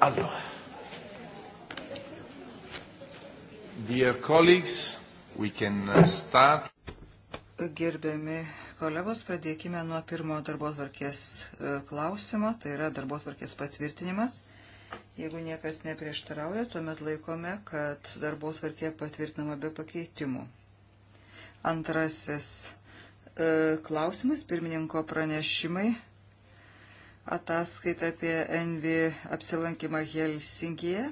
Allora, dear colleagues, we can uh, start. Gerbiami kolegos, pradėkime nuo pirmo darbo tvarkės uh, klausimo, tai yra darbo tvarkės patvirtinimas. Jeigu niekas neprieštarauja, tuomet laikome, kad darbo tvarkė patvirtinama be pakeitimų. Antrasis uh, klausimas, pirmininko pranešimai ataskaitą apie NV apsilankimą Helsinkije.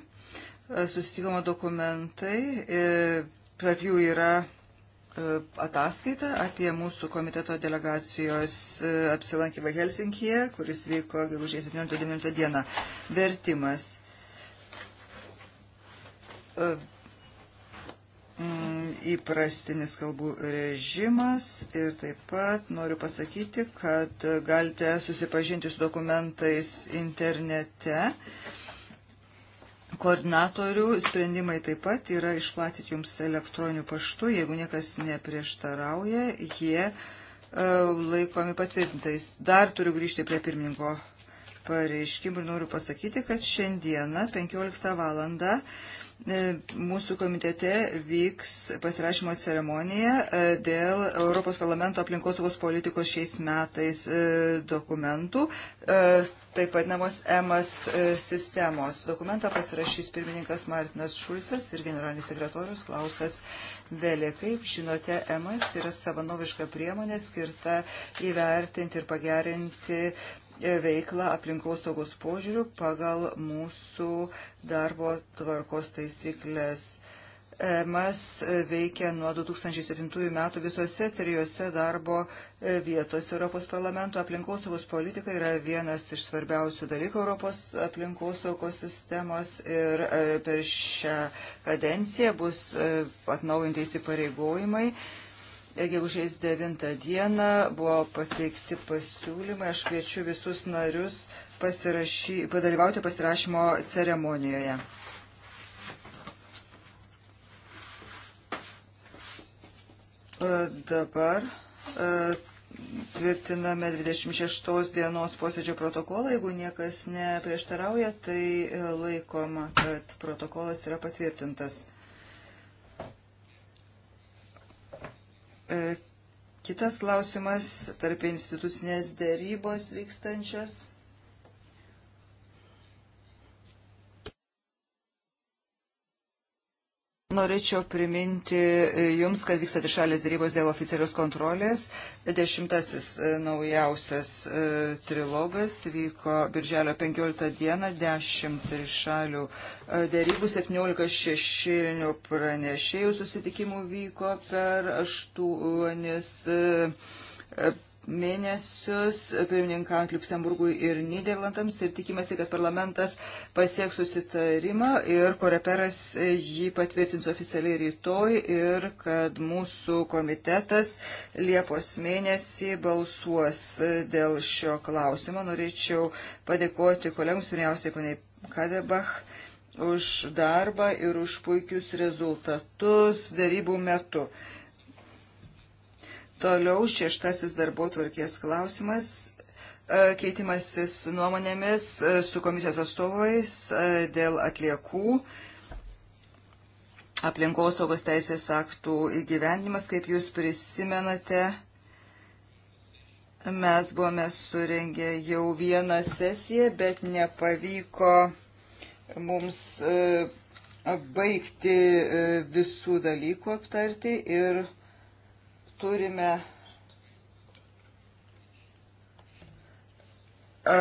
E, susitikimo dokumentai, e, tarp jų yra e, ataskaita apie mūsų komiteto delegacijos apsilankymą Helsinkije, kuris vyko gegužės 17-19 dieną. Vertimas Mm, įprastinis kalbų režimas ir taip pat noriu pasakyti, kad galite susipažinti su dokumentais internete. Koordinatorių sprendimai taip pat yra išplatyti jums elektroniniu paštu, jeigu niekas neprieštarauja, jie e, laikomi patvirtintais. Dar turiu grįžti prie pirmininko pareiškimų ir noriu pasakyti, kad šiandieną 15 valandą E, mūsų komitete vyks pasirašymo ceremonija e, dėl Europos parlamento aplinkosaugos politikos šiais metais e, dokumentų, taip pat namos EMAS sistemos. Dokumentą pasirašys pirmininkas Martinas Šulcas ir generalinis sekretorius Klausas Velė. Kaip žinote, EMAS yra savanoviška priemonė skirta įvertinti ir pagerinti E, veiklą aplinkos saugos požiūrių pagal mūsų darbo tvarkos taisyklės. E Mes veikia nuo 2007 metų visose trijose darbo e, vietose Europos parlamento. Aplinkosaugos politika yra vienas iš svarbiausių dalykų Europos aplinkosaugos sistemos ir per šią kadenciją bus atnaujinti įsipareigojimai Gegužės 9 dieną buvo pateikti pasiūlymai. Aš kviečiu visus narius pasirašy, padalyvauti pasirašymo ceremonijoje. E, dabar e, tvirtiname 26 dienos posėdžio protokolą. Jeigu niekas neprieštarauja, tai laikoma, kad protokolas yra patvirtintas. E, kitas klausimas - tarp institucinės dėrybos vykstančios. Norėčiau priminti e, Jums, kad vyksta trišalės dėrybos dėl oficialios kontrolės. Dešimtasis e, naujausias e, trilogas vyko birželio 15 dieną, 10 trišalių dėrybų, 17 šešilinių pranešėjų susitikimų vyko per 8 mėnesius, pirmininkant Liuksemburgui ir Niderlandams ir tikimasi, kad parlamentas pasieks susitarimą ir koreperas jį patvirtins oficialiai rytoj ir kad mūsų komitetas Liepos mėnesį balsuos dėl šio klausimo. Norėčiau padėkoti kolegams, pirmiausiai poniai Kadebach už darbą ir už puikius rezultatus darybų metu. Toliau šeštasis darbo tvarkės klausimas e, keitimasis nuomonėmis e, su komisijos atstovais e, dėl atliekų aplinkosaugos teisės aktų įgyvendimas. Kaip jūs prisimenate, mes buvome surengę jau vieną sesiją, bet nepavyko mums baigti visų dalykų aptarti ir turime e,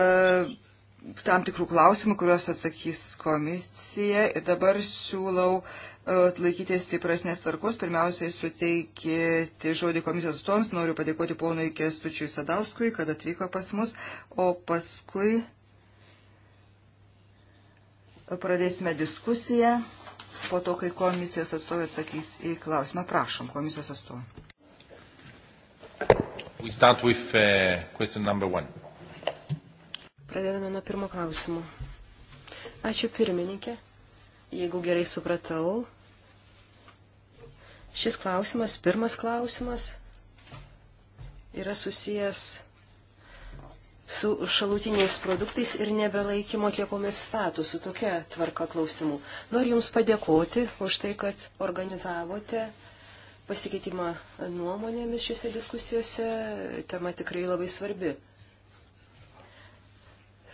tam tikrų klausimų, kuriuos atsakys komisija. Ir dabar siūlau e, laikytis įprasnės tvarkos. Pirmiausiai suteikėti žodį komisijos atstovams. Noriu padėkoti ponui Kestučiui Sadauskui, kad atvyko pas mus. O paskui pradėsime diskusiją. Po to, kai komisijos atstovai atsakys į klausimą, prašom komisijos atstovai. We start with uh, question number one. Pradedame nuo pirmo klausimo. Ačiū pirmininkė. Jeigu gerai supratau, šis klausimas, pirmas klausimas, yra susijęs su šalutiniais produktais ir nebelaikymo atliekomis statusu. Tokia tvarka klausimų. Noriu Jums padėkoti už tai, kad organizavote pasikeitimą nuomonėmis šiuose diskusijose. Tema tikrai labai svarbi.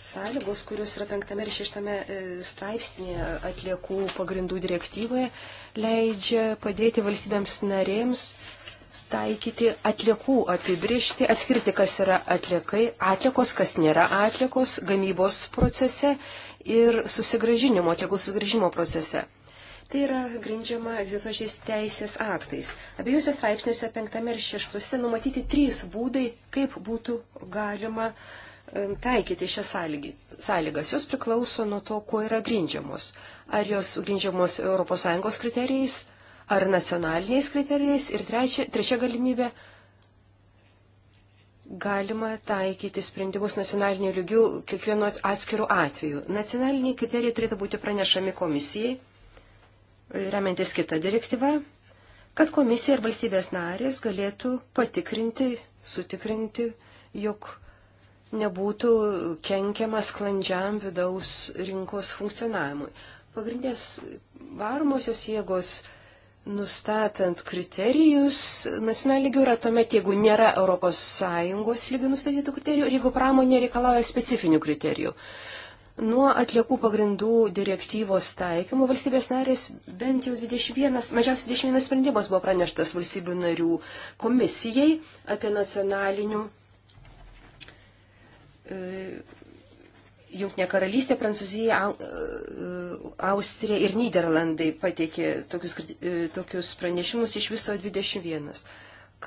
Sąlygos, kurios yra penktame ir šeštame e, straipsnėje atliekų pagrindų direktyvoje, leidžia padėti valstybėms narėms taikyti atliekų apibrišti, atskirti, kas yra atliekai, atliekos, kas nėra atliekos gamybos procese ir susigražinimo, atliekų susigražinimo procese. Tai yra grindžiama egzistuojančiais teisės aktais. Abiejose straipsniuose penktame ir šeštuose numatyti trys būdai, kaip būtų galima e, taikyti šias sąlygas. Jos priklauso nuo to, kuo yra grindžiamos. Ar jos grindžiamos ES kriterijais, ar nacionaliniais kriterijais. Ir trečia, trečia galimybė galima taikyti sprendimus nacionaliniu lygiu kiekvienu atskiru atveju. Nacionaliniai kriterijai turėtų būti pranešami komisijai remiantis kitą direktyvą, kad komisija ir valstybės narės galėtų patikrinti, sutikrinti, jog nebūtų kenkiamas sklandžiam vidaus rinkos funkcionavimui. Pagrindės varomosios jėgos nustatant kriterijus nacionaliniu lygiu yra tuomet, jeigu nėra ES lygių nustatytų kriterijų ir jeigu pramonė reikalauja specifinių kriterijų. Nuo atliekų pagrindų direktyvos taikymų valstybės narės bent jau 21, mažiausiai 21 sprendimas buvo praneštas valstybių narių komisijai apie nacionalinių e, Junktinė karalystė, Prancūzija, e, Austrija ir Niderlandai pateikė tokius, e, tokius pranešimus iš viso 21.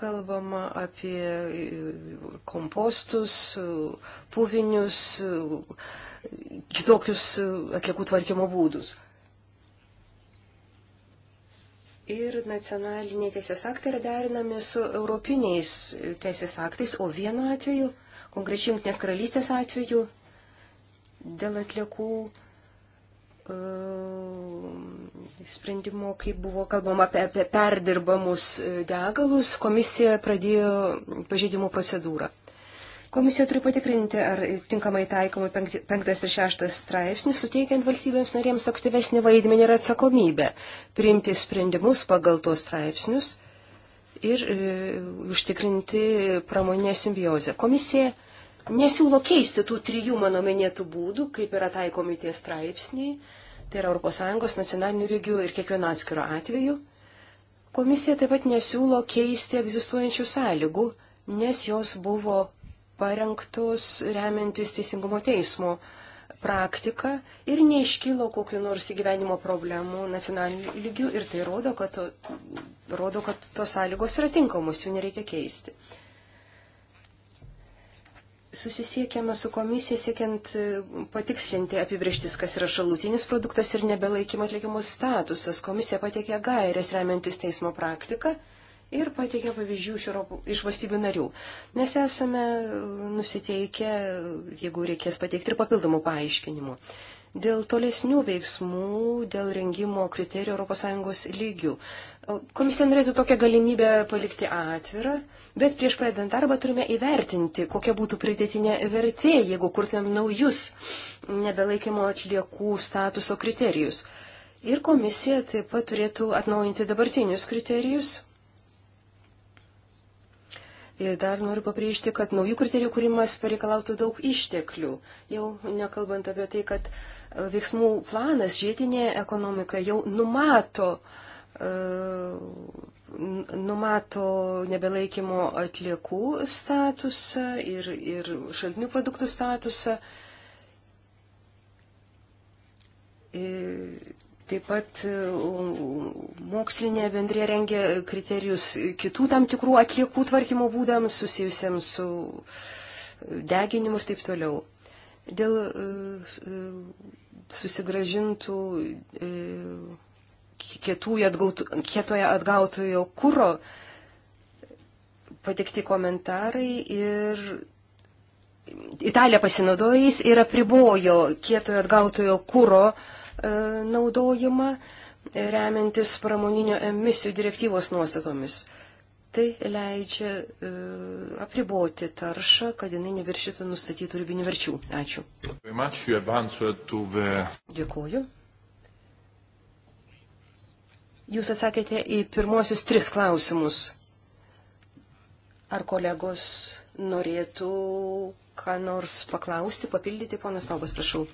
Kalbama apie e, kompostus, puvinius, kitokius e, atliekų tvarkymo būdus. Ir nacionaliniai teisės aktai yra derinami su europiniais teisės aktais, o vienu atveju, konkrečiai Junktinės karalystės atveju, dėl atliekų e, sprendimo, kai buvo kalbama apie, apie perdirbamus e, degalus, komisija pradėjo pažeidimo procedūrą. Komisija turi patikrinti, ar tinkamai taikoma penktas ir šeštas straipsnis, suteikiant valstybėms narėms aktyvesnį vaidmenį ir atsakomybę priimti sprendimus pagal tuos straipsnius ir e, užtikrinti pramoninę simbiozę. Komisija nesiūlo keisti tų trijų mano minėtų būdų, kaip yra taikomi tie straipsniai, tai yra ES nacionalinių lygių ir kiekvieno atskiro atveju. Komisija taip pat nesiūlo keisti egzistuojančių sąlygų, nes jos buvo parengtos remiantis Teisingumo teismo praktika ir neiškilo kokiu nors įgyvenimo problemų nacionaliniu lygiu ir tai rodo, kad, rodo, kad tos sąlygos yra tinkamos, jų nereikia keisti. Susisiekėme su komisija siekiant e, patikslinti apibrieštis, kas yra šalutinis produktas ir nebelaikymo atlikimo statusas. Komisija patiekė gairės remiantis teismo praktiką ir pateikė pavyzdžių iš, Europų, iš valstybių narių. Mes esame nusiteikę, jeigu reikės pateikti ir papildomų paaiškinimų. Dėl tolesnių veiksmų, dėl rengimo kriterijų ES lygių. Komisija norėtų tokią galimybę palikti atvirą, bet prieš pradedant darbą turime įvertinti, kokia būtų pridėtinė vertė, jeigu kurtumėm naujus nebelaikymo atliekų statuso kriterijus. Ir komisija taip pat turėtų atnaujinti dabartinius kriterijus, Ir dar noriu pabrėžti, kad naujų kriterijų kūrimas pareikalautų daug išteklių. Jau nekalbant apie tai, kad e, veiksmų planas žiedinė ekonomika jau numato, e, numato nebelaikymo atliekų statusą ir, ir šaltinių produktų statusą. Ir e, Taip pat e, mokslinė bendrė rengia kriterijus kitų tam tikrų atliekų tvarkymo būdams susijusiams su deginimu ir taip toliau. Dėl e, e, susigražintų atgautų, kietoje atgautojo kūro patikti komentarai ir Italija pasinaudojais ir apribojo kietojo atgautojo kūro uh, E, naudojimą, remiantis pramoninio emisijų direktyvos nuostatomis. Tai leidžia e, apriboti taršą, kad jinai neviršytų nustatytų ribinių verčių. Ačiū. Dėkuoju. Jūs atsakėte į pirmosius tris klausimus. Ar kolegos norėtų ką nors paklausti, papildyti, ponas Taubas, prašau.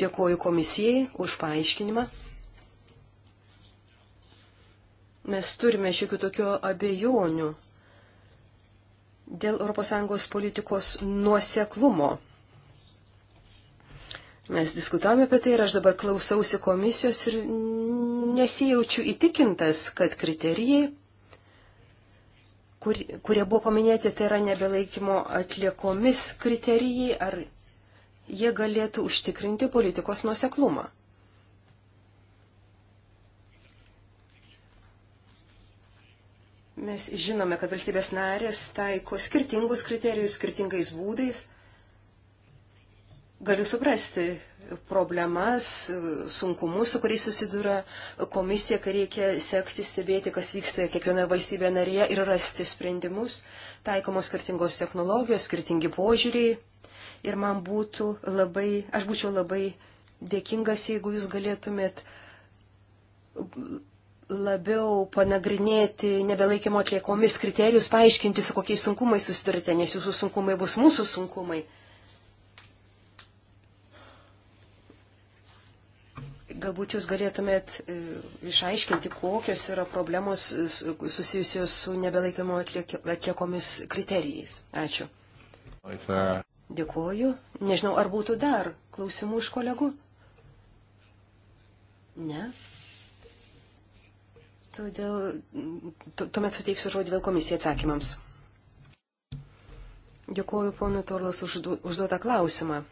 Dėkuoju komisijai už paaiškinimą. Mes turime šiokių tokių abejonių dėl ES politikos nuoseklumo. Mes diskutavome apie tai ir aš dabar klausausi komisijos ir nesijaučiu įtikintas, kad kriterijai, kur, kurie buvo paminėti, tai yra nebelaikymo atliekomis kriterijai ar jie galėtų užtikrinti politikos nuoseklumą. Mes žinome, kad valstybės narės taiko skirtingus kriterijus skirtingais būdais. Galiu suprasti problemas, sunkumus, su kuriais susidūra komisija, kai reikia sekti, stebėti, kas vyksta kiekvienoje valstybėje narėje ir rasti sprendimus. Taikomos skirtingos technologijos, skirtingi požiūriai ir man būtų labai, aš būčiau labai dėkingas, jeigu jūs galėtumėt labiau panagrinėti nebelaikymo atliekomis kriterijus, paaiškinti, su kokiais sunkumais susidurite, nes jūsų sunkumai bus mūsų sunkumai. Galbūt jūs galėtumėt e, išaiškinti, kokios yra problemos susijusios su nebelaikymo atliekomis kriterijais. Ačiū. Uh, Dėkuoju. Nežinau, ar būtų dar klausimų iš kolegų? Ne. Todėl tuomet suteiksiu žodį vėl komisijai atsakymams. Dėkuoju ponui Torlas už užduotą klausimą.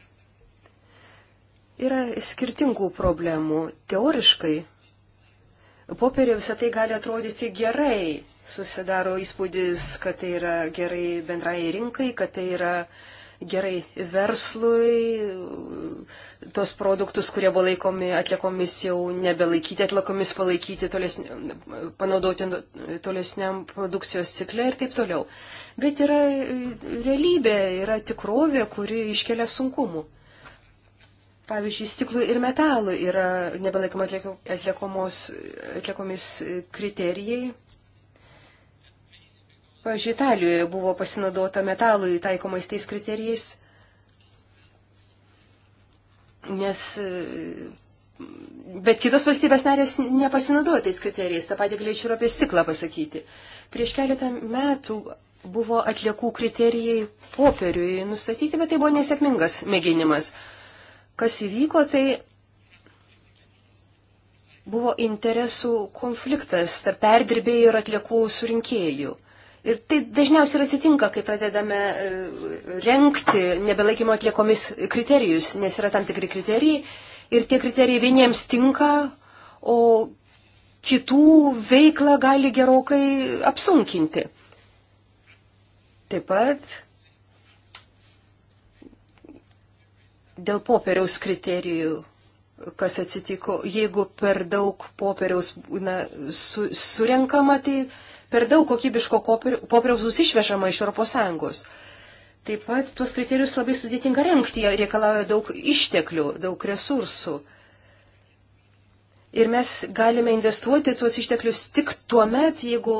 Yra skirtingų problemų. Teoriškai popierio visą tai gali atrodyti gerai. Susidaro įspūdis, kad tai yra gerai bendrai rinkai, kad tai yra uh, gerai verslui, tos produktus, kurie buvo laikomi atliekomis jau nebelaikyti atliekomis, palaikyti, tolesni, panaudoti tolesniam produkcijos cikle ir taip toliau. Bet yra realybė, yra tikrovė, kuri iškelia sunkumų. Pavyzdžiui, stiklų ir metalų yra nebelaikoma atliekomos, atliekomis kriterijai, Pavyzdžiui, Italijoje buvo pasinaudota metalui taikomais tais kriterijais, nes. Bet kitos valstybės narės nepasinaudojo tais kriterijais, tą patį galėčiau ir apie stiklą pasakyti. Prieš keletą metų buvo atliekų kriterijai popieriui nustatyti, bet tai buvo nesėkmingas mėginimas. Kas įvyko, tai buvo interesų konfliktas tarp perdirbėjų ir atliekų surinkėjų. Ir tai dažniausiai ir atsitinka, kai pradedame e, renkti nebelaikymo atliekomis kriterijus, nes yra tam tikri kriterijai ir tie kriterijai vieniems tinka, o kitų veiklą gali gerokai apsunkinti. Taip pat dėl popieriaus kriterijų, kas atsitiko, jeigu per daug popieriaus na, su, surenkama, tai per daug kokybiško popieriaus bus išvežama iš ES. Taip pat tuos kriterijus labai sudėtinga renkti, jie reikalauja daug išteklių, daug resursų. Ir mes galime investuoti tuos išteklius tik tuo met, jeigu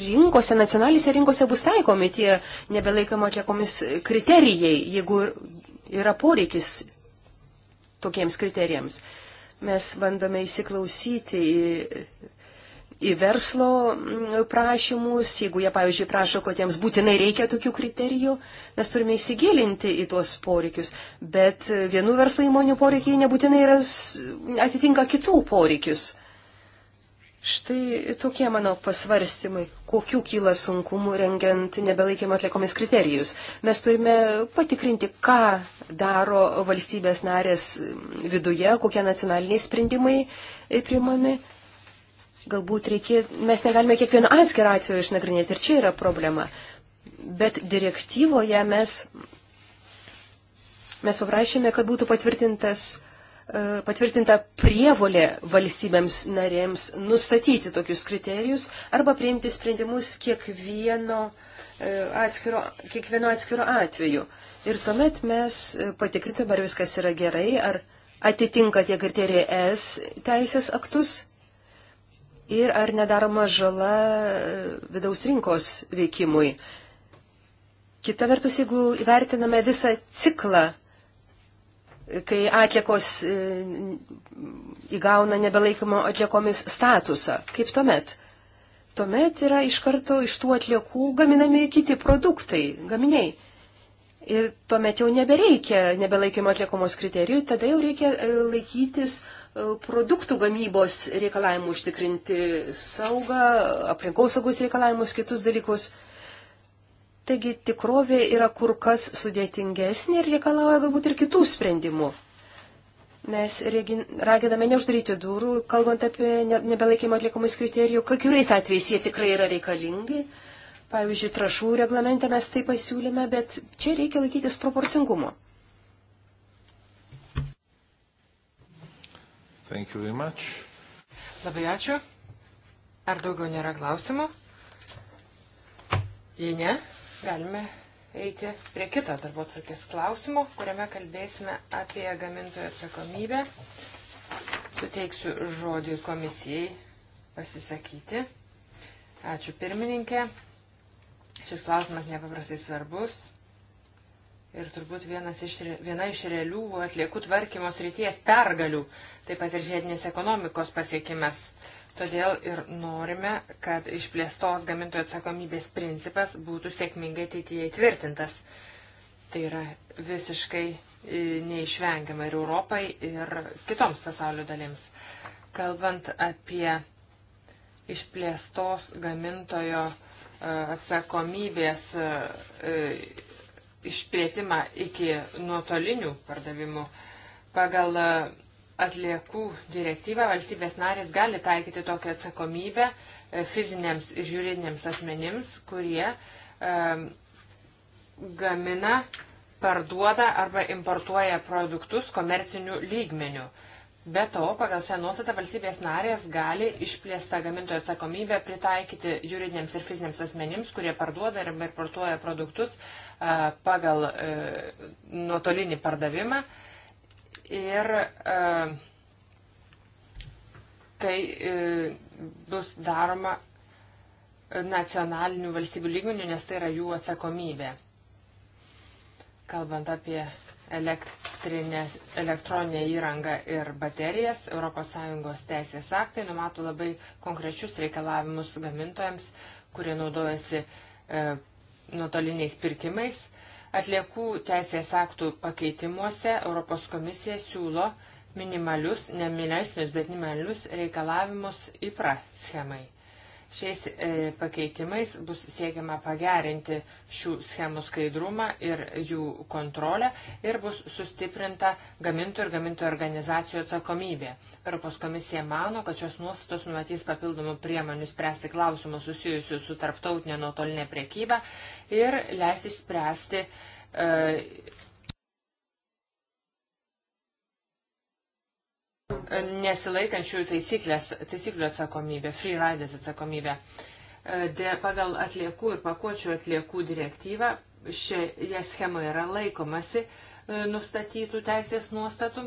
rinkose, nacionalinėse rinkose bus taikomi tie nebelaikamo atliekomis kriterijai, jeigu yra poreikis tokiems kriterijams. Mes bandome įsiklausyti į į verslo mm, prašymus, jeigu jie, pavyzdžiui, prašo, kad jiems būtinai reikia tokių kriterijų, mes turime įsigilinti į tuos poreikius. Bet vienų verslo įmonių poreikiai nebūtinai yra, atitinka kitų poreikius. Štai tokie mano pasvarstymai, kokių kyla sunkumų rengiant nebelaikymo atliekomis kriterijus. Mes turime patikrinti, ką daro valstybės narės viduje, kokie nacionaliniai sprendimai priimami galbūt reikia, mes negalime kiekvieną atskirą atveju išnagrinėti ir čia yra problema. Bet direktyvoje mes, mes paprašėme, kad būtų patvirtintas, e, patvirtinta prievolė valstybėms narėms nustatyti tokius kriterijus arba priimti sprendimus kiekvieno e, atskiro, kiekvieno atskiro atveju. Ir tuomet mes e, patikrintume, ar viskas yra gerai, ar atitinka tie kriterijai ES teisės aktus ir ar nedaroma žala e, vidaus rinkos veikimui. Kita vertus, jeigu įvertiname visą ciklą, e, kai atliekos e, įgauna nebelaikimo atliekomis statusą, kaip tuomet? Tuomet yra iš karto iš tų atliekų gaminami kiti produktai, gaminiai. Ir tuomet jau nebereikia nebelaikymo atliekomos kriterijų, tada jau reikia e, laikytis e, produktų gamybos reikalavimų užtikrinti saugą, aplinkos saugus reikalavimus, kitus dalykus. Taigi tikrovė yra kur kas sudėtingesnė ir reikalauja galbūt ir kitų sprendimų. Mes raginame neuždaryti durų, kalbant apie nebelaikymą atliekomus kriterijų, kokiais atvejais jie tikrai yra reikalingi, Pavyzdžiui, trašų reglamente mes tai pasiūlėme, bet čia reikia laikytis proporcingumo. Labai ačiū. Ar daugiau nėra klausimų? Jei ne, galime eiti prie kito darbo tvarkės klausimo, kuriame kalbėsime apie gamintojo atsakomybę. Suteiksiu žodį komisijai pasisakyti. Ačiū pirmininkė. Šis klausimas nepaprastai svarbus ir turbūt iš, viena iš realių atliekų tvarkymo srities pergalių, taip pat ir žiedinės ekonomikos pasiekimas. Todėl ir norime, kad išplėstos gamintojų atsakomybės principas būtų sėkmingai ateityje įtvirtintas. Tai yra visiškai e, neišvengiama ir Europai, ir kitoms pasaulio dalims. Kalbant apie išplėstos gamintojo uh, atsakomybės e, išplėtimą iki nuotolinių pardavimų. Pagal atliekų direktyvą valstybės narės gali taikyti tokią atsakomybę e, fiziniams ir juridiniams asmenims, kurie e, gamina, parduoda arba importuoja produktus komercinių lygmenių. Be to, pagal šią nuostatą valstybės narės gali išplėstą gamintojo atsakomybę pritaikyti juridiniams ir fiziniams asmenims, kurie parduoda ir importuoja produktus pagal e, nuotolinį pardavimą. Ir e, tai e, bus daroma nacionalinių valstybių lygmenių, nes tai yra jų atsakomybė. Kalbant apie elektroninę įrangą ir baterijas. ES teisės aktai numato labai konkrečius reikalavimus gamintojams, kurie naudojasi e, nuotoliniais pirkimais. Atliekų teisės aktų pakeitimuose Europos komisija siūlo minimalius, ne minimalius, bet minimalius reikalavimus IPRA schemai. Šiais e, pakeitimais bus siekiama pagerinti šių schemų skaidrumą ir jų kontrolę ir bus sustiprinta gamintojų ir gamintojų organizacijų atsakomybė. Europos komisija mano, kad šios nuostatos numatys papildomų priemonių spręsti klausimus susijusius su tarptautinė nuotolinė priekyba ir leis išspręsti e, nesilaikančių taisyklių atsakomybė, free riders atsakomybė. E, de, pagal atliekų ir pakuočių atliekų direktyvą šioje schemoje yra laikomasi e, nustatytų teisės nuostatų.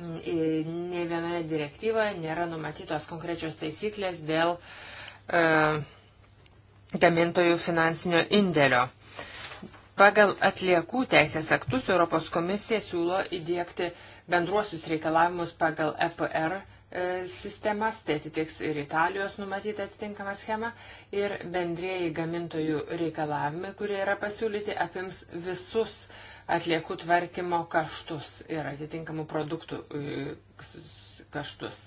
E, ne vienoje direktyvoje nėra numatytos konkrečios taisyklės dėl e, gamintojų finansinio indėlio. Pagal atliekų teisės aktus Europos komisija siūlo įdėkti e, bendruosius reikalavimus pagal EPR e, sistemas, tai atitiks ir Italijos numatytą atitinkamą schemą, ir bendrėjai gamintojų reikalavimai, kurie yra pasiūlyti, apims visus atliekų tvarkymo kaštus ir atitinkamų produktų e, kaštus.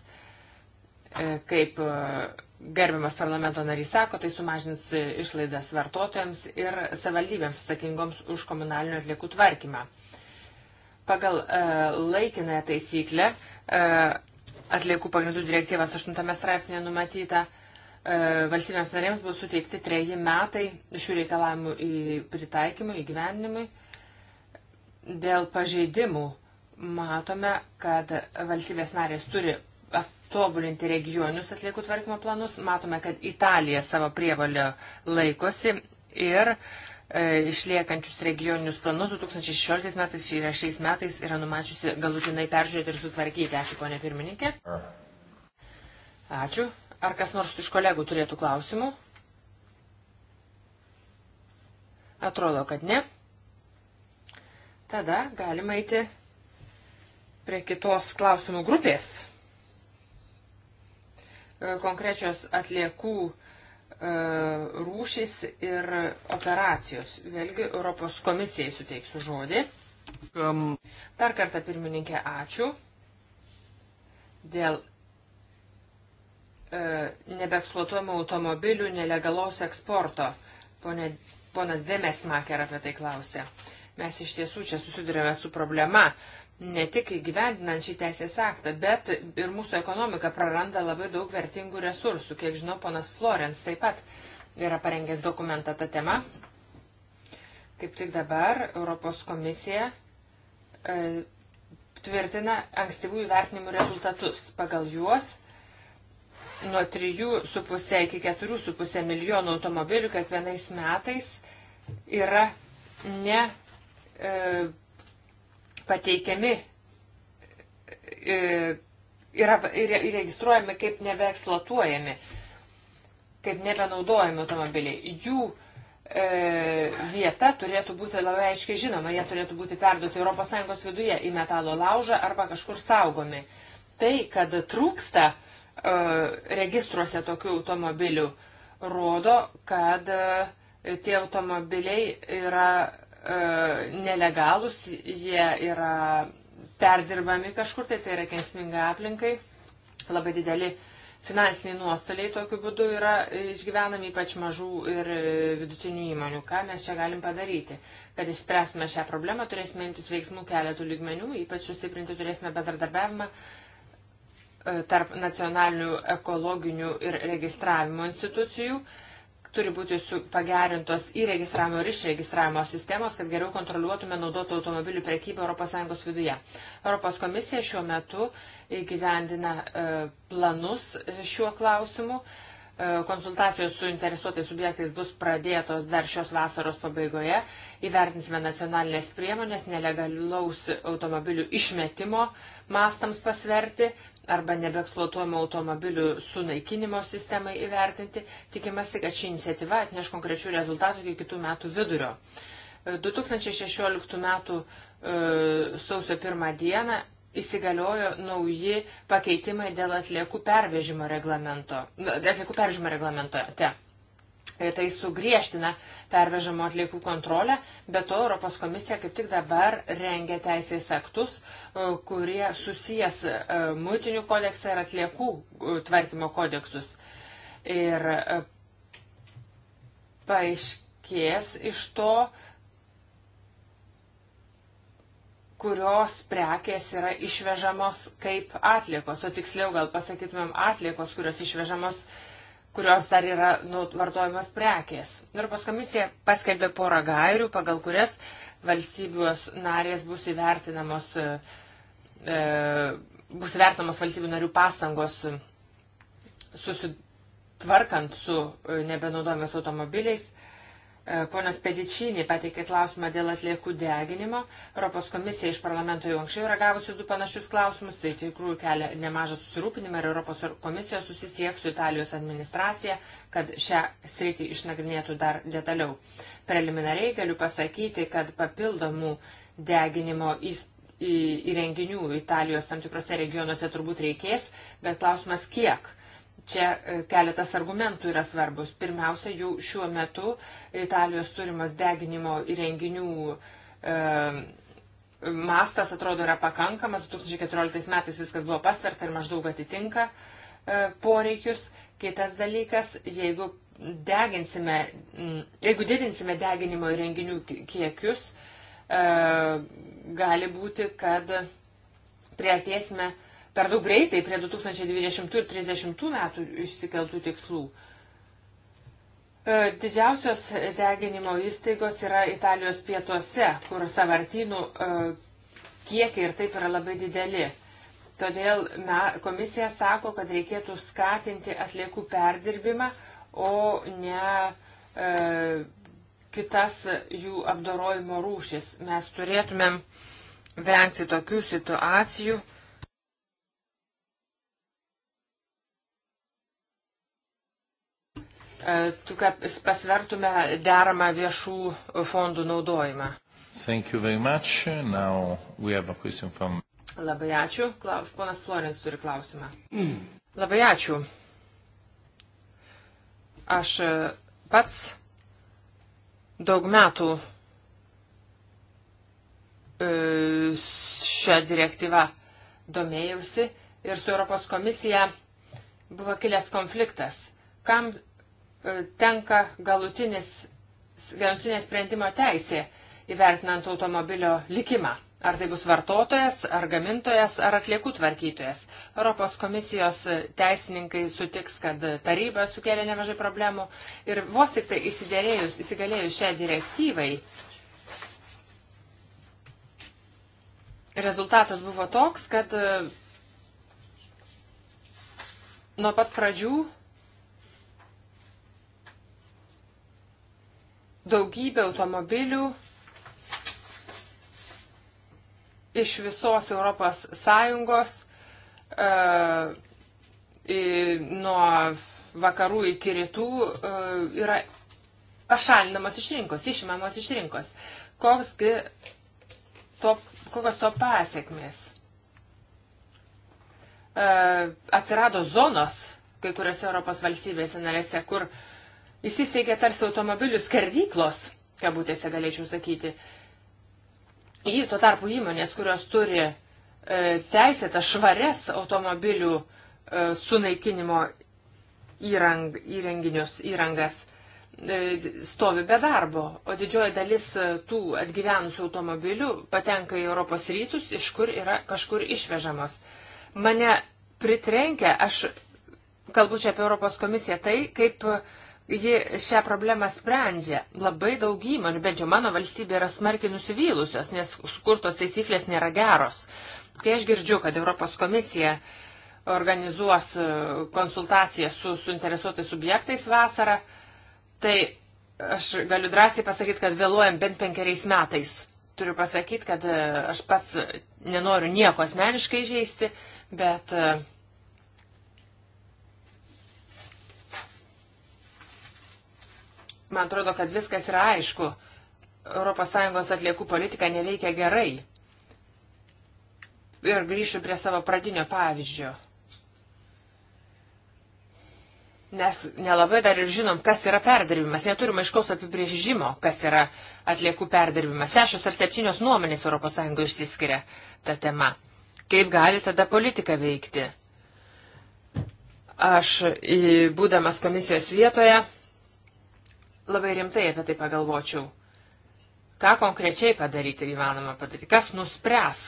E, kaip gerbiamas parlamento narys sako, tai sumažins išlaidas vartotojams ir savaldybėms atsakingoms už komunalinių atliekų tvarkymą. Pagal uh, laikinąją taisyklę uh, atliekų pagrindų direktyvas 8 straipsnėje numatyta uh, valstybėms narėms bus suteikti treji metai šių reikalavimų į pritaikymui, įgyvenimui. Dėl pažeidimų matome, kad valstybės narės turi tobulinti regionius atliekų tvarkymo planus. Matome, kad Italija savo prievalio laikosi ir uh, E, išliekančius regioninius planus 2016 metais ir šiais metais yra numačiusi galutinai peržiūrėti ir sutvarkyti. Ačiū, ponė pirmininkė. Ačiū. Ar kas nors iš kolegų turėtų klausimų? Atrodo, kad ne. Tada galima eiti prie kitos klausimų grupės. E, konkrečios atliekų uh, E, rūšys ir operacijos. Vėlgi Europos komisijai suteiksiu žodį. Dar kartą pirmininkė, ačiū dėl e, nebeeksploatuojamų automobilių nelegalaus eksporto. Pone, ponas Demes Maker apie tai klausė. Mes iš tiesų čia susidurėme su problema. E, ne tik įgyvendinant šį teisės aktą, bet ir mūsų ekonomika praranda labai daug vertingų resursų. Kiek žinau, ponas Florence taip pat yra parengęs dokumentą tą temą. Kaip tik dabar Europos komisija e, tvirtina ankstyvųjų vertinimų rezultatus. Pagal juos nuo 3,5 iki 4,5 milijonų automobilių kiekvienais metais yra ne. E, pateikiami, e, yra įregistruojami kaip nebeeksploatuojami, kaip nebenaudojami automobiliai. Jų e, vieta turėtų būti labai aiškiai žinoma, jie turėtų būti perduoti ES viduje į metalo laužą arba kažkur saugomi. Tai, kad trūksta e, registruose tokių automobilių, rodo, kad e, tie automobiliai yra E, nelegalus, jie yra perdirbami kažkur, tai tai yra kenksminga aplinkai, labai dideli finansiniai nuostoliai tokiu būdu yra išgyvenami ypač mažų ir vidutinių įmonių. Ką mes čia galim padaryti? Kad išspręstume šią problemą, turėsime imtis veiksmų keletų lygmenių, ypač sustiprinti turėsime bendradarbiavimą e, tarp nacionalinių ekologinių ir registravimo institucijų. Uh, Turi būti pagerintos įregistravimo ir išregistravimo sistemos, kad geriau kontroliuotume naudotų automobilių prekybą ES viduje. Europos komisija šiuo metu įgyvendina e, planus e, šiuo klausimu. E, konsultacijos su interesuotais subjektais bus pradėtos dar šios vasaros pabaigoje. Įvertinsime nacionalinės priemonės, nelegalaus automobilių išmetimo mastams pasverti, arba nebeeksploatuojamų automobilių sunaikinimo sistemai įvertinti. Tikimasi, kad ši iniciatyva atneš konkrečių rezultatų iki kitų metų vidurio. 2016 e, m. E, sausio 1 dieną įsigaliojo nauji pakeitimai dėl atliekų pervežimo reglamento. Nu, atliekų pervežimo reglamento. Te tai sugriežtina pervežamo atliekų kontrolę, bet to Europos komisija kaip tik dabar rengia teisės aktus, e, kurie susijęs e, muitinių kodeksą ir atliekų e, tvarkymo kodeksus. Ir paaiškės iš to, kurios prekės yra išvežamos kaip atliekos, o tiksliau gal pasakytumėm atliekos, kurios išvežamos uh, kurios dar yra nu, vartojamos prekės. Europos komisija paskelbė porą gairių, pagal kurias valstybės narės bus įvertinamos, e, e bus vertinamos valstybių narių pastangos susitvarkant su e, nebenaudojamas automobiliais E, ponas Pedičinį pateikė klausimą dėl atliekų deginimo. Europos komisija iš parlamento jau anksčiau yra gavusi du panašius klausimus. Tai tikrųjų kelia nemažą susirūpinimą ir Europos komisija susisieks su Italijos administracija, kad šią sritį išnagrinėtų dar detaliau. Preliminariai galiu pasakyti, kad papildomų deginimo įrenginių Italijos tam tikrose regionuose turbūt reikės, bet klausimas kiek Čia e, keletas argumentų yra svarbus. Pirmiausia, jau šiuo metu Italijos turimas deginimo įrenginių e, mastas atrodo yra pakankamas. 2014 metais viskas buvo pasverta ir maždaug atitinka e, poreikius. Kitas dalykas, jeigu, deginsime, jeigu didinsime deginimo įrenginių kiekius, e, gali būti, kad priartėsime e, per daug greitai prie 2020 ir 2030 metų išsikeltų tikslų. E, didžiausios deginimo įstaigos yra Italijos pietuose, kur savartynų e, kiekiai ir taip yra labai dideli. Todėl komisija sako, kad reikėtų skatinti atliekų perdirbimą, o ne e, kitas jų apdorojimo rūšis. Mes turėtumėm vengti tokių situacijų, E, kad pasvertume deramą viešų fondų naudojimą. From... Labai ačiū. Klaus, ponas Florens turi klausimą. Mm. Labai ačiū. Aš e, pats daug metų e, šią direktyvą domėjausi ir su Europos komisija buvo kilęs konfliktas, kam E, tenka galutinis, galutinė sprendimo teisė įvertinant automobilio likimą. Ar tai bus vartotojas, ar gamintojas, ar atliekų tvarkytojas. Europos komisijos teisininkai sutiks, kad taryba sukėlė nemažai problemų ir vos tik tai įsigalėjus šią direktyvai, rezultatas buvo toks, kad e, nuo pat pradžių daugybė automobilių iš visos Europos Sąjungos e, nuo vakarų iki rytų e, yra pašalinamas iš rinkos, išimamas iš rinkos. Koksgi to, kokios to pasiekmės? E, atsirado zonos kai kuriuose Europos valstybėse narėse, kur e, įsisteigė tarsi automobilių skerdyklos, kabutėse galėčiau sakyti. Į tuo tarpu įmonės, kurios turi e, teisėtą švarias automobilių e, sunaikinimo įrang, įrenginius, įrangas, e, stovi be darbo, o didžioji dalis e, tų atgyvenusių automobilių patenka į Europos rytus, iš kur yra kažkur išvežamos. Mane pritrenkia, aš kalbu čia apie Europos komisiją, tai kaip uh, ji šią problemą sprendžia. Labai daug įmonių, bent jau mano valstybė, yra smarkiai nusivylusios, nes sukurtos taisyklės nėra geros. Kai aš girdžiu, kad Europos komisija organizuos e, konsultaciją su suinteresuotais subjektais vasarą, tai aš galiu drąsiai pasakyti, kad vėluojam bent penkeriais metais. Turiu pasakyti, kad e, aš pats nenoriu nieko asmeniškai žaisti, bet uh, Man atrodo, kad viskas yra aišku. ES atliekų politika neveikia gerai. Ir grįšiu prie savo pradinio pavyzdžio. Nes nelabai dar ir žinom, kas yra perdirbimas. Neturime aiškaus apibrėžimo, kas yra atliekų perdirbimas. Šešios ar septynios nuomonės ES išsiskiria tą temą. Kaip gali tada politika veikti? Aš, būdamas komisijos vietoje, labai rimtai apie tai pagalvočiau. Ką konkrečiai padaryti įmanoma padaryti? Kas nuspręs,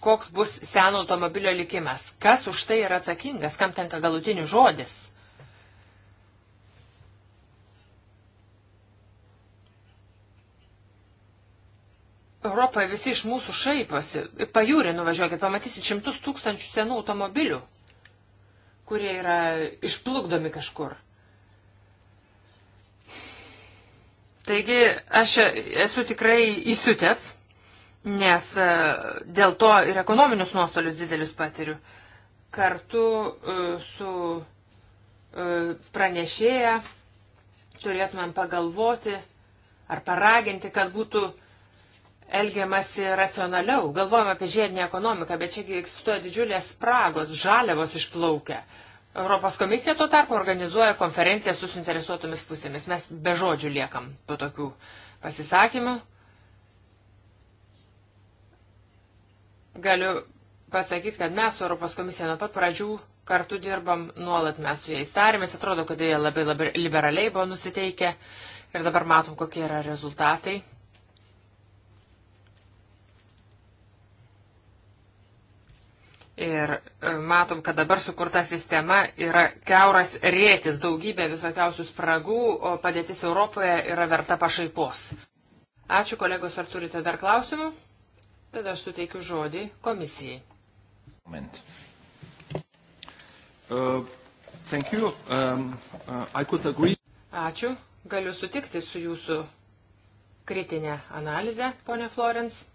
koks bus seno automobilio likimas? Kas už tai yra atsakingas? Kam tenka galutinis žodis? Europoje visi iš mūsų šaiposi. Pajūrį nuvažiuokit, pamatysit šimtus tūkstančių senų automobilių, kurie yra išplukdomi kažkur. Taigi aš esu tikrai įsiutęs, nes e, dėl to ir ekonominius nuostolius didelius patiriu. Kartu e, su e, pranešėja turėtumėm pagalvoti ar paraginti, kad būtų elgiamasi racionaliau. Galvojame apie žiedinę ekonomiką, bet čia egzistuoja didžiulės spragos, žaliavos išplaukia. Europos komisija tuo tarpu organizuoja konferenciją su suinteresuotomis pusėmis. Mes be žodžių liekam po tokių pasisakymų. Galiu pasakyti, kad mes su Europos komisija nuo pat pradžių kartu dirbam, nuolat mes su jais tarėmės, atrodo, kad jie labai, labai liberaliai buvo nusiteikę ir dabar matom, kokie yra rezultatai. Ir e, matom, kad dabar sukurta sistema yra keuras rėtis, daugybė visokiausių spragų, o padėtis Europoje yra verta pašaipos. Ačiū kolegos, ar turite dar klausimų? Tada aš suteikiu žodį komisijai. Moment. Uh, thank you. Um, uh, I could agree. Ačiū. Galiu sutikti su jūsų kritinė analizė, ponė Florence.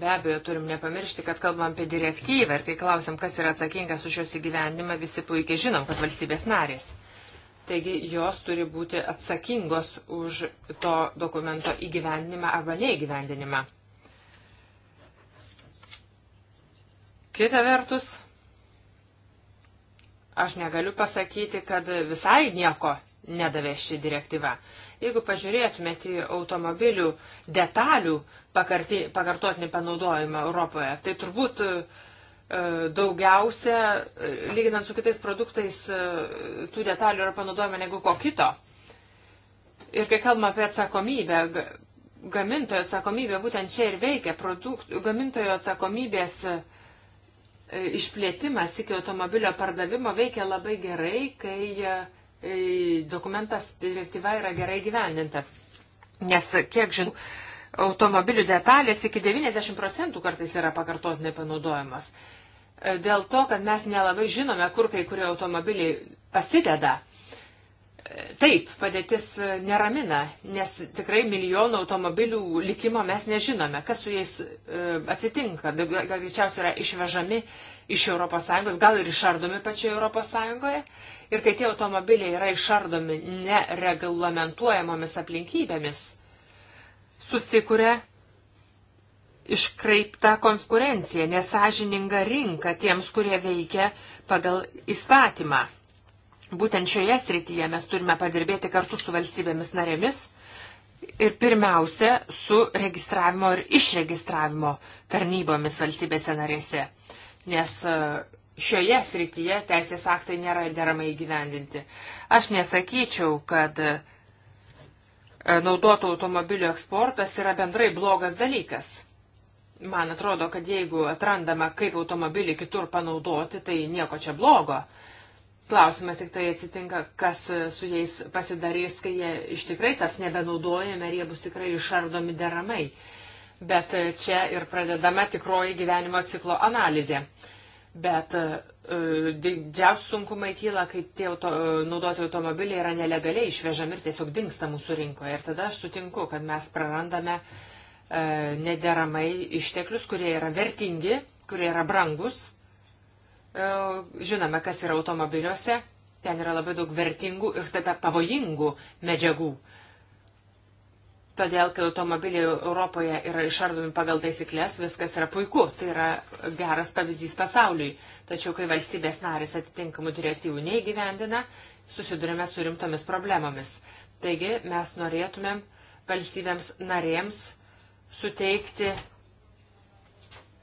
Be abejo, turim nepamiršti, kad kalbam apie direktyvą ir kai klausim, kas yra atsakingas už jos įgyvendimą, visi puikiai žinom, kad valstybės narės. Taigi jos turi būti atsakingos už to dokumento įgyvendinimą arba neįgyvendinimą. Kita vertus, aš negaliu pasakyti, kad visai nieko nedavė ši direktyva. Jeigu pažiūrėtumėte į automobilių detalių pakarti, pakartotinį panaudojimą Europoje, tai turbūt e, daugiausia, e, lyginant su kitais produktais, e, tų detalių yra panaudojama negu ko kito. Ir kai kalbame apie atsakomybę, gamintojo atsakomybė būtent čia ir veikia, produkt, gamintojo atsakomybės išplėtimas iki automobilio pardavimo veikia labai gerai, kai E, dokumentas direktyva yra gerai gyvendinta. Nes, kiek žinau, automobilių detalės iki 90 procentų kartais yra pakartotinai panaudojamas. E, dėl to, kad mes nelabai žinome, kur kai kurie automobiliai pasideda. E, taip, padėtis neramina, nes tikrai milijonų automobilių likimo mes nežinome, kas su jais atsitinka. Gal greičiausiai yra išvežami iš ES, gal ir išardomi pačioje ES. Ir kai tie automobiliai yra išardomi nereglamentuojamomis aplinkybėmis, susikuria iškraipta konkurencija, nesažininga rinka tiems, kurie veikia pagal įstatymą. Būtent šioje srityje mes turime padirbėti kartu su valstybėmis narėmis ir pirmiausia su registravimo ir išregistravimo tarnybomis valstybėse narėse. Nes šioje srityje teisės aktai nėra deramai įgyvendinti. Aš nesakyčiau, kad e, naudotų automobilių eksportas yra bendrai blogas dalykas. Man atrodo, kad jeigu atrandama, kaip automobilį kitur panaudoti, tai nieko čia blogo. Klausimas tik tai atsitinka, kas e, su jais pasidarys, kai jie iš tikrai taps nebenaudojami ir jie bus tikrai išardomi deramai. Bet e, čia ir pradedama tikroji gyvenimo ciklo analizė. Bet e, didžiausi sunkumai kyla, kai tie auto, e, naudoti automobiliai yra nelegaliai išvežami ir tiesiog dinksta mūsų rinkoje. Ir tada aš sutinku, kad mes prarandame e, nederamai išteklius, kurie yra vertingi, kurie yra brangus. E, žinome, kas yra automobiliuose. Ten yra labai daug vertingų ir taip pat pavojingų medžiagų. E, todėl kai automobiliai Europoje yra išardomi pagal taisyklės, viskas yra puiku, tai yra geras pavyzdys pasauliui. Tačiau kai valstybės narės atitinkamų direktyvų neįgyvendina, susidurime su rimtomis problemomis. Taigi mes norėtumėm valstybėms narėms suteikti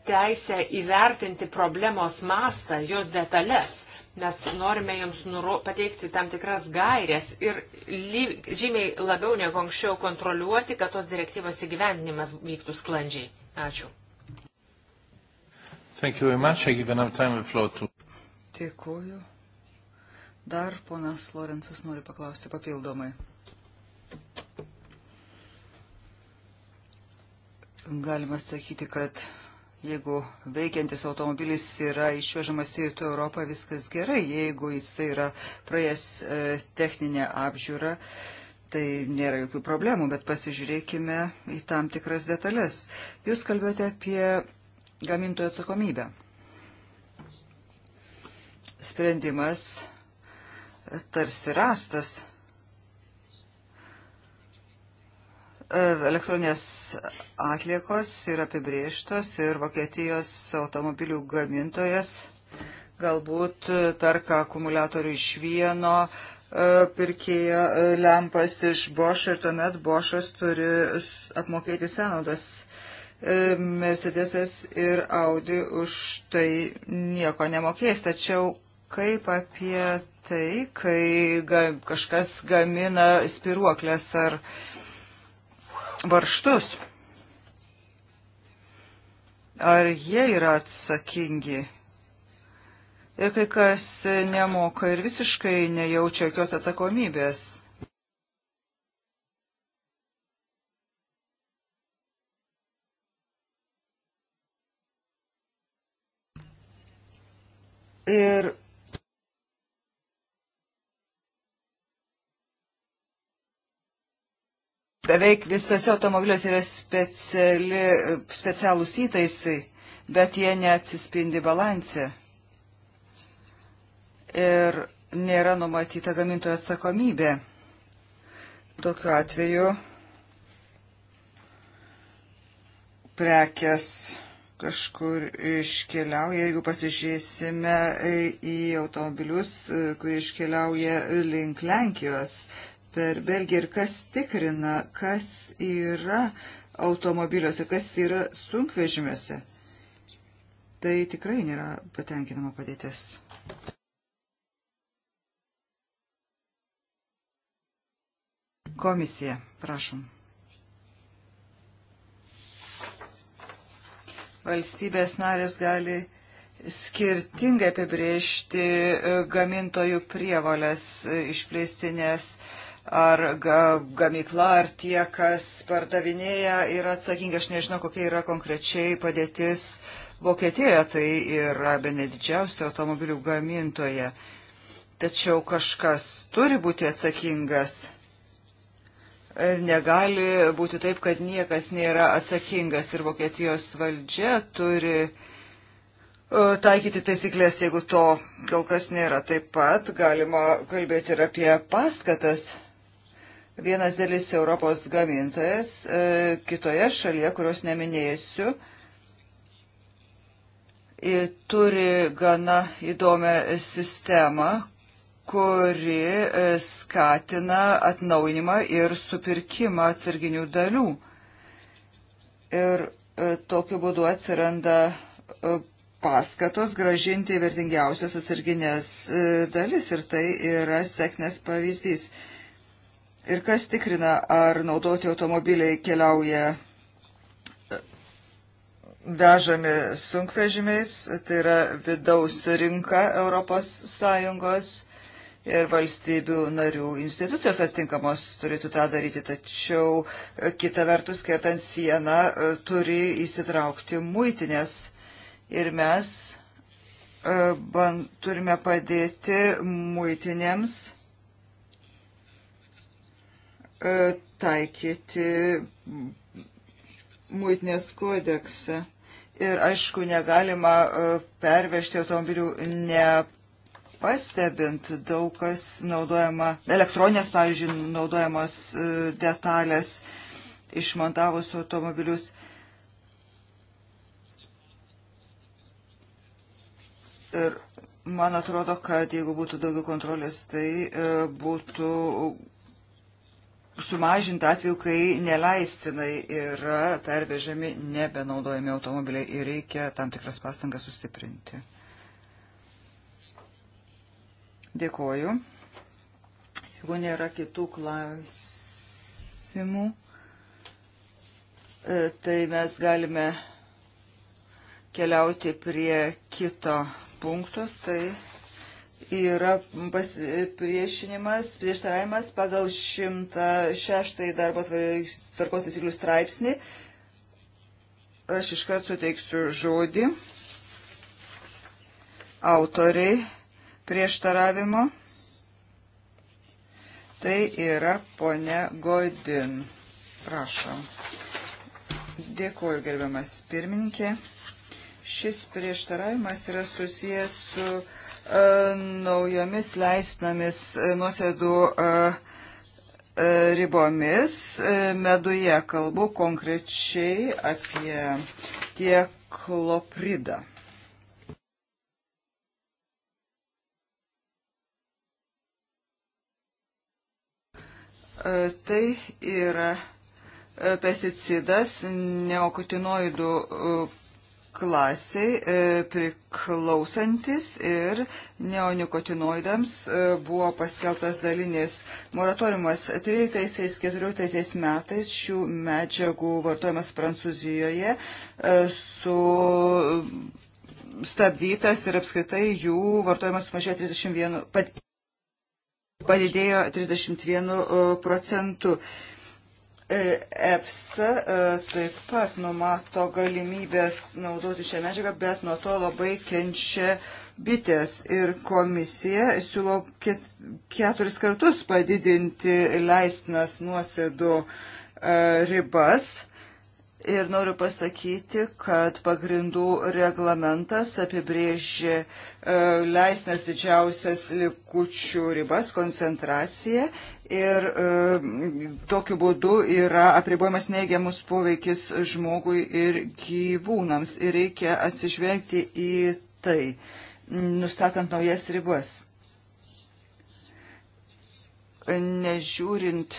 teisę įvertinti problemos mastą, jos detalės Mes norime jums nuro, pateikti tam tikras gairias ir ly, žymiai labiau negu anksčiau kontroliuoti, kad tos direktyvos įgyvendinimas vyktų sklandžiai. Ačiū. To... Dėkuoju. Dar ponas Lorenzas nori paklausti papildomai. Galima sakyti, kad Jeigu veikiantis automobilis yra išvežamas į Rytų Europą, viskas gerai. Jeigu jis yra praėjęs e, techninę apžiūrą, tai nėra jokių problemų, bet pasižiūrėkime į tam tikras detalės. Jūs kalbėjote apie gamintojų atsakomybę. Sprendimas tarsi rastas E, elektroninės atliekos yra apibrieštos ir Vokietijos automobilių gamintojas galbūt perka akumuliatorių iš vieno e, pirkėjo e, lempas iš Bosch ir tuomet Boschas turi apmokėti senodas. Mercedesas ir Audi už tai nieko nemokės, tačiau kaip apie tai, kai kažkas gamina spiruoklės ar uh, varštus. Ar jie yra atsakingi? Ir kai kas nemoka ir visiškai nejaučia jokios atsakomybės. Ir Beveik visose automobiliuose yra speciali, specialūs įtaisai, bet jie neatsispindi balansė. Ir nėra numatyta gamintojo atsakomybė. Tokiu atveju prekes kažkur iškeliauja, jeigu pasižiūrėsime į automobilius, kurie iškeliauja link Lenkijos, per Belgiją ir kas tikrina, kas yra automobiliuose, kas yra sunkvežimiuose. Tai tikrai nėra patenkinama padėtis. Komisija, prašom. Valstybės narės gali skirtingai apibriežti e, gamintojų prievalės e, išplėstinės ar gamykla, ar tie, kas pardavinėja, yra atsakingi. Aš nežinau, kokia yra konkrečiai padėtis Vokietijoje, tai yra be nedidžiausia automobilių gamintoje. Tačiau kažkas turi būti atsakingas negali būti taip, kad niekas nėra atsakingas ir Vokietijos valdžia turi e, taikyti taisyklės, jeigu to kol kas nėra. Taip pat galima kalbėti ir apie paskatas vienas dėlis Europos gamintojas e, kitoje šalyje, kurios neminėsiu, turi gana įdomią sistemą, kuri e, skatina atnauinimą ir supirkimą atsarginių dalių. Ir e, tokiu būdu atsiranda paskatos gražinti vertingiausias atsarginės dalis ir tai yra sėkmės pavyzdys. Ir kas tikrina, ar naudoti automobiliai keliauja vežami sunkvežimiais, tai yra vidaus rinka ES ir valstybių narių institucijos atitinkamos turėtų tą daryti, tačiau e, kita vertus, kertant sieną, e, turi įsitraukti muitinės. Ir mes e, ban, turime padėti muitinėms E, taikyti muitinės kodeksą. Ir aišku, negalima e, pervežti automobilių nepastebint. Daug kas naudojama, elektroninės, pavyzdžiui, naudojamos e, detalės išmontavus automobilius. Ir man atrodo, kad jeigu būtų daugiau kontrolės, tai būtų sumažinti atveju, kai neleistinai yra pervežami nebenaudojami automobiliai ir reikia tam tikras pastangas sustiprinti. Dėkoju. Jeigu nėra kitų klausimų, e, tai mes galime keliauti prie kito punkto. Tai yra priešinimas, prieštaravimas pagal 106 darbo tvarkos taisyklių straipsnį. Aš iškart suteiksiu žodį autoriai prieštaravimo. Tai yra ponia Godin. Prašom. Dėkuoju, gerbiamas pirmininkė. Šis prieštaravimas yra susijęs su E, naujomis leistinomis e, nuosėdų e, ribomis. Meduje kalbu konkrečiai apie tieklopridą. Tai yra pesticidas neokotinoidų klasiai e, priklausantis ir neonikotinoidams e, buvo paskeltas dalinis moratoriumas 13-14 metais šių medžiagų vartojimas Prancūzijoje e, su stabdytas ir apskritai jų vartojimas sumažėjo 31 padidėjo 31 procentų. E, EFSA e, taip pat numato galimybės naudoti šią medžiagą, bet nuo to labai kenčia bitės. Ir komisija siūlo ket, keturis kartus padidinti leistinas nuosėdų e, ribas. Ir noriu pasakyti, kad pagrindų reglamentas apibrėžė leistinas didžiausias likučių ribas, koncentraciją ir e, tokiu būdu yra apribojamas neigiamus poveikis žmogui ir gyvūnams ir reikia atsižvelgti į tai, nustatant naujas ribas. Nežiūrint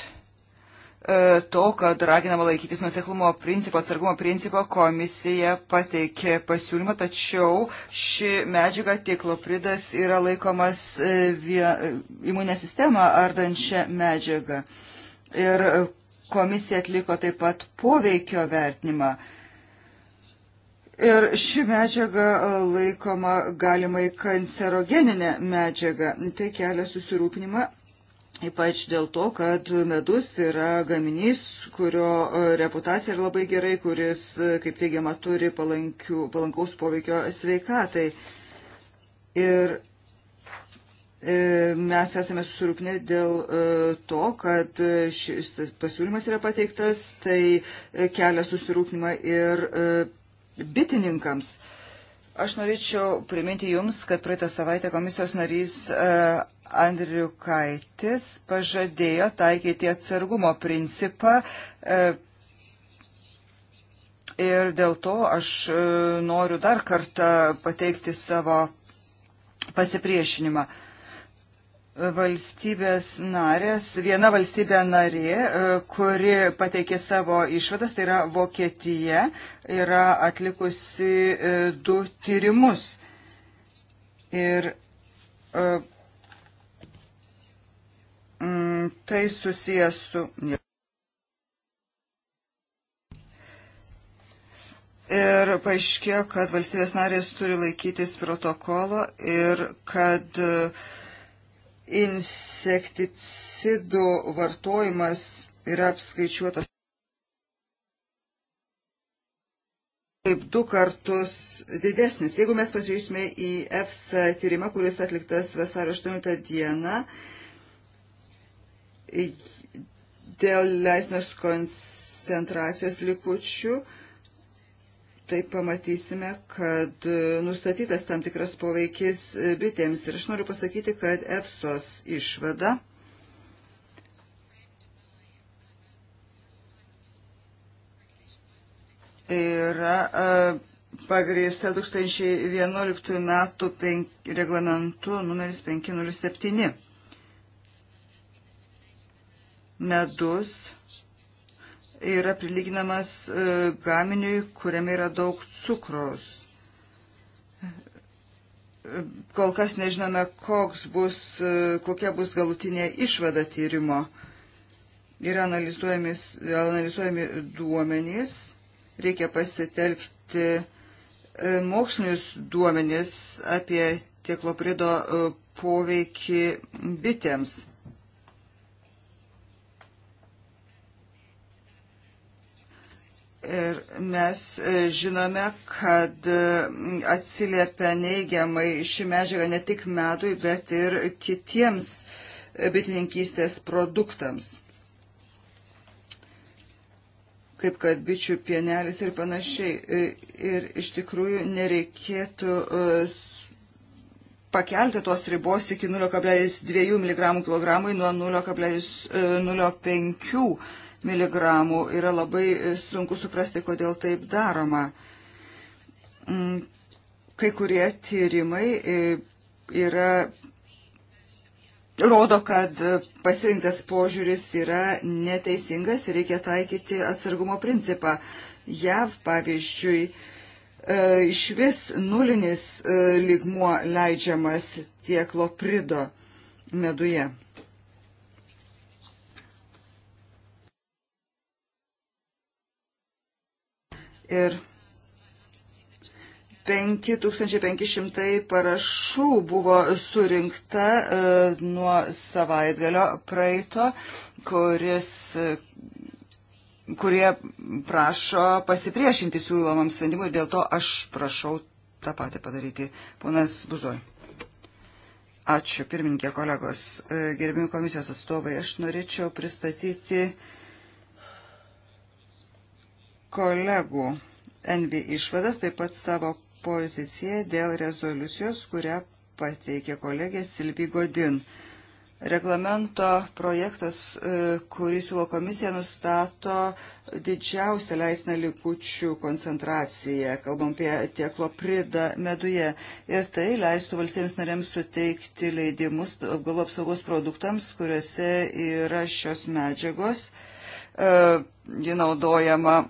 E, to, kad raginama laikytis nuseklumo principo, atsargumo principo, komisija pateikė pasiūlymą, tačiau ši medžiaga tiklopridas yra laikomas e, e, imuninę sistemą ardančią medžiagą. Ir komisija atliko taip pat poveikio vertinimą. Ir ši medžiaga laikoma galimai kancerogeninė medžiaga. Tai kelia susirūpinimą Ypač dėl to, kad medus yra gaminys, kurio e, reputacija yra labai gerai, kuris, e, kaip teigiama, turi palankių, palankaus poveikio sveikatai. Ir e, mes esame susirūpinę dėl to, kad šis pasiūlymas yra pateiktas, tai kelia susirūpinimą ir bitininkams. Aš norėčiau priminti Jums, kad praeitą savaitę komisijos narys e, Andriu Kaitis pažadėjo taikyti atsargumo principą e, ir dėl to aš e, noriu dar kartą pateikti savo pasipriešinimą valstybės narės, viena valstybė narė, e, kuri pateikė savo išvadas, tai yra Vokietija, yra atlikusi e, du tyrimus. Ir e, mm, tai susijęs su. Ir paaiškėjo, kad valstybės narės turi laikytis protokolo ir kad uh, insekticidų vartojimas yra apskaičiuotas kaip du kartus didesnis. Jeigu mes pasižiūrėsime į EFSA tyrimą, kuris atliktas vasario 8 dieną, dėl leisnos koncentracijos likučių, taip pamatysime, kad e, nustatytas tam tikras poveikis e, bitėms. Ir aš noriu pasakyti, kad EPSOS išvada yra e, pagrįsta 2011 metų reglamentu numeris 507. Medus yra prilyginamas e, gaminiui, kuriame yra daug cukros. Kol kas nežinome, bus, e, kokia bus galutinė išvada tyrimo. Yra analizuojami, analizuojami duomenys, reikia pasitelkti e, mokslinius duomenys apie tiekloprido poveikį bitėms. Ir mes e, žinome, kad e, atsiliepia neigiamai ši medžiaga ne tik medui, bet ir kitiems e, bitininkystės produktams, kaip kad bičių pienelis ir panašiai. Ir iš tikrųjų nereikėtų pakelti tos ribos iki 0,2 mg kg nuo 0,05 mg mg. Yra labai sunku suprasti, kodėl taip daroma. Mm, kai kurie tyrimai e, yra rodo, kad pasirinktas požiūris yra neteisingas ir reikia taikyti atsargumo principą. JAV, pavyzdžiui, e, iš vis nulinis e, lygmuo leidžiamas tiek loprido meduje. Ir 5500 parašų buvo surinkta e, nuo savaitgalio praeito, kuris kurie prašo pasipriešinti siūlomam sprendimui ir dėl to aš prašau tą patį padaryti. Ponas Buzoj. Ačiū, pirmininkė kolegos, e, gerbimi komisijos atstovai. Aš norėčiau pristatyti uh, kolegų Envi išvadas, taip pat savo poziciją dėl rezoliucijos, kurią pateikė kolegė Silvi Godin. Reglamento projektas, e, kurį siūlo komisija, nustato didžiausią leisną likučių koncentraciją, kalbam apie tieklo pridą meduje. Ir tai leistų valstybėms narėms suteikti leidimus augalų apsaugos produktams, kuriuose yra šios medžiagos. E, ji naudojama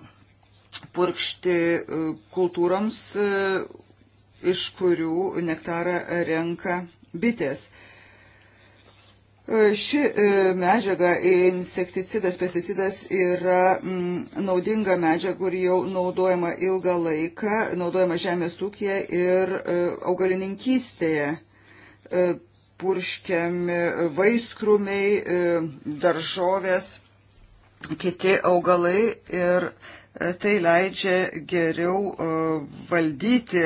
purkšti e, kultūroms, e, iš kurių nektarą renka bitės. E, ši medžiaga, insekticidas, pesticidas yra mm, naudinga medžiaga, kuri jau naudojama ilgą laiką, naudojama žemės ūkėje ir augalininkystėje. Purškiami vaiskrumiai, daržovės, kiti augalai ir augalai Tai leidžia geriau e, valdyti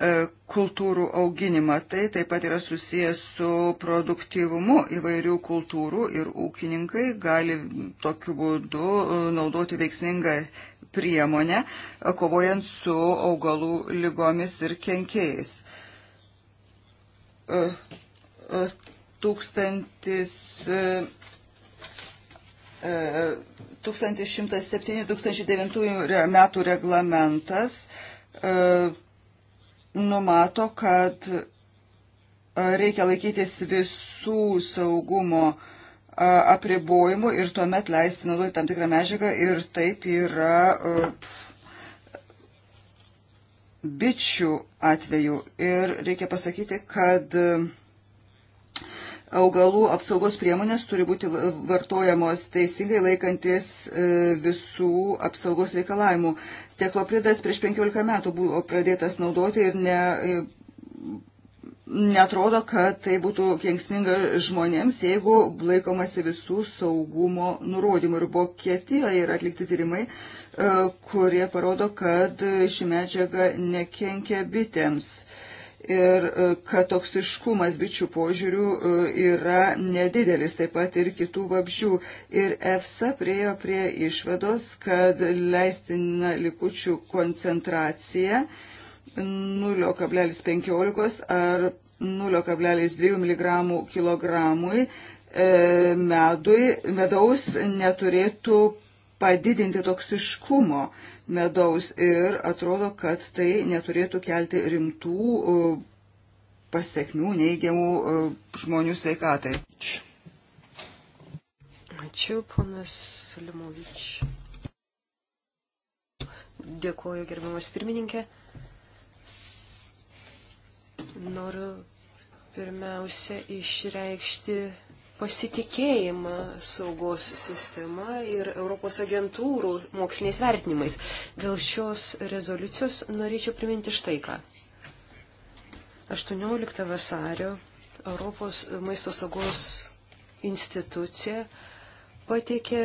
e, kultūrų auginimą. Tai taip pat yra susijęs su produktyvumu įvairių kultūrų ir ūkininkai gali tokiu būdu e, naudoti veiksmingą priemonę, kovojant su augalų lygomis ir kenkėjais. 1900 1107-2009 metų reglamentas e, numato, kad e, reikia laikytis visų saugumo e, apribojimų ir tuomet leisti naudoti tam tikrą medžiagą ir taip yra pf, bičių atveju. Ir reikia pasakyti, kad augalų apsaugos priemonės turi būti vartojamos teisingai laikantis e, visų apsaugos reikalavimų. Teklopridas prieš 15 metų buvo pradėtas naudoti ir ne, e, netrodo, kad tai būtų kengsminga žmonėms, jeigu laikomasi visų saugumo nurodymų. Ir Vokietijoje yra atlikti tyrimai, e, kurie parodo, kad ši medžiaga nekenkia bitėms. Uh, ir e, kad toksiškumas bičių požiūrių e, yra nedidelis, taip pat ir kitų vabžių. Ir EFSA priejo prie išvados, kad leistina likučių koncentracija 0,15 ar 0,2 mg kilogramui e, medui, medaus neturėtų padidinti toksiškumo. E, medaus ir atrodo, kad tai neturėtų kelti rimtų e, pasiekmių neigiamų e, žmonių sveikatai. Ačiū, ponas Limovič. Dėkuoju, gerbiamas pirmininkė. Noriu pirmiausia išreikšti pasitikėjimą saugos sistema ir Europos agentūrų moksliniais vertinimais. Dėl šios rezoliucijos norėčiau priminti štai ką. 18 vasario Europos maisto saugos institucija pateikė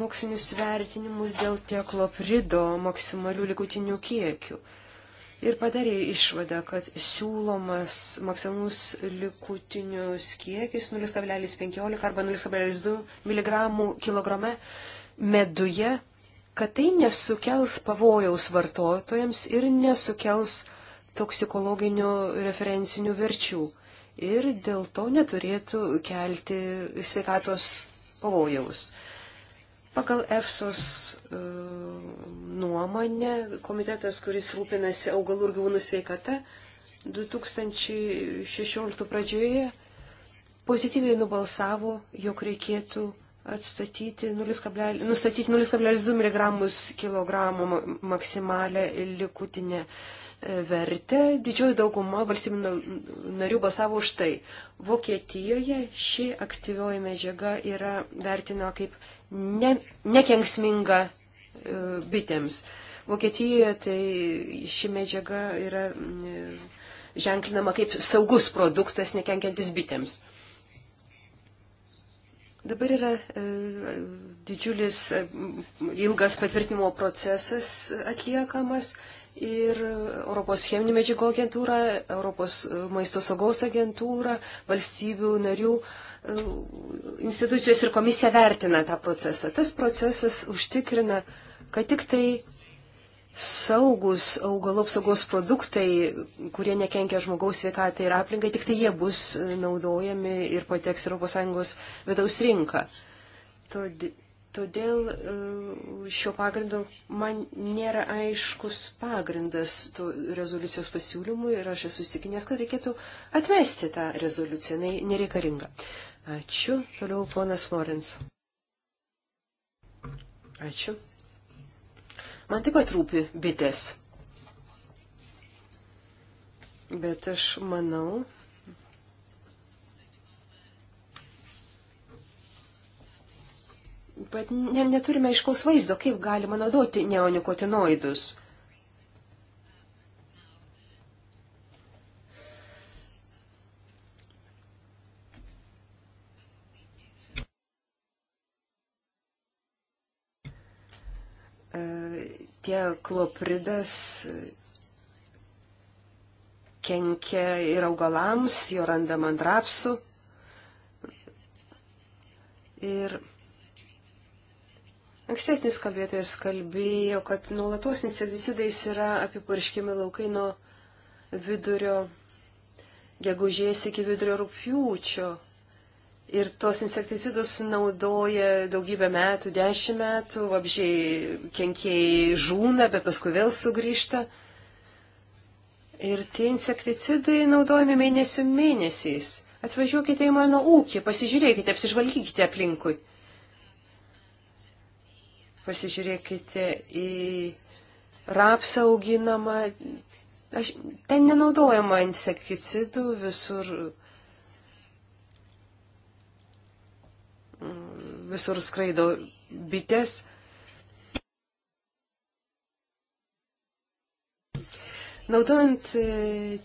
mokslinius vertinimus dėl tekloprido maksimalių likutinių kiekių ir padarė išvadą, kad siūlomas maksimalus likutinius kiekis 0,15 arba 0,2 mg kilograme meduje, kad tai nesukels pavojaus vartotojams ir nesukels toksikologinių referencinių verčių ir dėl to neturėtų kelti sveikatos pavojaus. Pagal EFSOS e, nuomonę, komitetas, kuris rūpinasi augalų ir gyvūnų sveikata, 2016 pradžioje pozityviai nubalsavo, jog reikėtų atstatyti 0, nustatyti 0,2 mg kg maksimalę likutinę e, vertę. Didžioji dauguma valstybių narių balsavo už tai. Vokietijoje ši aktyvioji medžiaga yra vertina kaip ne, nekenksminga e, bitėms. Vokietijoje tai ši medžiaga yra e, ženklinama kaip saugus produktas nekenkiantis bitėms. Dabar yra e, didžiulis e, ilgas patvirtinimo procesas atliekamas ir Europos cheminių medžiagų agentūra, Europos maisto saugos agentūra, valstybių narių e, institucijos ir komisija vertina tą procesą. Tas procesas užtikrina, kad tik tai saugus augalų apsaugos produktai, kurie nekenkia žmogaus sveikatai ir aplinkai, tik tai jie bus naudojami ir pateks ES vidaus rinką. Todėl e, šiuo pagrindu man nėra aiškus pagrindas to rezoliucijos pasiūlymui ir aš esu įstikinęs, kad reikėtų atmesti tą rezoliuciją, jinai nereikalinga. Ačiū. Toliau ponas Florens. Ačiū. Man taip pat rūpi bitės. Bet aš manau, bet ne, neturime iškaus vaizdo, kaip galima naudoti neonikotinoidus. ciklopridas kenkia ir augalams, jo randama ant rapsų. Ir ankstesnis kalbėtojas kalbėjo, kad nuolatos insekticidais yra apiparškiami laukai nuo vidurio gegužės iki vidurio rūpjūčio. Ir tos insekticidus naudoja daugybę metų, dešimt metų, vabžiai kenkėjai žūna, bet paskui vėl sugrįžta. Ir tie insekticidai naudojami mėnesių mėnesiais. Atvažiuokite į mano ūkį, pasižiūrėkite, apsižvalgykite aplinkui. Pasižiūrėkite į rapsą auginamą. Aš, ten nenaudojama insekticidų, visur visur skraido bitės. Naudojant e,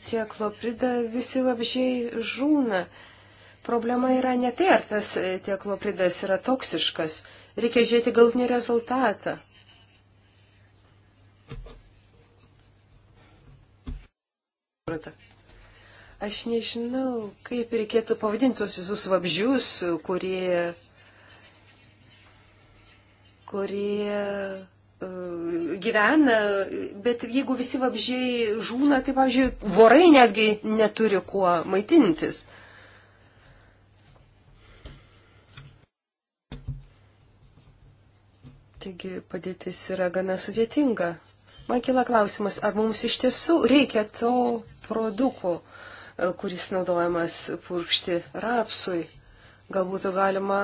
tieklopridą visi vabžiai žūna. Problema yra ne tai, ar tas e, tieklopridas yra toksiškas. Reikia žiūrėti galtinį rezultatą. Aš nežinau, kaip reikėtų pavadinti tos visus vabžius, kurie kurie gyvena, bet jeigu visi vabžiai žūna, tai, pavyzdžiui, vorai netgi neturi kuo maitintis. Taigi padėtis yra gana sudėtinga. Man kila klausimas, ar mums iš tiesų reikia to produko, e, kuris naudojamas purkšti rapsui. Galbūt galima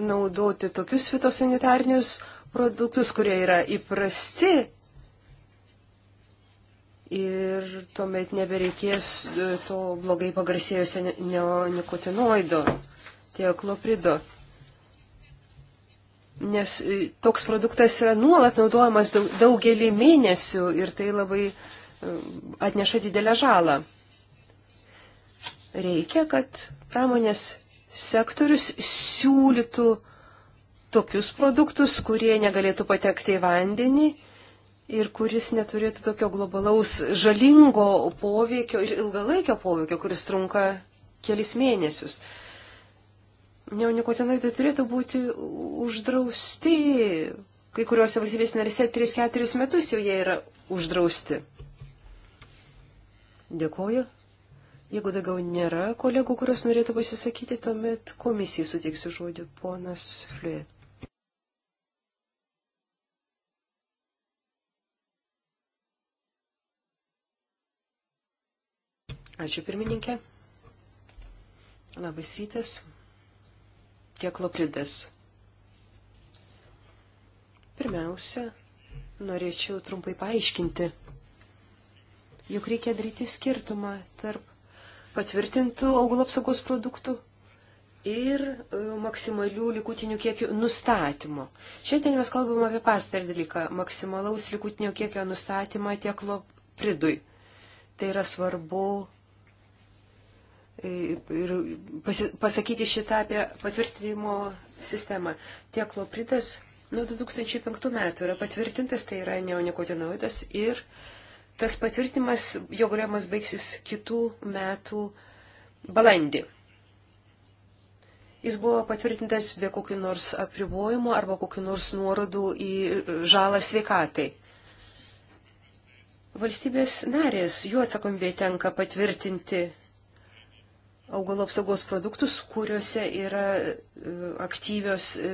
naudoti tokius fitosanitarinius produktus, kurie yra įprasti. Ir tuomet nebereikės e, to blogai pagarsėjusio neonikotinoido, teokloprido. Nes e, toks produktas yra nuolat naudojamas daugelį mėnesių ir tai labai e, atneša didelę žalą. Reikia, kad pramonės sektorius siūlytų tokius produktus, kurie negalėtų patekti į vandenį ir kuris neturėtų tokio globalaus žalingo poveikio ir ilgalaikio poveikio, kuris trunka kelis mėnesius. Neonikotinai tai turėtų būti uždrausti. Kai kuriuose valstybės narise 3-4 metus jau jie yra uždrausti. Dėkuoju. Jeigu daugiau nėra kolegų, kurios norėtų pasisakyti, tuomet komisijai suteiksiu žodį ponas Fliuė. Ačiū pirmininkė. Labas rytas. Tiek loplidas. Pirmiausia, norėčiau trumpai paaiškinti, juk reikia daryti skirtumą tarp patvirtintų augalų apsaugos produktų ir e, maksimalių likutinių kiekių nustatymo. Šiandien mes kalbame apie pastarį dalyką - maksimalaus likutinio kiekio nustatymą tieklo pridui. Tai yra svarbu e, ir pasakyti šitą apie patvirtinimo sistemą. Tieklo pridas nuo 2005 metų yra patvirtintas, tai yra neonikotinoidas ir tas patvirtinimas, jo galiojimas baigsis kitų metų balandį. Jis buvo patvirtintas be kokių nors apribojimų arba kokių nors nuorodų į žalą sveikatai. Valstybės narės, jų atsakomybė tenka patvirtinti augalo apsaugos produktus, kuriuose yra e, aktyvios e,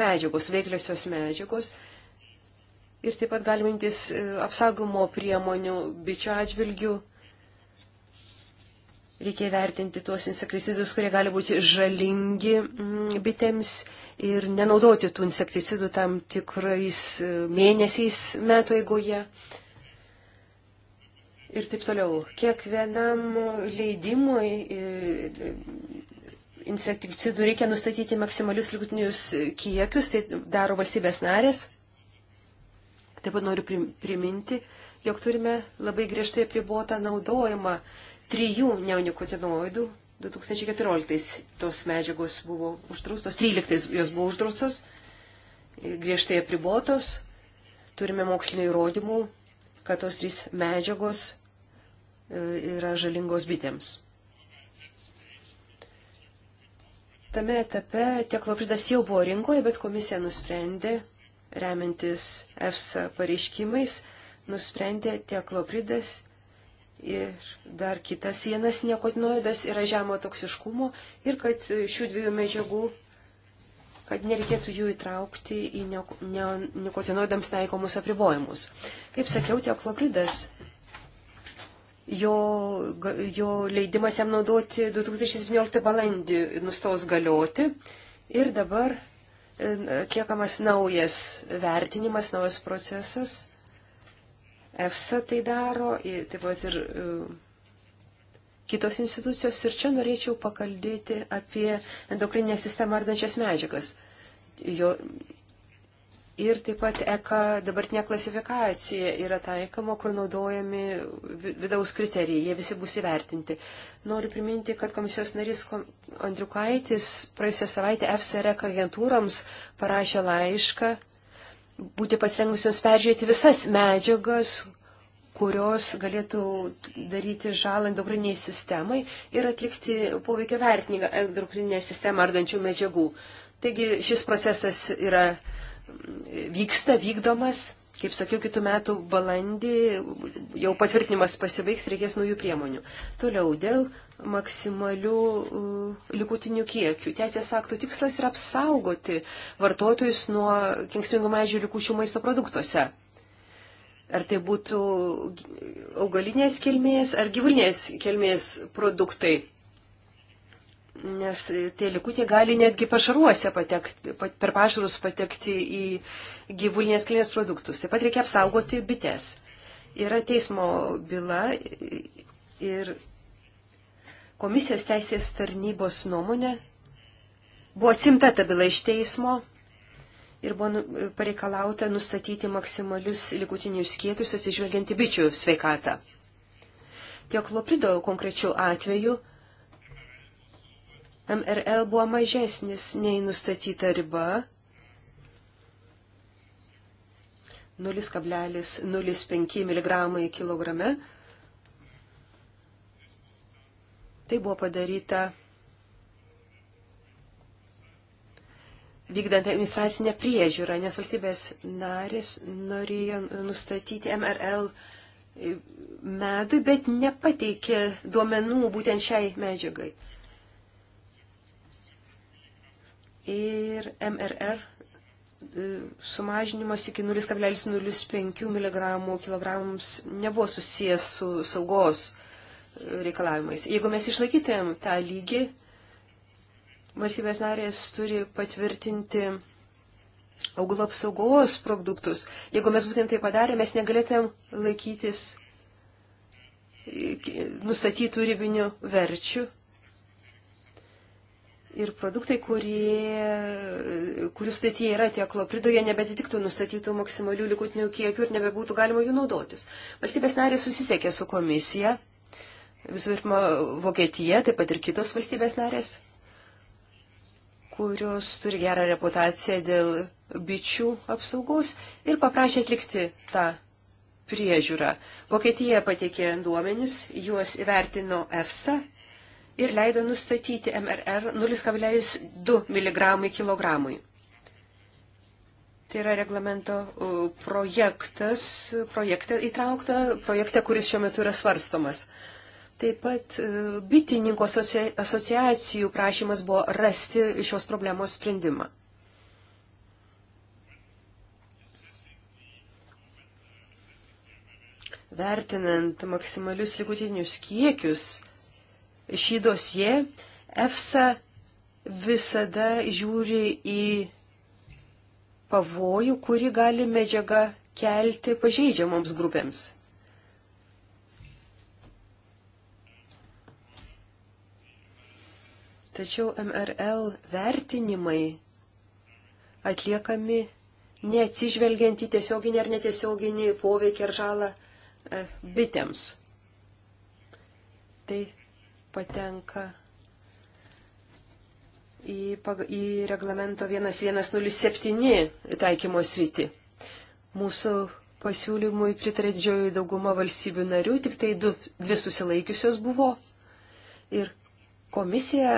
medžiagos, veikliosios medžiagos ir taip pat galima imtis e, apsaugumo priemonių bičių atžvilgių. Reikia vertinti tuos insekticidus, kurie gali būti žalingi mm, bitėms ir nenaudoti tų insekticidų tam tikrais e, mėnesiais metų eigoje. Ir taip toliau. Kiekvienam leidimui e, insekticidų reikia nustatyti maksimalius likutinius kiekius, tai daro valstybės narės. Taip pat noriu priminti, jog turime labai griežtai pribuotą naudojimą trijų neonikotinoidų. 2014 tos medžiagos buvo uždraustos, 13 jos buvo uždraustos, griežtai apribotos. Turime mokslinio įrodymų, kad tos trys medžiagos e, yra žalingos bitėms. Tame etape teklopridas jau buvo rinkoje, bet komisija nusprendė, remintis EFSA pareiškimais, nusprendė tieklopridas ir dar kitas vienas nikotinoidas yra žemo toksiškumo ir kad šių dviejų medžiagų, kad nereikėtų jų įtraukti į nikotinoidams taikomus apribojimus. Kaip sakiau, tieklopridas, jo, jo leidimas jam naudoti 2017 balandį nustos galioti ir dabar atliekamas naujas vertinimas, naujas procesas. EFSA tai daro, taip pat ir e, kitos institucijos. Ir čia norėčiau pakalbėti apie endokrininę sistemą ardančias medžiagas. Jo, Ir taip pat ECA dabartinė klasifikacija yra taikoma, kur naudojami vidaus kriterijai, jie visi bus įvertinti. Noriu priminti, kad komisijos narys Andriukaitis praėjusią savaitę FSREK agentūrams parašė laišką būti pasirengusios peržiūrėti visas medžiagas, kurios galėtų daryti žalą endokriniai sistemai ir atlikti poveikio vertinimą endokrininę sistemą ardančių medžiagų. Taigi šis procesas yra vyksta, vykdomas. Kaip sakiau, kitų metų balandį jau patvirtinimas pasibaigs, reikės naujų priemonių. Toliau dėl maksimalių uh, likutinių kiekių. Teisės aktų tikslas yra apsaugoti vartotojus nuo kengsmingų medžių likučių maisto produktuose. Ar tai būtų augalinės kilmės ar gyvulinės kilmės produktai nes e, tie likutė gali netgi pašaruose patekti, per pašarus patekti į gyvulinės kilmės produktus. Taip pat reikia apsaugoti bites. Yra teismo byla ir komisijos teisės tarnybos nuomonė buvo atsimta ta byla iš teismo ir buvo nu, pareikalauta nustatyti maksimalius likutinius kiekius atsižvelgiant į bičių sveikatą. Tiek loprido konkrečių atveju MRL buvo mažesnis nei nustatyta riba 0,05 mg kg. Tai buvo padaryta vykdant administracinę priežiūrą, nes valstybės narės norėjo nustatyti MRL medui, bet nepateikė duomenų būtent šiai medžiagai. ir MRR e, sumažinimas iki 0,05 mg nebuvo susijęs su saugos e, reikalavimais. Jeigu mes išlaikytumėm tą lygį, valstybės narės turi patvirtinti augalų apsaugos produktus. Jeigu mes būtent tai padarė, mes negalėtumėm laikytis nustatytų ribinių verčių ir produktai, kurie, kurių sudėtyje yra tie klopridoje, nebetitiktų nustatytų maksimalių likutinių kiekių ir nebebūtų galima jų naudotis. Valstybės narės susisiekė su komisija, visų pirma, Vokietija, taip pat ir kitos valstybės narės, kurios turi gerą reputaciją dėl bičių apsaugos ir paprašė atlikti tą priežiūrą. Vokietija patikė duomenis, juos įvertino EFSA ir leido nustatyti MRR 0,2 mg kilogramui. Tai yra reglamento projektas, projekte įtraukta, projekte, kuris šiuo metu yra svarstomas. Taip pat bitininkų asociacijų prašymas buvo rasti šios problemos sprendimą. Vertinant maksimalius lygutinius kiekius, šį dosiją EFSA visada žiūri į pavojų, kurį gali medžiaga kelti pažeidžiamoms grupėms. Tačiau MRL vertinimai atliekami neatsižvelgiant į tiesioginį ar netiesioginį poveikį ar žalą e, bitėms. Tai patenka į, į reglamento 1107 taikymo sritį. Mūsų pasiūlymui pritarė didžioji dauguma valstybių narių, tik tai du, dvi susilaikiusios buvo. Ir komisija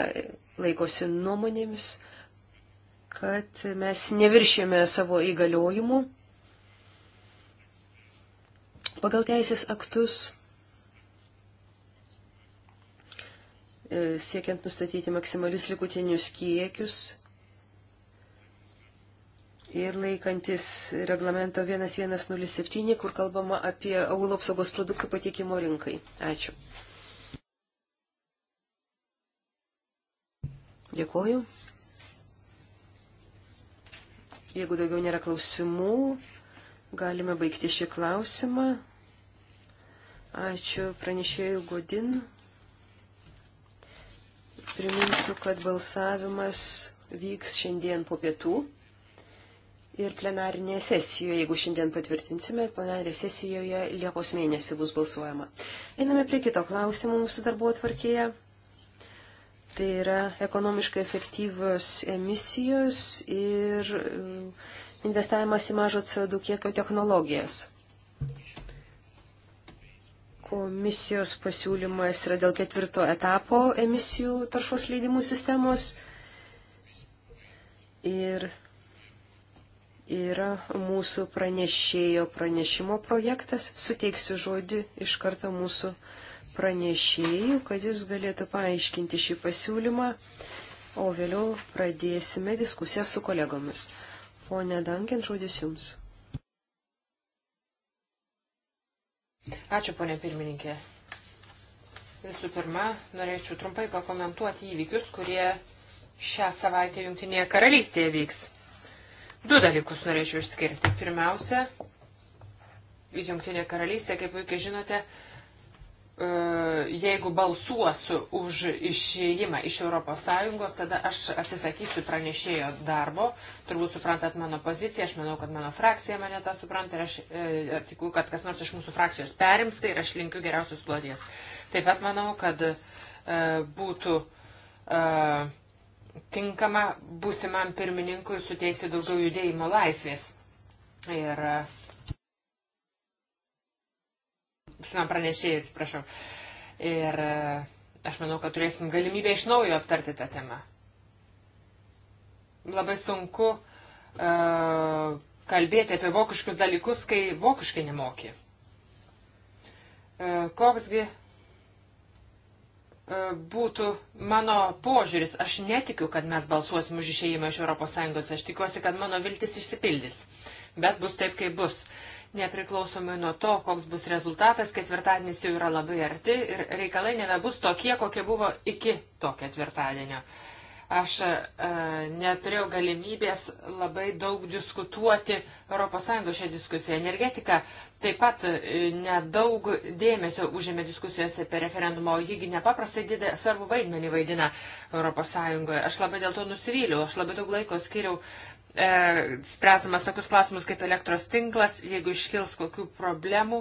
laikosi nuomonėmis, kad mes neviršėme savo įgaliojimų. Pagal teisės aktus E, siekiant nustatyti maksimalius likutinius kiekius ir laikantis reglamento 1107, kur kalbama apie aulo apsaugos produktų pateikimo rinkai. Ačiū. Dėkuoju. Jeigu daugiau nėra klausimų, galime baigti šį klausimą. Ačiū pranešėjų Godin. Priminsiu, kad balsavimas vyks šiandien po pietų ir plenarinėje sesijoje, jeigu šiandien patvirtinsime, plenarinėje sesijoje Liepos mėnesį bus balsuojama. Einame prie kito klausimo mūsų darbo atvarkėje. Tai yra ekonomiškai efektyvios emisijos ir e, investavimas į mažo CO2 kiekio technologijas. Komisijos pasiūlymas yra dėl ketvirto etapo emisijų taršos leidimų sistemos ir yra mūsų pranešėjo pranešimo projektas. Suteiksiu žodį iš karto mūsų pranešėjų, kad jis galėtų paaiškinti šį pasiūlymą, o vėliau pradėsime diskusiją su kolegomis. Pone Dankin, žodis jums. Ačiū, ponė pirmininkė. Visų pirma, norėčiau trumpai pakomentuoti įvykius, kurie šią savaitę Junktinėje karalystėje vyks. Du dalykus norėčiau išskirti. Pirmiausia, Junktinė karalystė, kaip puikiai žinote, E, jeigu balsuosiu už išėjimą iš ES, tada aš atsisakysiu pranešėjo darbo. Turbūt suprantat mano poziciją, aš manau, kad mano frakcija mane tą supranta ir aš e, tikiu, kad kas nors iš mūsų frakcijos perims tai ir aš linkiu geriausios kloties. Taip pat manau, kad e, būtų e, tinkama būsimam pirmininkui suteikti daugiau judėjimo laisvės. Ir e, visam pranešėjai, atsiprašau. Ir e, aš manau, kad turėsim galimybę iš naujo aptarti tą temą. Labai sunku uh, kalbėti apie vokiškus dalykus, kai vokiškai nemoki. Uh, koksgi būtų mano požiūris. Aš netikiu, kad mes balsuosim už išėjimą iš ES. Aš tikiuosi, kad mano viltis išsipildys. Bet bus taip, kaip bus nepriklausomai nuo to, koks bus rezultatas, ketvirtadienis jau yra labai arti ir reikalai nebebus tokie, kokie buvo iki to ketvirtadienio. Aš e, neturėjau galimybės labai daug diskutuoti ES šią diskusiją. Energetika taip pat e, nedaug dėmesio užėmė diskusijose apie referendumą, o jįgi nepaprastai didė, svarbu vaidmenį vaidina ES. Aš labai dėl to nusivyliau, aš labai daug laiko skiriau e, spręsumas tokius klausimus kaip elektros tinklas, jeigu iškils kokių problemų.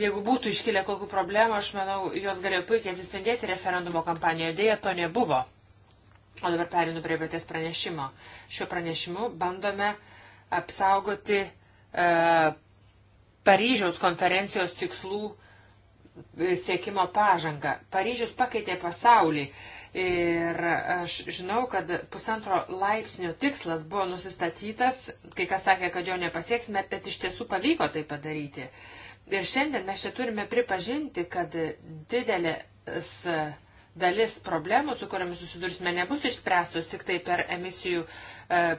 Jeigu būtų iškilę kokių problemų, aš manau, jos galėjo puikiai atsispindėti referendumo kampanijoje, dėja to nebuvo. O dabar perinu prie paties pranešimo. Šiuo pranešimu bandome apsaugoti e, Paryžiaus konferencijos tikslų e, siekimo pažangą. Paryžius pakeitė pasaulį. E, Ir aš žinau, kad pusantro laipsnio tikslas buvo nusistatytas, kai kas sakė, kad jo nepasieksime, bet iš tiesų pavyko tai padaryti. Ir šiandien mes čia turime pripažinti, kad didelės dalis problemų, su kuriamis susidursime, nebus išspręstos tik tai per emisijų e,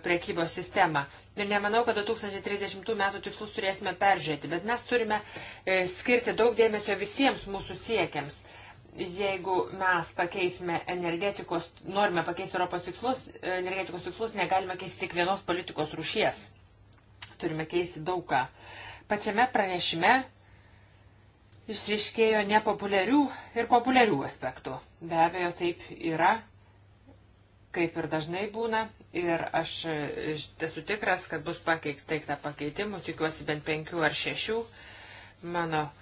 priekybos sistemą. Ir nemanau, kad 2030 metų tikslus turėsime peržiūrėti, bet mes turime e, skirti daug dėmesio visiems mūsų siekiams jeigu mes pakeisime energetikos, norime pakeisti Europos tikslus, energetikos tikslus negalime keisti tik vienos politikos rušies. Turime keisti daugą. Pačiame pranešime išriškėjo nepopuliarių ir populiarių aspektų. Be abejo, taip yra, kaip ir dažnai būna. Ir aš e, esu tikras, kad bus pakeikta pakeitimų, tikiuosi bent penkių ar šešių. Mano uh,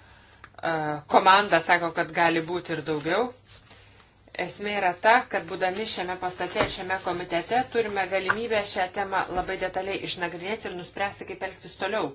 Komanda sako, kad gali būti ir daugiau. Esmė yra ta, kad būdami šiame pastate ir šiame komitete turime galimybę šią temą labai detaliai išnagrinėti ir nuspręsti, kaip elgtis toliau.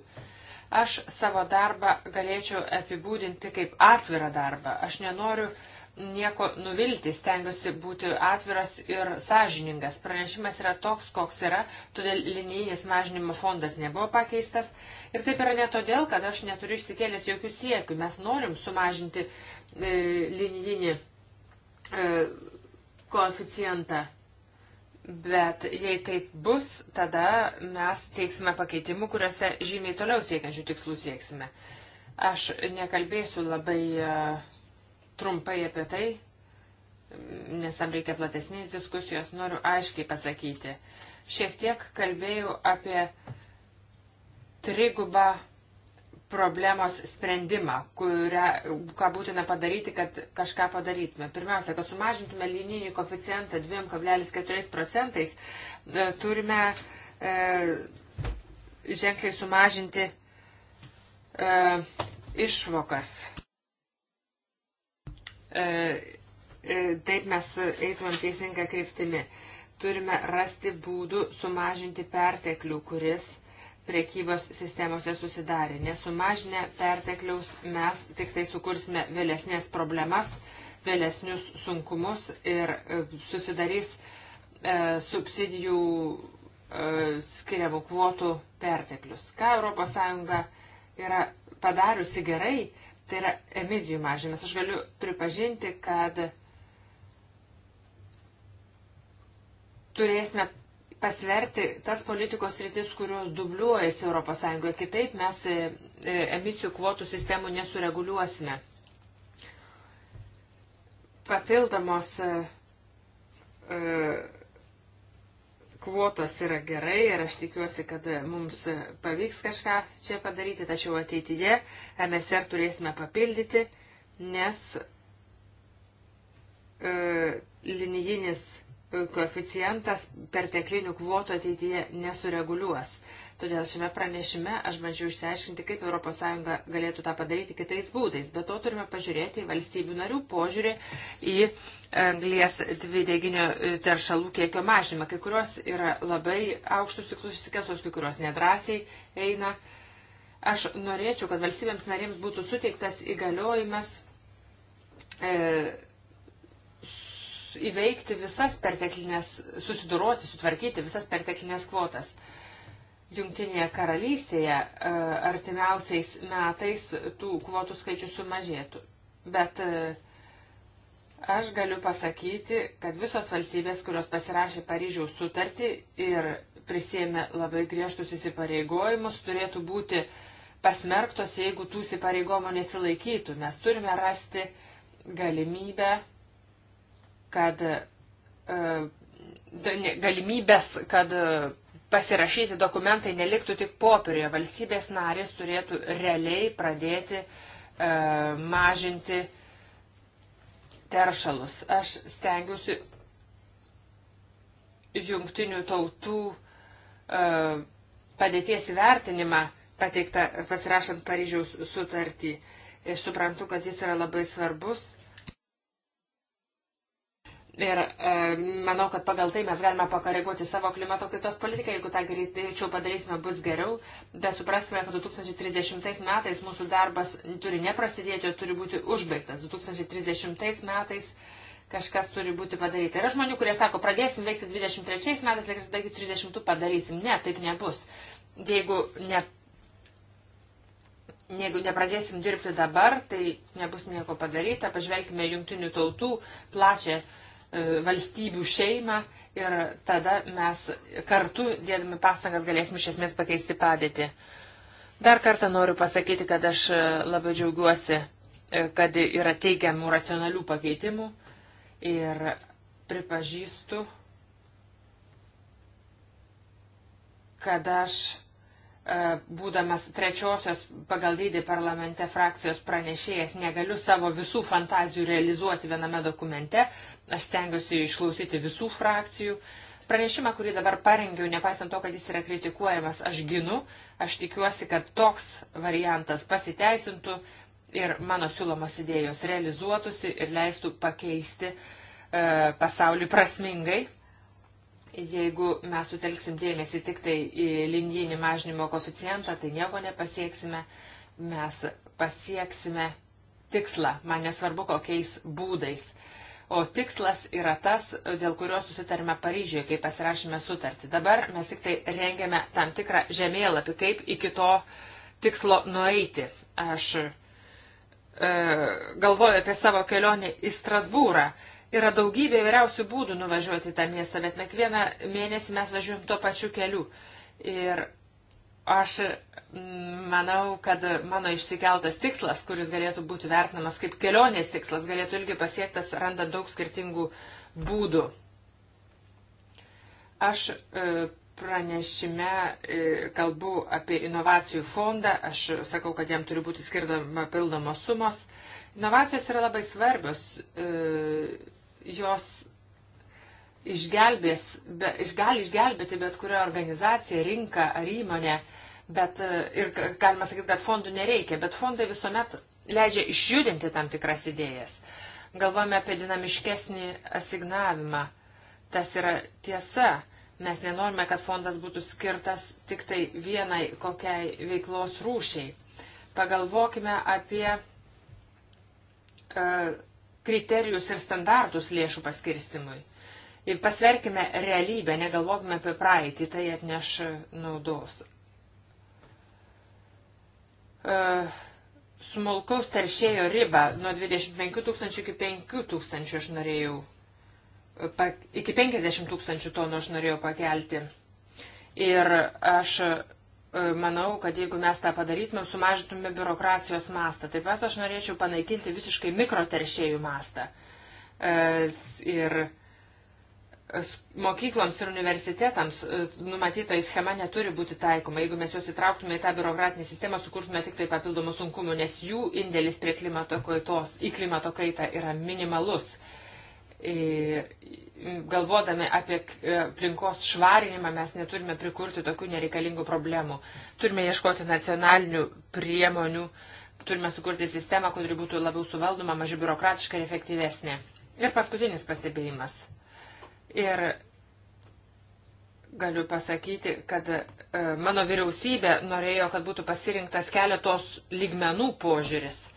Aš savo darbą galėčiau apibūdinti kaip atvirą darbą. Aš nenoriu uh, nieko nuvilti, stengiuosi būti atviras ir sąžiningas. Pranešimas yra toks, koks yra, todėl linijinis mažinimo fondas nebuvo pakeistas. Ir taip yra ne todėl, kad aš neturiu išsikėlęs jokių siekių. Mes norim sumažinti e, linijinį e, koeficientą. Bet jei taip bus, tada mes teiksime pakeitimų, kuriuose žymiai toliau siekiančių tikslų sieksime. Aš nekalbėsiu labai e, trumpai apie tai, nes tam reikia platesnės diskusijos, noriu aiškiai pasakyti. Šiek tiek kalbėjau apie trigubą problemos sprendimą, kurią, ką būtina padaryti, kad kažką padarytume. Pirmiausia, kad sumažintume linijinį koficijantą 2,4 procentais, e, turime e, ženkliai sumažinti e, išvokas E, e, taip mes eitumėm teisinga kryptimi. Turime rasti būdų sumažinti perteklių, kuris priekybos sistemose susidarė. Nesumažinę pertekliaus mes tik tai sukursime vėlesnės problemas, vėlesnius sunkumus ir e, susidarys e, subsidijų e, skiriamų kvotų perteklius. Ką ES yra padariusi gerai, Tai yra emisijų mažinimas. Aš galiu pripažinti, kad turėsime pasverti tas politikos rytis, kurios dubliuojasi ES. Kitaip mes e, e, emisijų kvotų sistemų nesureguliuosime. Papildomos uh, Kvotos yra gerai ir aš tikiuosi, kad mums pavyks kažką čia padaryti, tačiau ateityje MSR turėsime papildyti, nes e, linijinis koeficientas perteklinių kvotų ateityje nesureguliuos. Todėl šiame pranešime aš bandžiau išsiaiškinti, kaip ES galėtų tą padaryti kitais būdais. Be to turime pažiūrėti į valstybių narių požiūrį į e, anglies dvideginio e, teršalų kiekio mažinimą. Kai kurios yra labai aukštus tikslus išsikesos, kai kurios nedrasiai eina. Aš norėčiau, kad valstybėms narėms būtų suteiktas įgaliojimas. E, įveikti visas perteklinės, susidoroti, sutvarkyti visas perteklinės kvotas. Uh, Junktinėje karalystėje e, artimiausiais metais tų kvotų skaičių sumažėtų. Bet e, aš galiu pasakyti, kad visos valstybės, kurios pasirašė Paryžiaus sutartį ir prisėmė labai griežtus įsipareigojimus, turėtų būti pasmerktos, jeigu tų įsipareigojimų nesilaikytų. Mes turime rasti galimybę, kad e, galimybės, kad pasirašyti dokumentai neliktų tik popierioje. Valstybės narės turėtų realiai pradėti e, mažinti teršalus. Aš stengiuosi jungtinių tautų e, padėties įvertinimą pateiktą pasirašant Paryžiaus sutartį. Ir suprantu, kad jis yra labai svarbus Ir e, manau, kad pagal tai mes galime pakoreguoti savo klimato kaitos politiką, jeigu tą greičiau padarysime, bus geriau, bet suprasime, kad 2030 metais mūsų darbas turi neprasidėti, o turi būti užbaigtas. 2030 metais kažkas turi būti padaryta. Yra žmonių, kurie sako, pradėsim veikti 23 metais, ir taigi 30 padarysim. Ne, taip nebus. Jeigu ne jeigu nepradėsim dirbti dabar, tai nebus nieko padaryta. Pažvelkime jungtinių tautų plačią E, valstybių šeimą ir tada mes kartu, dėdami pastangas, galėsim iš esmės pakeisti padėtį. Dar kartą noriu pasakyti, kad aš e, labai džiaugiuosi, e, kad yra teigiamų racionalių pakeitimų ir pripažįstu, kad aš E, būdamas trečiosios pagal dydį parlamente frakcijos pranešėjas, negaliu savo visų fantazijų realizuoti viename dokumente. Aš stengiuosi išklausyti visų frakcijų. Pranešimą, kurį dabar parengiau, nepaisant to, kad jis yra kritikuojamas, aš ginu. Aš tikiuosi, kad toks variantas pasiteisintų ir mano siūlomos idėjos realizuotųsi ir leistų pakeisti e, pasaulį prasmingai Jeigu mes sutelksim dėmesį tik tai į linijinį mažinimo koficijantą, tai nieko nepasieksime. Mes pasieksime tikslą, man nesvarbu kokiais būdais. O tikslas yra tas, dėl kurio susitarėme Paryžiuje, kai pasirašėme sutartį. Dabar mes tik tai rengiame tam tikrą žemėlapį, kaip iki to tikslo nueiti. Aš e, galvoju apie savo kelionę į Strasbūrą. E, Yra daugybė vyriausių būdų nuvažiuoti į tą miestą, bet kiekvieną mėnesį mes važiuojam tuo pačiu keliu. Ir aš mm, manau, kad mano išsikeltas tikslas, kuris galėtų būti vertinamas kaip kelionės tikslas, galėtų ilgi pasiektas, randant daug skirtingų būdų. Aš e, pranešime e, kalbu apie inovacijų fondą, aš sakau, kad jam turi būti skirdama pildomos sumos. Inovacijos yra labai svarbios e, jos išgelbės, be, gali išgelbėti bet kurią organizaciją, rinką ar įmonę. Bet e, ir galima sakyti, kad fondų nereikia, bet fondai visuomet leidžia išjudinti tam tikras idėjas. Galvojame apie dinamiškesnį asignavimą. Tas yra tiesa. Mes nenorime, kad fondas būtų skirtas tik tai vienai kokiai veiklos rūšiai. Pagalvokime apie uh, kriterijus ir standartus lėšų paskirstimui. Ir pasverkime realybę, negalvokime apie praeitį, tai atneš e, naudos. E, smulkaus teršėjo ribą nuo 25 tūkstančių iki 5 tūkstančių aš norėjau, e, iki 50 tūkstančių tonų aš norėjau pakelti. Ir aš E, manau, kad jeigu mes tą padarytume, sumažintume biurokracijos mastą. Taip pat aš norėčiau panaikinti visiškai mikroteršėjų mastą. E, ir mokykloms ir universitetams e, numatytoji schema neturi būti taikoma. Jeigu mes juos įtrauktume į tą biurokratinį sistemą, sukurtume tik tai papildomų sunkumų, nes jų indėlis prie klimato kaitos, į klimato kaitą yra minimalus. E, galvodami apie e, aplinkos švarinimą, mes neturime prikurti tokių nereikalingų problemų. Turime ieškoti nacionalinių priemonių, turime sukurti sistemą, kuri būtų labiau suvaldoma, mažiau biurokratiška ir efektyvesnė. Ir paskutinis pastebėjimas. Ir galiu pasakyti, kad e, mano vyriausybė norėjo, kad būtų pasirinktas keletos lygmenų požiūris –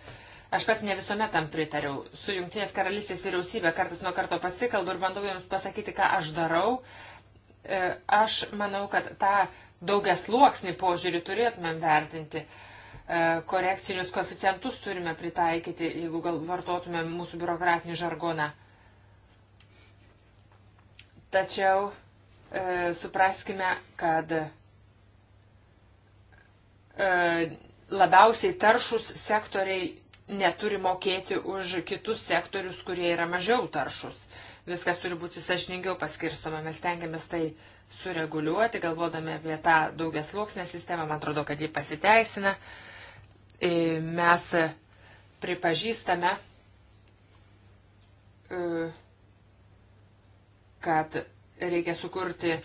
Aš pats ne visuomet tam pritariau. Su Junktinės karalystės vyriausybė kartas nuo karto pasikalbu ir bandau jums pasakyti, ką aš darau. E, aš manau, kad tą daugia sluoksnį požiūrį turėtumėm vertinti. E, korekcinius koficientus turime pritaikyti, jeigu gal vartotumėm mūsų biurokratinį žargoną. Tačiau e, supraskime, kad e, labiausiai taršus sektoriai neturi mokėti už kitus sektorius, kurie yra mažiau taršus. Viskas turi būti sažiningiau paskirstoma. Mes tengiamės tai sureguliuoti, galvodami apie tą daugias luoksnę sistemą. Man atrodo, kad ji pasiteisina. E, mes pripažįstame, e, kad reikia sukurti e,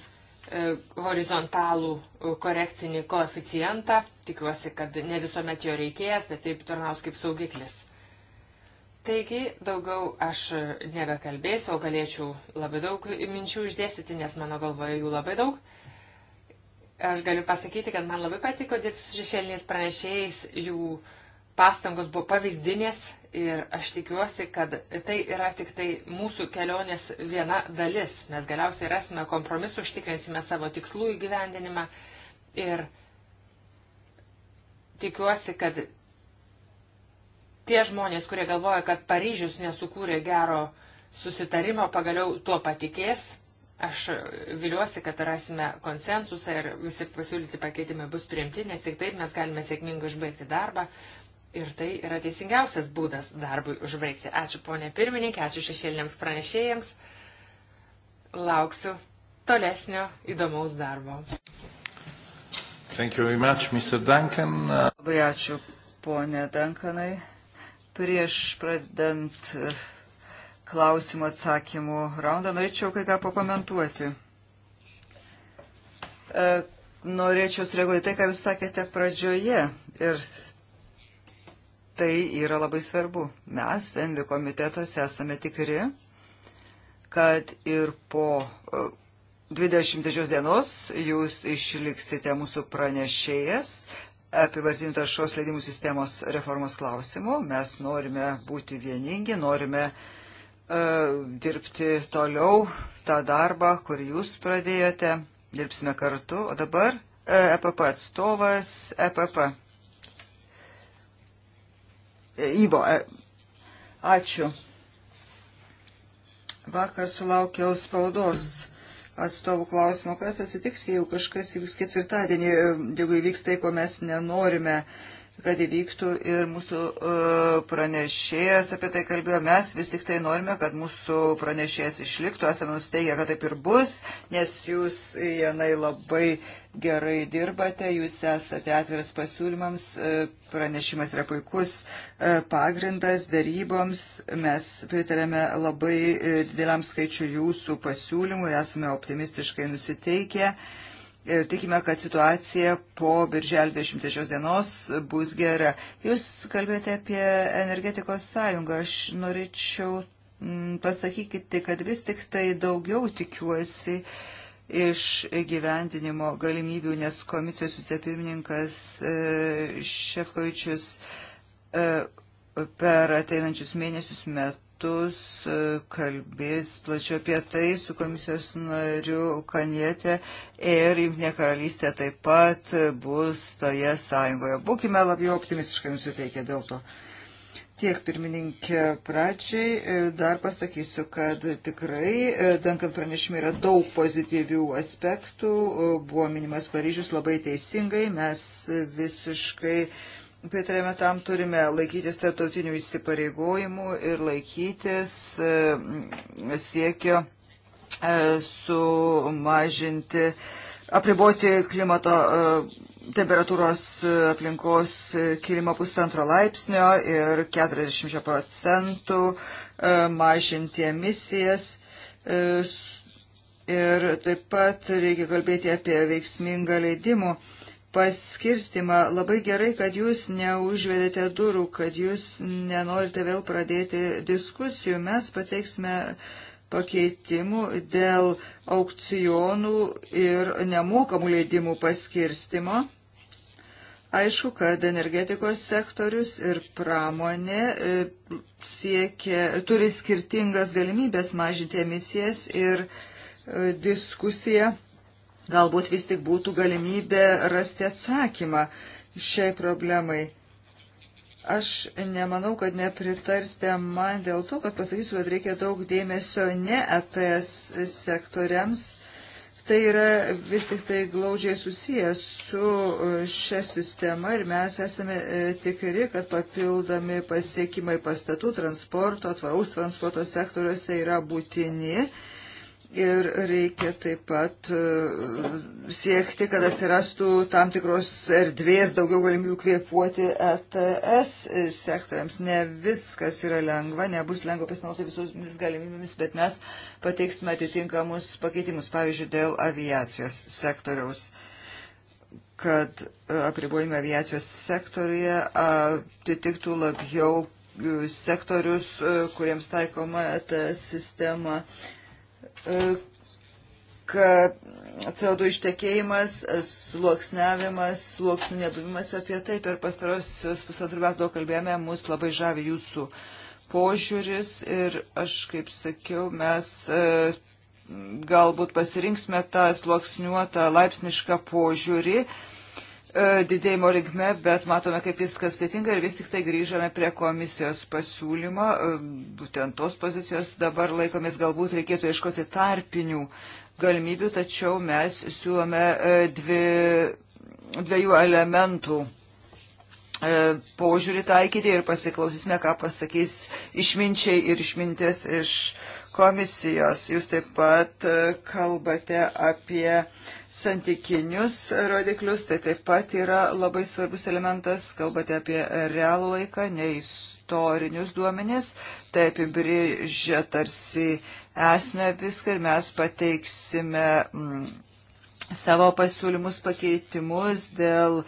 horizontalų korekcinį koeficientą Tikiuosi, kad ne visuomet jo reikės, bet taip tarnaus kaip saugiklis. Taigi, daugiau aš nebekalbėsiu, o galėčiau labai daug minčių išdėstyti, nes mano galvoje jų labai daug. Aš galiu pasakyti, kad man labai patiko dirbti su šešėliniais pranešėjais, jų pastangos buvo pavyzdinės ir aš tikiuosi, kad tai yra tik tai mūsų kelionės viena dalis. Mes galiausiai rasime kompromisų, užtikrinsime savo tikslų įgyvendinimą ir tikiuosi, kad tie žmonės, kurie galvoja, kad Paryžius nesukūrė gero susitarimo, pagaliau tuo patikės. Aš viliuosi, kad rasime konsensusą ir visi pasiūlyti pakeitimai bus priimti, nes tik taip mes galime sėkmingai užbaigti darbą. Ir tai yra teisingiausias būdas darbui užbaigti. Ačiū ponė pirmininkė, ačiū šešėliniams pranešėjams. Lauksiu tolesnio įdomaus darbo. Much, Duncan. Labai ačiū, ponė Dankanai. Prieš pradant eh, klausimų atsakymų raundą, norėčiau kai ką pakomentuoti. Eh, norėčiau sureaguoti tai, ką jūs sakėte pradžioje. Ir tai yra labai svarbu. Mes, Envi komitetas, esame tikri, kad ir po eh, 23 dienos jūs išliksite mūsų pranešėjas apivartinių taršos leidimų sistemos reformos klausimų. Mes norime būti vieningi, norime uh, dirbti toliau tą darbą, kur jūs pradėjote. Dirbsime kartu. O dabar EPP e atstovas, EPP. Įvo, e, ačiū. Vakar sulaukiau spaudos atstovų klausimo, kas atsitiks, jeigu kažkas įvyks ketvirtadienį, e, jeigu įvyks tai, ko mes nenorime. Uh, kad įvyktų ir mūsų e, pranešėjas apie tai kalbėjo. Mes vis tik tai norime, kad mūsų pranešėjas išliktų, esame nusteigę, kad taip ir bus, nes jūs, Janai, labai gerai dirbate, jūs esate atviras pasiūlymams, e, pranešimas yra puikus e, pagrindas daryboms, mes pritarėme labai dideliam skaičiu jūsų pasiūlymų ir esame optimistiškai nusiteikę ir tikime, kad situacija po birželio 23 dienos bus gera. Jūs kalbėjote apie energetikos sąjungą. Aš norėčiau mm, pasakykite, kad vis tik tai daugiau tikiuosi iš gyvendinimo galimybių, nes komisijos vicepirmininkas e, Šefkovičius e, per ateinančius mėnesius metus metus e, kalbės plačiau apie tai su komisijos nariu Kanietė ir Junknė karalystė taip pat bus toje sąjungoje. Būkime labiau optimistiškai nusiteikę dėl to. Tiek pirmininkė pradžiai. E, dar pasakysiu, kad tikrai, e, dankant pranešimai, yra daug pozityvių aspektų. Buvo minimas Paryžius labai teisingai. Mes visiškai pritarėme tam, turime laikytis tarptautinių įsipareigojimų ir laikytis e, siekio e, sumažinti, apriboti klimato e, temperatūros aplinkos kilimo pusantro laipsnio ir 40 procentų mažinti emisijas. Ir taip pat reikia kalbėti apie veiksmingą leidimų paskirstimą. Labai gerai, kad jūs neužvedėte durų, kad jūs nenorite vėl pradėti diskusijų. Mes pateiksime pakeitimų dėl aukcionų ir nemokamų leidimų paskirstimo. Aišku, kad energetikos sektorius ir pramonė e, siekia, turi skirtingas galimybės mažinti emisijas ir e, diskusiją Galbūt vis tik būtų galimybė rasti atsakymą šiai problemai. Aš nemanau, kad nepritarsite man dėl to, kad pasakysiu, kad reikia daug dėmesio ne ETS sektoriams. Tai yra vis tik tai glaudžiai susijęs su e, šia sistema ir mes esame e, tikri, kad papildomi pasiekimai pastatų transporto, tvaraus transporto sektoriuose yra būtini Ir reikia taip pat e, siekti, kad atsirastų tam tikros erdvės, daugiau galimybių kvėpuoti ETS sektoriams. Ne viskas yra lengva, nebus lengva pasinaudoti visomis galimybėmis, bet mes pateiksime atitinkamus pakeitimus, pavyzdžiui, dėl aviacijos sektoriaus kad e, apribojimai aviacijos sektorija atitiktų labiau e, sektorius, kuriems taikoma ta sistema E, kad CO2 ištekėjimas, sluoksniavimas, sluoksnių nebuvimas apie tai per pastarosius pusantrų metų kalbėjome, mus labai žavi jūsų požiūris ir aš, kaip sakiau, mes e, galbūt pasirinksime tą sluoksniuotą laipsnišką požiūrį E, didėjimo linkme, bet matome, kaip viskas sudėtinga ir vis tik tai grįžame prie komisijos pasiūlymo. E, būtent tos pozicijos dabar laikomis galbūt reikėtų ieškoti tarpinių galimybių, tačiau mes siūlome e, dvi, dviejų elementų požiūrį taikyti ir pasiklausysime, ką pasakys išminčiai ir išmintis iš komisijos. Jūs taip pat kalbate apie uh, santykinius rodiklius, tai taip pat yra labai svarbus elementas, kalbate apie realų laiką, ne istorinius duomenis, tai apibrėžia tarsi esmę viską ir mes pateiksime mm, savo pasiūlymus pakeitimus dėl e,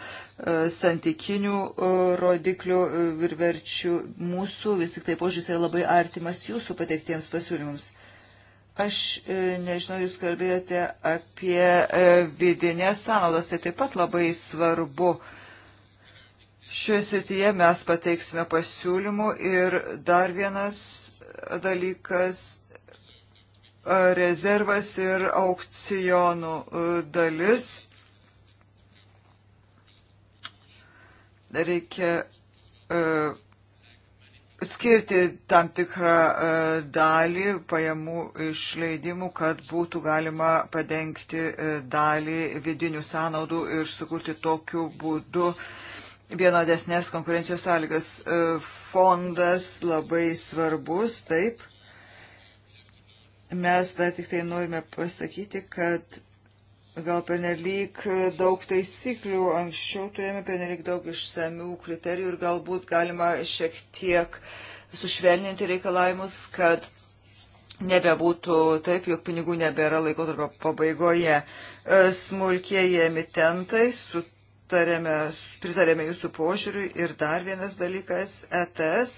santykinių e, rodiklių e, ir verčių mūsų, vis tik tai požiūris yra labai artimas jūsų pateiktiems pasiūlymams. Aš e, nežinau, jūs kalbėjote apie e, vidinės sąnaudas, tai taip pat labai svarbu. Šioje srityje mes pateiksime pasiūlymų ir dar vienas dalykas - rezervas ir aukcionų e, dalis. Reikia uh, skirti tam tikrą e, dalį pajamų išleidimų, kad būtų galima padengti e, dalį vidinių sąnaudų ir sukurti tokiu būdu vienodesnės konkurencijos sąlygas. E, fondas labai svarbus, taip. Mes dar tik tai norime pasakyti, kad gal penelyg e, daug taisyklių. Anksčiau turėjome penelyg daug išsamių kriterijų ir galbūt galima šiek tiek sušvelninti reikalavimus, kad nebebūtų taip, jog pinigų nebėra laikotarpio pabaigoje. E, smulkieji emitentai su Tarėme, pritarėme jūsų požiūriui ir dar vienas dalykas, ETS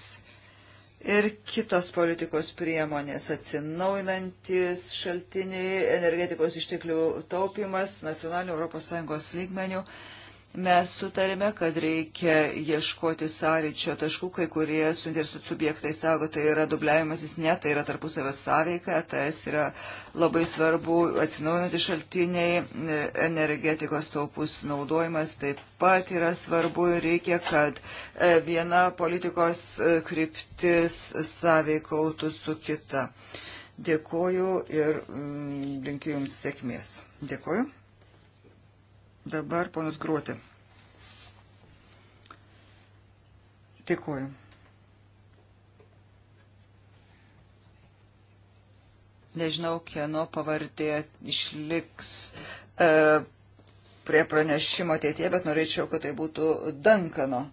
ir kitos politikos priemonės, atsinaujinantis šaltiniai, energetikos išteklių taupimas nacionalinių ES lygmenių. Uh, Mes sutarėme, kad reikia ieškoti sąryčio taškų, kai kurie suinteresuoti subjektai sako, tai yra dubliavimasis, ne, tai yra tarpusavio sąveika, tas yra labai svarbu atsinaujinanti šaltiniai, energetikos taupus naudojimas taip pat yra svarbu ir reikia, kad e, viena politikos e, kryptis sąveikautų su kita. Dėkoju ir mm, linkiu Jums sėkmės. Dėkoju. Dabar ponas Gruoti. Dėkuoju. Nežinau, kieno pavardė išliks e, prie pranešimo ateitie, bet norėčiau, kad tai būtų Dankano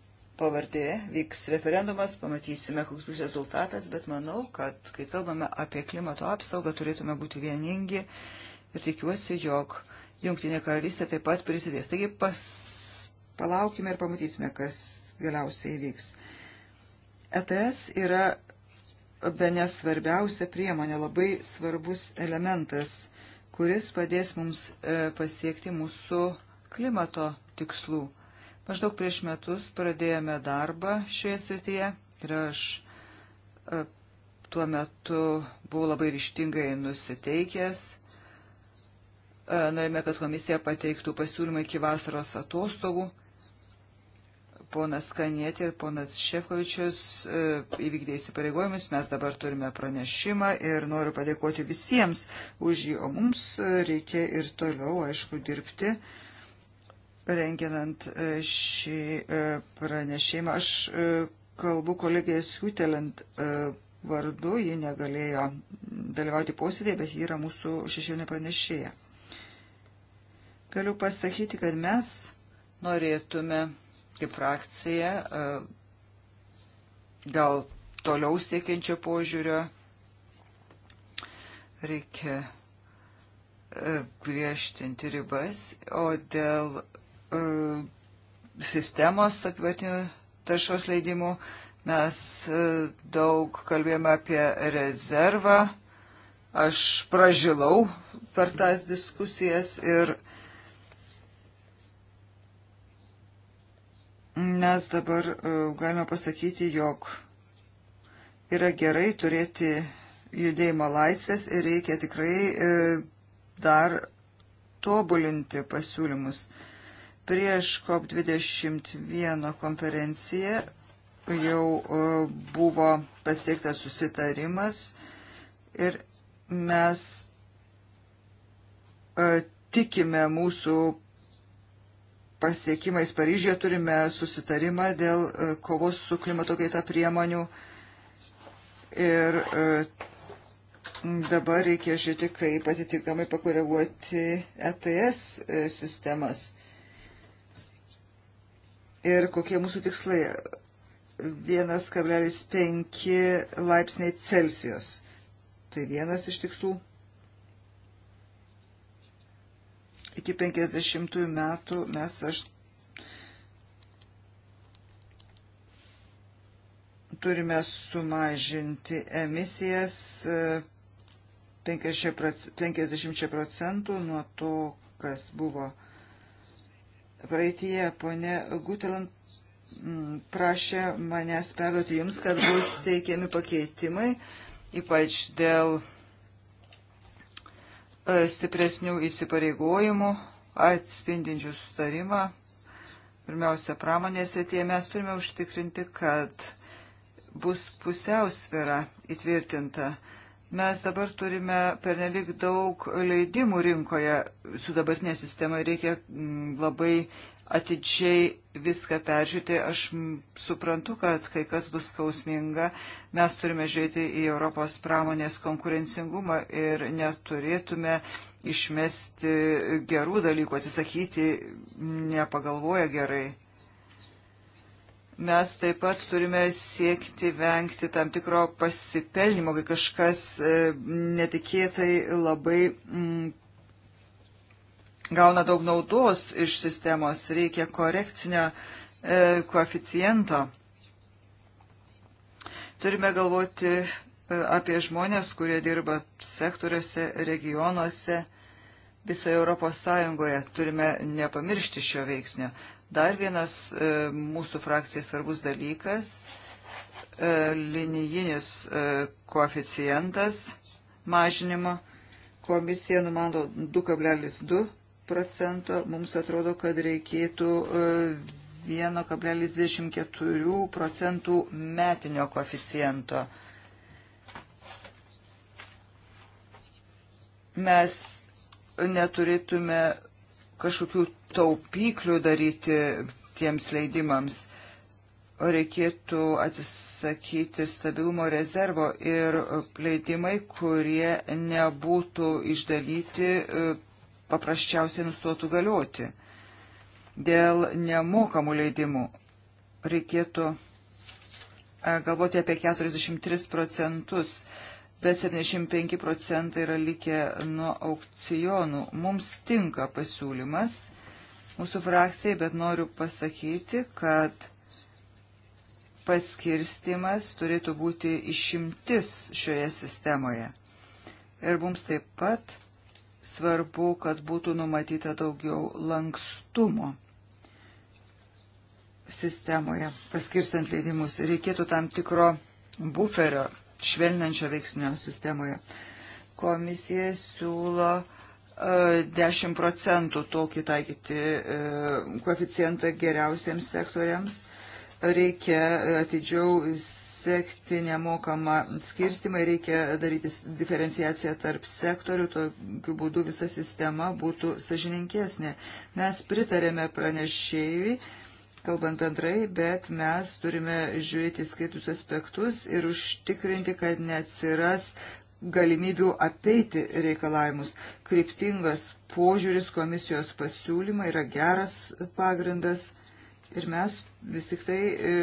pavardė. Vyks referendumas, pamatysime, koks bus rezultatas, bet manau, kad kai kalbame apie klimato apsaugą, turėtume būti vieningi ir tikiuosi, jog Jungtinė karalystė taip pat prisidės. Taigi pas, palaukime ir pamatysime, kas galiausiai vyks. ETS yra be nesvarbiausia priemonė, labai svarbus elementas, kuris padės mums e, pasiekti mūsų klimato tikslų. Maždaug prieš metus pradėjome darbą šioje srityje ir aš e, tuo metu buvau labai ryštingai nusiteikęs E, norime, kad komisija pateiktų pasiūlymą iki vasaros atostogų. Ponas Kanietė ir ponas Šefkovičius e, įvykdė įsipareigojimus. Mes dabar turime pranešimą ir noriu padėkoti visiems už jį, o mums e, reikia ir toliau, aišku, dirbti renginant šį pranešimą. Aš kalbu kolegijos Hutelent vardu, ji negalėjo dalyvauti posėdėje, bet ji yra mūsų šešėlinė pranešėja. Galiu pasakyti, kad mes norėtume kaip frakcija gal e, toliau siekiančio požiūrio reikia e, griežtinti ribas, o dėl uh, sistemos atvartinių taršos leidimų mes uh, daug kalbėjome apie rezervą. Aš pražilau per tas diskusijas ir mes dabar e, galime pasakyti, jog yra gerai turėti judėjimo laisvės ir reikia tikrai e, dar tobulinti pasiūlymus. Prieš COP21 konferenciją jau e, buvo pasiektas susitarimas ir mes tikime mūsų pasiekimais Paryžyje turime susitarimą dėl e, kovos su klimato kaita priemonių ir e, dabar reikia žiūrėti, kaip atitinkamai pakoreguoti ETS e, sistemas ir kokie mūsų tikslai. 1,5 laipsniai Celsijos. Tai vienas iš tikslų. iki 50 metų mes aš turime sumažinti emisijas 50 e, procentų nuo to, kas buvo praeitie. Pone Gutelant mm, prašė manęs perduoti jums, kad bus teikiami pakeitimai, ypač dėl stipresnių įsipareigojimų atspindinčių sustarimą. Pirmiausia, pramonės atėje mes turime užtikrinti, kad bus pusiausvėra įtvirtinta. Mes dabar turime pernelik daug leidimų rinkoje su dabartinė sistema ir reikia labai atidžiai viską peržiūrėti. Aš suprantu, kad kai kas bus skausminga, mes turime žiūrėti į Europos pramonės konkurencingumą ir neturėtume išmesti gerų dalykų, atsisakyti nepagalvoja gerai. Mes taip pat turime siekti vengti tam tikro pasipelnimo, kai kažkas e, netikėtai labai mm, gauna daug naudos iš sistemos, reikia korekcinio e, koeficiento. Turime galvoti e, apie žmonės, kurie dirba sektoriuose, regionuose, visoje Europos Sąjungoje. Turime nepamiršti šio veiksnio. Dar vienas e, mūsų frakcijai svarbus dalykas e, - linijinis e, koeficientas mažinimo. Komisija numando 2,2 procento, mums atrodo, kad reikėtų 1,24 e, procentų metinio koficijento. Mes neturėtume kažkokių taupyklių daryti tiems leidimams reikėtų atsisakyti stabilumo rezervo ir leidimai, kurie nebūtų išdalyti e, paprasčiausiai nustotų galioti. Dėl nemokamų leidimų reikėtų e, galvoti apie 43 procentus, bet 75 procentai yra likę nuo aukcijonų. Mums tinka pasiūlymas mūsų frakcijai, bet noriu pasakyti, kad paskirstimas turėtų būti išimtis šioje sistemoje. Ir mums taip pat svarbu, kad būtų numatyta daugiau lankstumo sistemoje, paskirstant leidimus. Reikėtų tam tikro buferio, švelnančio veiksnio sistemoje. Komisija siūlo 10 e, procentų tokį taikyti e, koeficientą geriausiems sektoriams. Reikia e, atidžiau sekti nemokamą skirstimą, reikia daryti diferenciaciją tarp sektorių, tokiu būdu visa sistema būtų sažininkesnė. Mes pritarėme pranešėjui, kalbant bendrai, bet mes turime žiūrėti skaitus aspektus ir užtikrinti, kad neatsiras galimybių apeiti reikalavimus. Kryptingas požiūris komisijos pasiūlymą yra geras pagrindas ir mes vis tik tai e,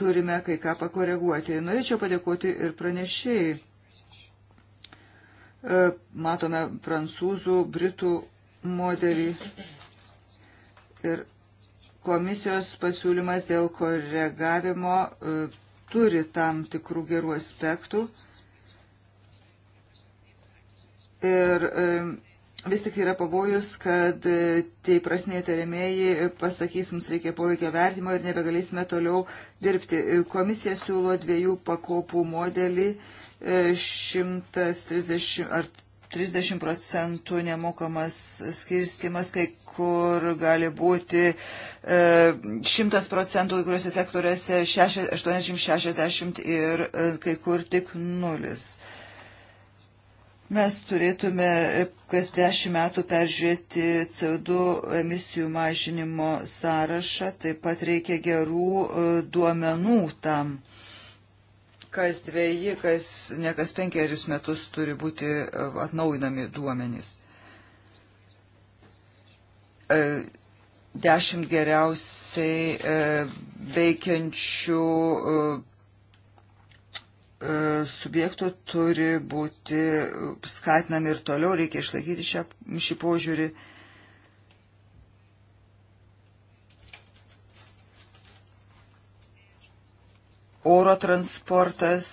turime kai ką pakoreguoti. Norėčiau padėkoti ir pranešėjai. E, matome prancūzų, britų modelį ir komisijos pasiūlymas dėl koregavimo e, turi tam tikrų gerų aspektų. Ir e, vis tik yra pavojus, kad e, tai prasniai tariamieji pasakys, mums reikia poveikio vertimo ir nebegalėsime toliau dirbti. Komisija siūlo dviejų pakopų modelį 130 e, ar 30 procentų nemokamas skirstimas, kai kur gali būti 100 e, procentų, kai kuriuose sektoriuose 80-60 ir kai kur tik nulis. 0 Mes turėtume e, kas dešimt metų peržiūrėti CO2 emisijų mažinimo sąrašą, taip pat reikia gerų e, duomenų tam. Kas dviejį, kas ne kas penkerius metus turi būti e, atnaujinami duomenys. Dešimt geriausiai veikiančių E, subjektų turi būti skatinami ir toliau, reikia išlaikyti šią, šį požiūrį. Oro transportas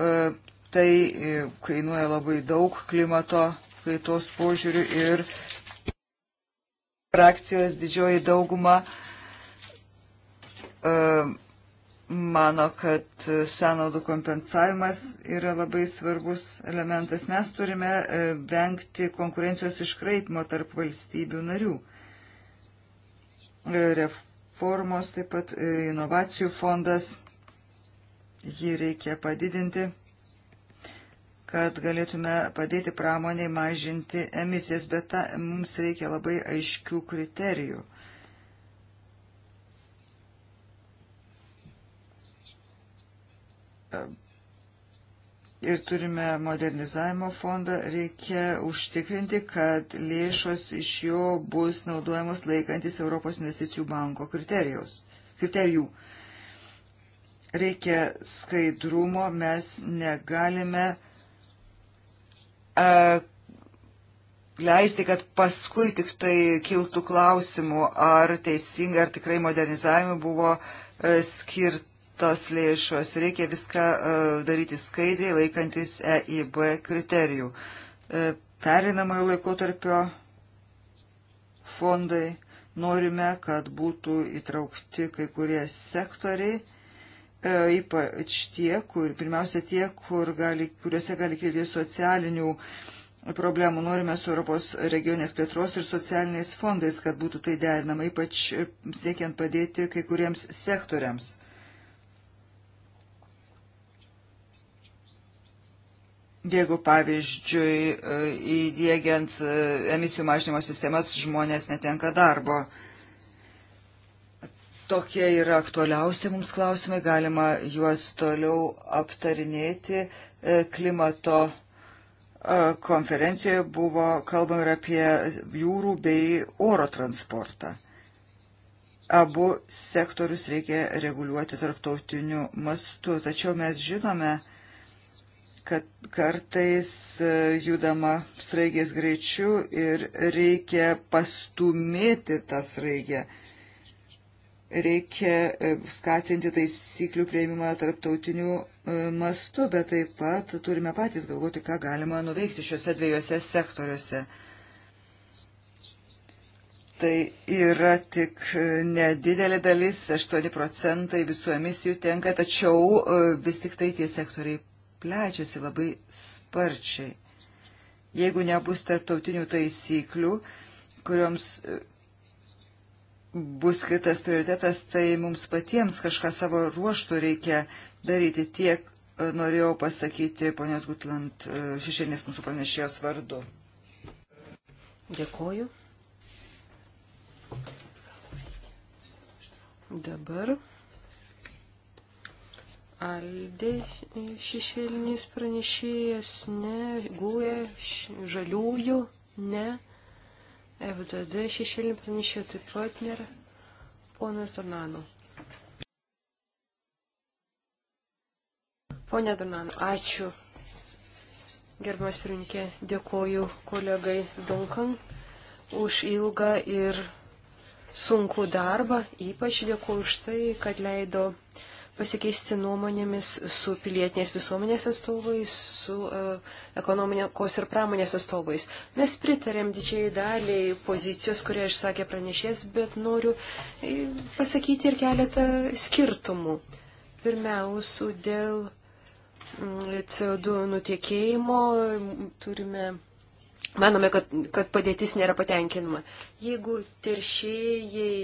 e, tai e, kainuoja labai daug klimato kaitos požiūrių ir frakcijos didžioji dauguma mano, kad sąnaudų kompensavimas yra labai svarbus elementas. Mes turime e, vengti konkurencijos iškraipimo tarp valstybių narių. E, reformos taip pat e, inovacijų fondas, jį reikia padidinti kad galėtume padėti pramoniai mažinti emisijas, bet ta, mums reikia labai aiškių kriterijų. ir turime modernizavimo fondą, reikia užtikrinti, kad lėšos iš jo bus naudojamos laikantis Europos investicijų banko kriterijus. kriterijų. Reikia skaidrumo, mes negalime a, e, leisti, kad paskui tik tai kiltų klausimų, ar teisingai, ar tikrai modernizavimui buvo e, skirta tos lėšos. Reikia viską e, daryti skaidriai, laikantis EIB kriterijų. E, Perinamojo laikotarpio fondai norime, kad būtų įtraukti kai kurie sektoriai, e, ypač tie, kur, pirmiausia tie, kur gali, kuriuose gali kilti socialinių problemų. Norime su Europos regionės plėtros ir socialiniais fondais, kad būtų tai derinama, ypač siekiant padėti kai kuriems sektoriams. Jeigu, pavyzdžiui, e, įdėgiant e, emisijų mažinimo sistemas žmonės netenka darbo. Tokie yra aktualiausi mums klausimai, galima juos toliau aptarinėti. E, klimato konferencijoje buvo kalbama ir apie jūrų bei oro transportą. Abu sektorius reikia reguliuoti tarptautiniu mastu, tačiau mes žinome, kad kad kartais e, judama sraigės greičiu ir reikia pastumėti tą sraigę. Reikia e, skatinti taisyklių prieimimą tarptautinių e, mastų, bet taip pat turime patys galvoti, ką galima nuveikti šiuose dviejose sektoriuose tai yra tik nedidelė dalis, 8 procentai visų emisijų tenka, tačiau vis tik tai tie sektoriai plečiasi labai sparčiai. Jeigu nebus tarptautinių taisyklių, kurioms e, bus kitas prioritetas, tai mums patiems kažką savo ruoštų reikia daryti tiek, e, norėjau pasakyti ponios Gutland e, šešėlinės mūsų pranešėjos vardu. Dėkoju. Dabar Aldė šešėlinis pranešėjas, ne, Gūė, Žaliųjų, ne, FDD šešėlinį pranešėjo taip pat nėra, ponas Dornano. Pone Dornano, ačiū. Gerbiamas pirminkė, dėkoju kolegai Dunkan už ilgą ir sunkų darbą, ypač dėkoju už tai, kad leido pasikeisti nuomonėmis su pilietinės visuomenės atstovais, su uh, ekonomikos ir pramonės atstovais. Mes pritarėm didžiai daliai pozicijos, kurią išsakė pranešės, bet noriu e, pasakyti ir keletą skirtumų. Pirmiausia, dėl mm, CO2 nutiekėjimo mm, turime. Manome, kad, kad padėtis nėra patenkinama. Jeigu teršėjai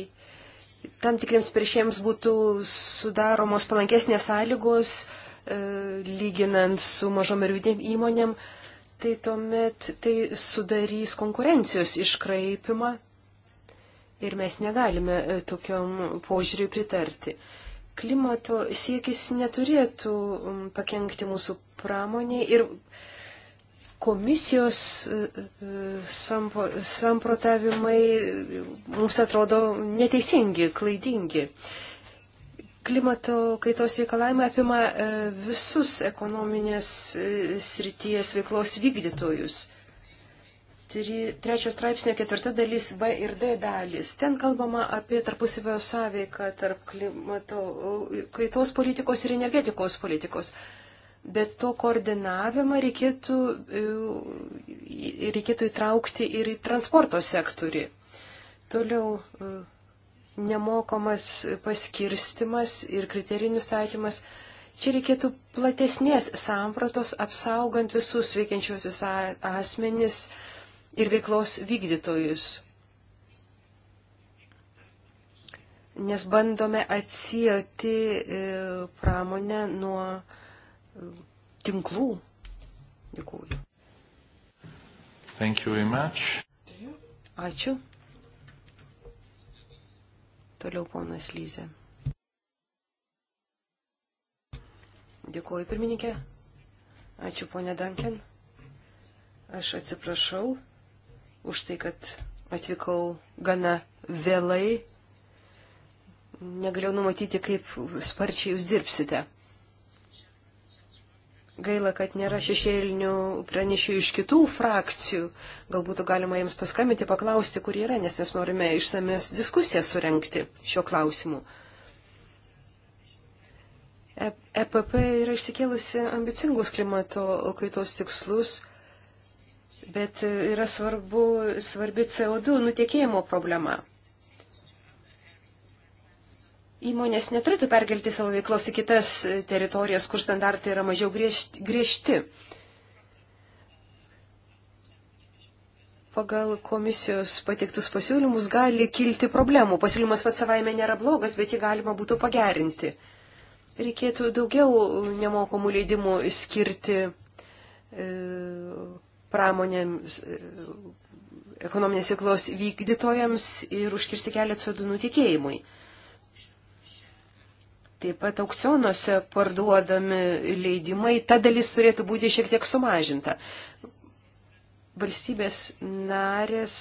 tam tikriems piršiems būtų sudaromos palankesnės sąlygos, e, lyginant su mažom ir vidėm įmonėm, tai tuomet tai sudarys konkurencijos iškraipimą ir mes negalime e, tokiam požiūriui pritarti. Klimato siekis neturėtų pakengti mūsų pramonė ir komisijos e, e, samprotavimai mums atrodo neteisingi, klaidingi. Klimato kaitos reikalavimai apima e, visus ekonominės srities veiklos vykdytojus. Trečios straipsnio ketvirta dalis B ir D dalis. Ten kalbama apie tarpusavio sąveiką tarp klimato kaitos politikos ir energetikos politikos. politikos bet to koordinavimą reikėtų, e, reikėtų įtraukti ir į transporto sektorių. Toliau e, nemokamas paskirstimas ir kriterijų nustatymas. Čia reikėtų platesnės sampratos apsaugant visus veikiančiosius asmenis ir veiklos vykdytojus. Nes bandome atsijoti e, pramonę nuo tinklų. Dėkuoju. Thank you very much. Ačiū. Toliau ponas Lyze. Dėkuoju, pirmininkė. Ačiū, ponė Danken. Aš atsiprašau už tai, kad atvykau gana vėlai. Negalėjau numatyti, kaip sparčiai jūs dirbsite. Gaila, kad nėra šešėlinių pranešių iš kitų frakcijų. Galbūt galima jiems paskambinti, paklausti, kur yra, nes mes norime išsames diskusiją surenkti šiuo klausimu. EPP e yra išsikėlusi ambicingus klimato kaitos tikslus, bet yra svarbu, svarbi CO2 nutiekėjimo problema. Įmonės neturėtų perkelti savo veiklos į kitas e, teritorijas, kur standartai yra mažiau griežti. Pagal komisijos pateiktus pasiūlymus gali kilti problemų. Pasiūlymas pats savaime nėra blogas, bet jį galima būtų pagerinti. Reikėtų daugiau nemokamų leidimų skirti e, pramonėms, e, ekonominės veiklos vykdytojams ir užkirsti kelią CO2 nutikėjimui. Taip pat aukcionuose parduodami leidimai, ta dalis turėtų būti šiek tiek sumažinta. Valstybės narės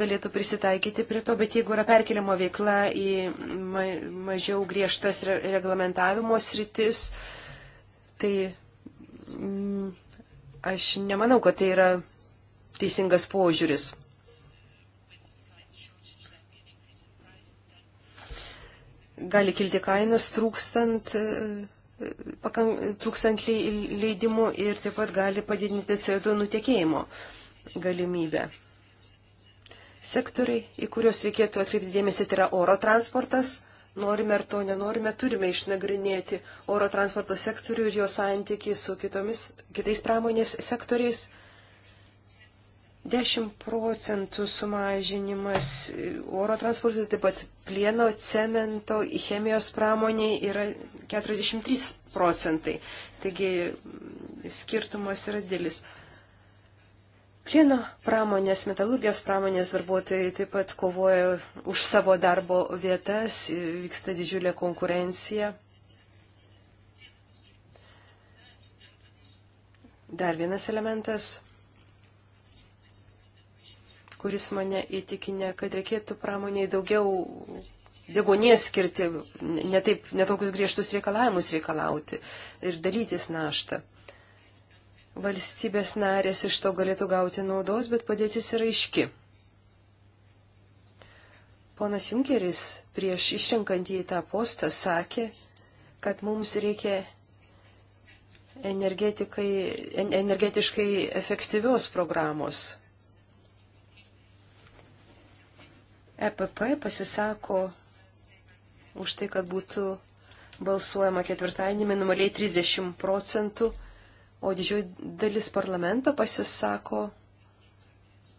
galėtų prisitaikyti prie to, bet jeigu yra perkeliamo veikla į mažiau griežtas reglamentavimo sritis, tai mm, aš nemanau, kad tai yra teisingas požiūris. gali kilti kainas trūkstant, e, trūkstant leidimų ir taip pat gali padidinti CO2 nutekėjimo galimybę. Sektoriai, į kuriuos reikėtų atkreipti dėmesį, tai yra oro transportas. Norime ar to nenorime, turime išnagrinėti oro transporto sektorių ir jo santykį su kitomis, kitais pramonės sektoriais. 10 procentų sumažinimas oro transportui, taip pat plieno, cemento, chemijos pramoniai yra 43 procentai. Taigi skirtumas yra dėlis. Plieno pramonės, metalurgijos pramonės darbuotojai taip pat kovoja už savo darbo vietas, vyksta didžiulė konkurencija. Dar vienas elementas kuris mane įtikinė, kad reikėtų pramoniai daugiau degonės skirti, netaip, netokius griežtus reikalavimus reikalauti ir dalytis naštą. Valstybės narės iš to galėtų gauti naudos, bet padėtis yra aiški. Ponas Junkeris prieš išrinkant į tą postą sakė, kad mums reikia energetikai, energetiškai efektyvios programos. EPP pasisako už tai, kad būtų balsuojama ketvirtadienį minimaliai 30 procentų, o didžioji dalis parlamento pasisako,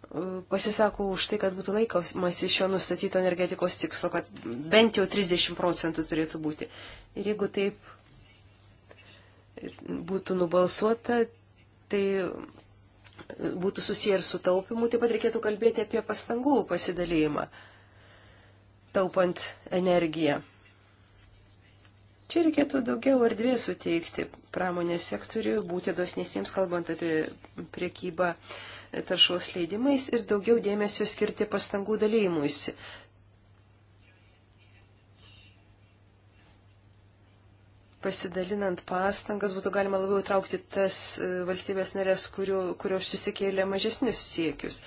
e, pasisako už tai, kad būtų laikomas iš jo nustatyto energetikos tikslo, kad bent jau 30 procentų turėtų būti. Ir jeigu taip būtų nubalsuota, tai būtų susiję ir su taupimu, taip pat reikėtų kalbėti apie pastangų pasidalymą, taupant energiją. Čia reikėtų daugiau erdvės suteikti pramonės sektoriui, būti dosnesniems, kalbant apie priekybą taršos leidimais ir daugiau dėmesio skirti pastangų dalymuisi. pasidalinant pastangas būtų galima labiau traukti tas e, valstybės narės, kurios susikėlė mažesnius siekius.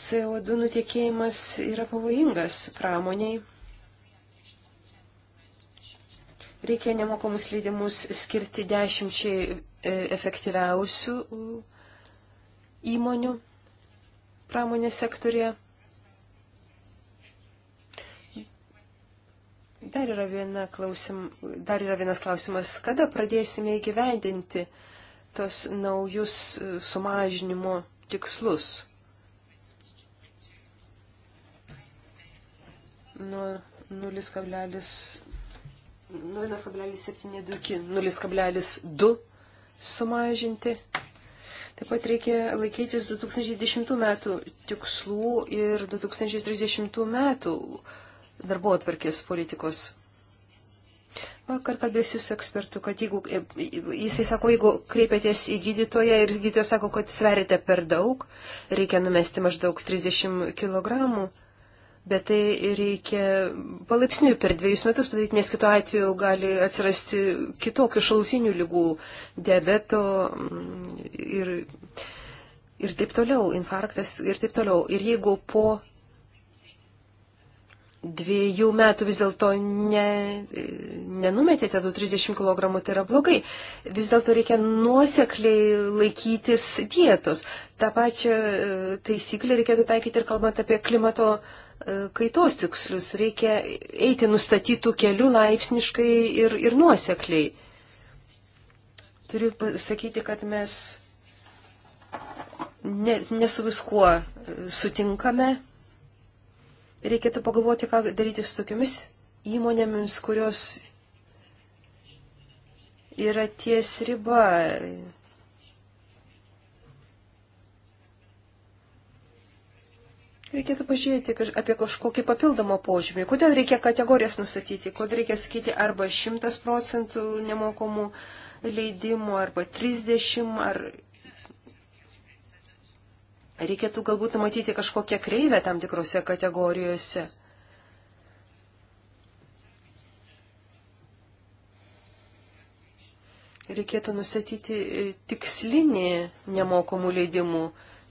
CO2 nutiekėjimas yra pavojingas pramoniai. Reikia nemokamus leidimus skirti dešimčiai e, efektyviausių įmonių pramonės sektorėje. Dar yra, viena klausim, dar yra vienas klausimas. Kada pradėsime įgyvendinti tos naujus e, sumažinimo tikslus? Nuo 0,72 sumažinti. Taip pat reikia laikytis 2010 metų tikslų ir 2030 metų darbo atvarkės politikos. Vakar kalbėsiu su ekspertu, kad jeigu, jisai sako, jeigu kreipiatės į gydytoją ir gydytojas sako, kad sverite per daug, reikia numesti maždaug 30 kg, bet tai reikia palaipsniui per dviejus metus padaryti, nes kitu atveju gali atsirasti kitokių šalutinių lygų, diabeto mm, ir, ir taip toliau, infarktas ir taip toliau. Ir jeigu po dviejų metų vis dėlto ne, nenumetėte tų 30 kg, tai yra blogai. Vis dėlto reikia nuosekliai laikytis dietos. Ta pačia e, taisyklė reikėtų taikyti ir kalbant apie klimato e, kaitos tikslius. Reikia eiti nustatytų kelių laipsniškai ir, ir nuosekliai. Turiu pasakyti, kad mes ne, ne su viskuo e, sutinkame, reikėtų pagalvoti, ką daryti su tokiamis įmonėmis, kurios yra ties riba. Reikėtų pažiūrėti apie kažkokį papildomą požymį. Kodėl reikia kategorijas nustatyti? Kodėl reikia sakyti arba 100 procentų nemokamų leidimų, arba 30, ar Reikėtų galbūt matyti kažkokią kreivę tam tikrose kategorijose. Reikėtų nustatyti e, tikslinį nemokamų leidimų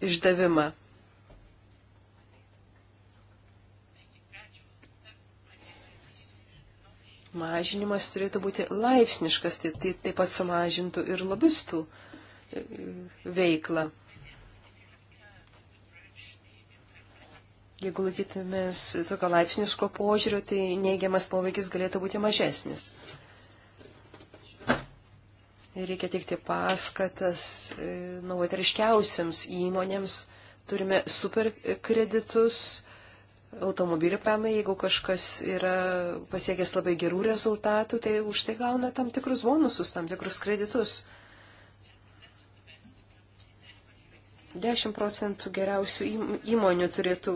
išdavimą. Mažinimas turėtų būti laipsniškas, tai, tai taip pat sumažintų ir lobistų e, veiklą. Jeigu laikytumės tokio laipsniško požiūrio, tai neigiamas poveikis galėtų būti mažesnis. Ir reikia teikti paskatas e, novatoriškiausiams įmonėms. Turime superkreditus automobilių pramai, jeigu kažkas yra pasiekęs labai gerų rezultatų, tai už tai gauna tam tikrus bonusus, tam tikrus kreditus. 10 procentų geriausių įmonių turėtų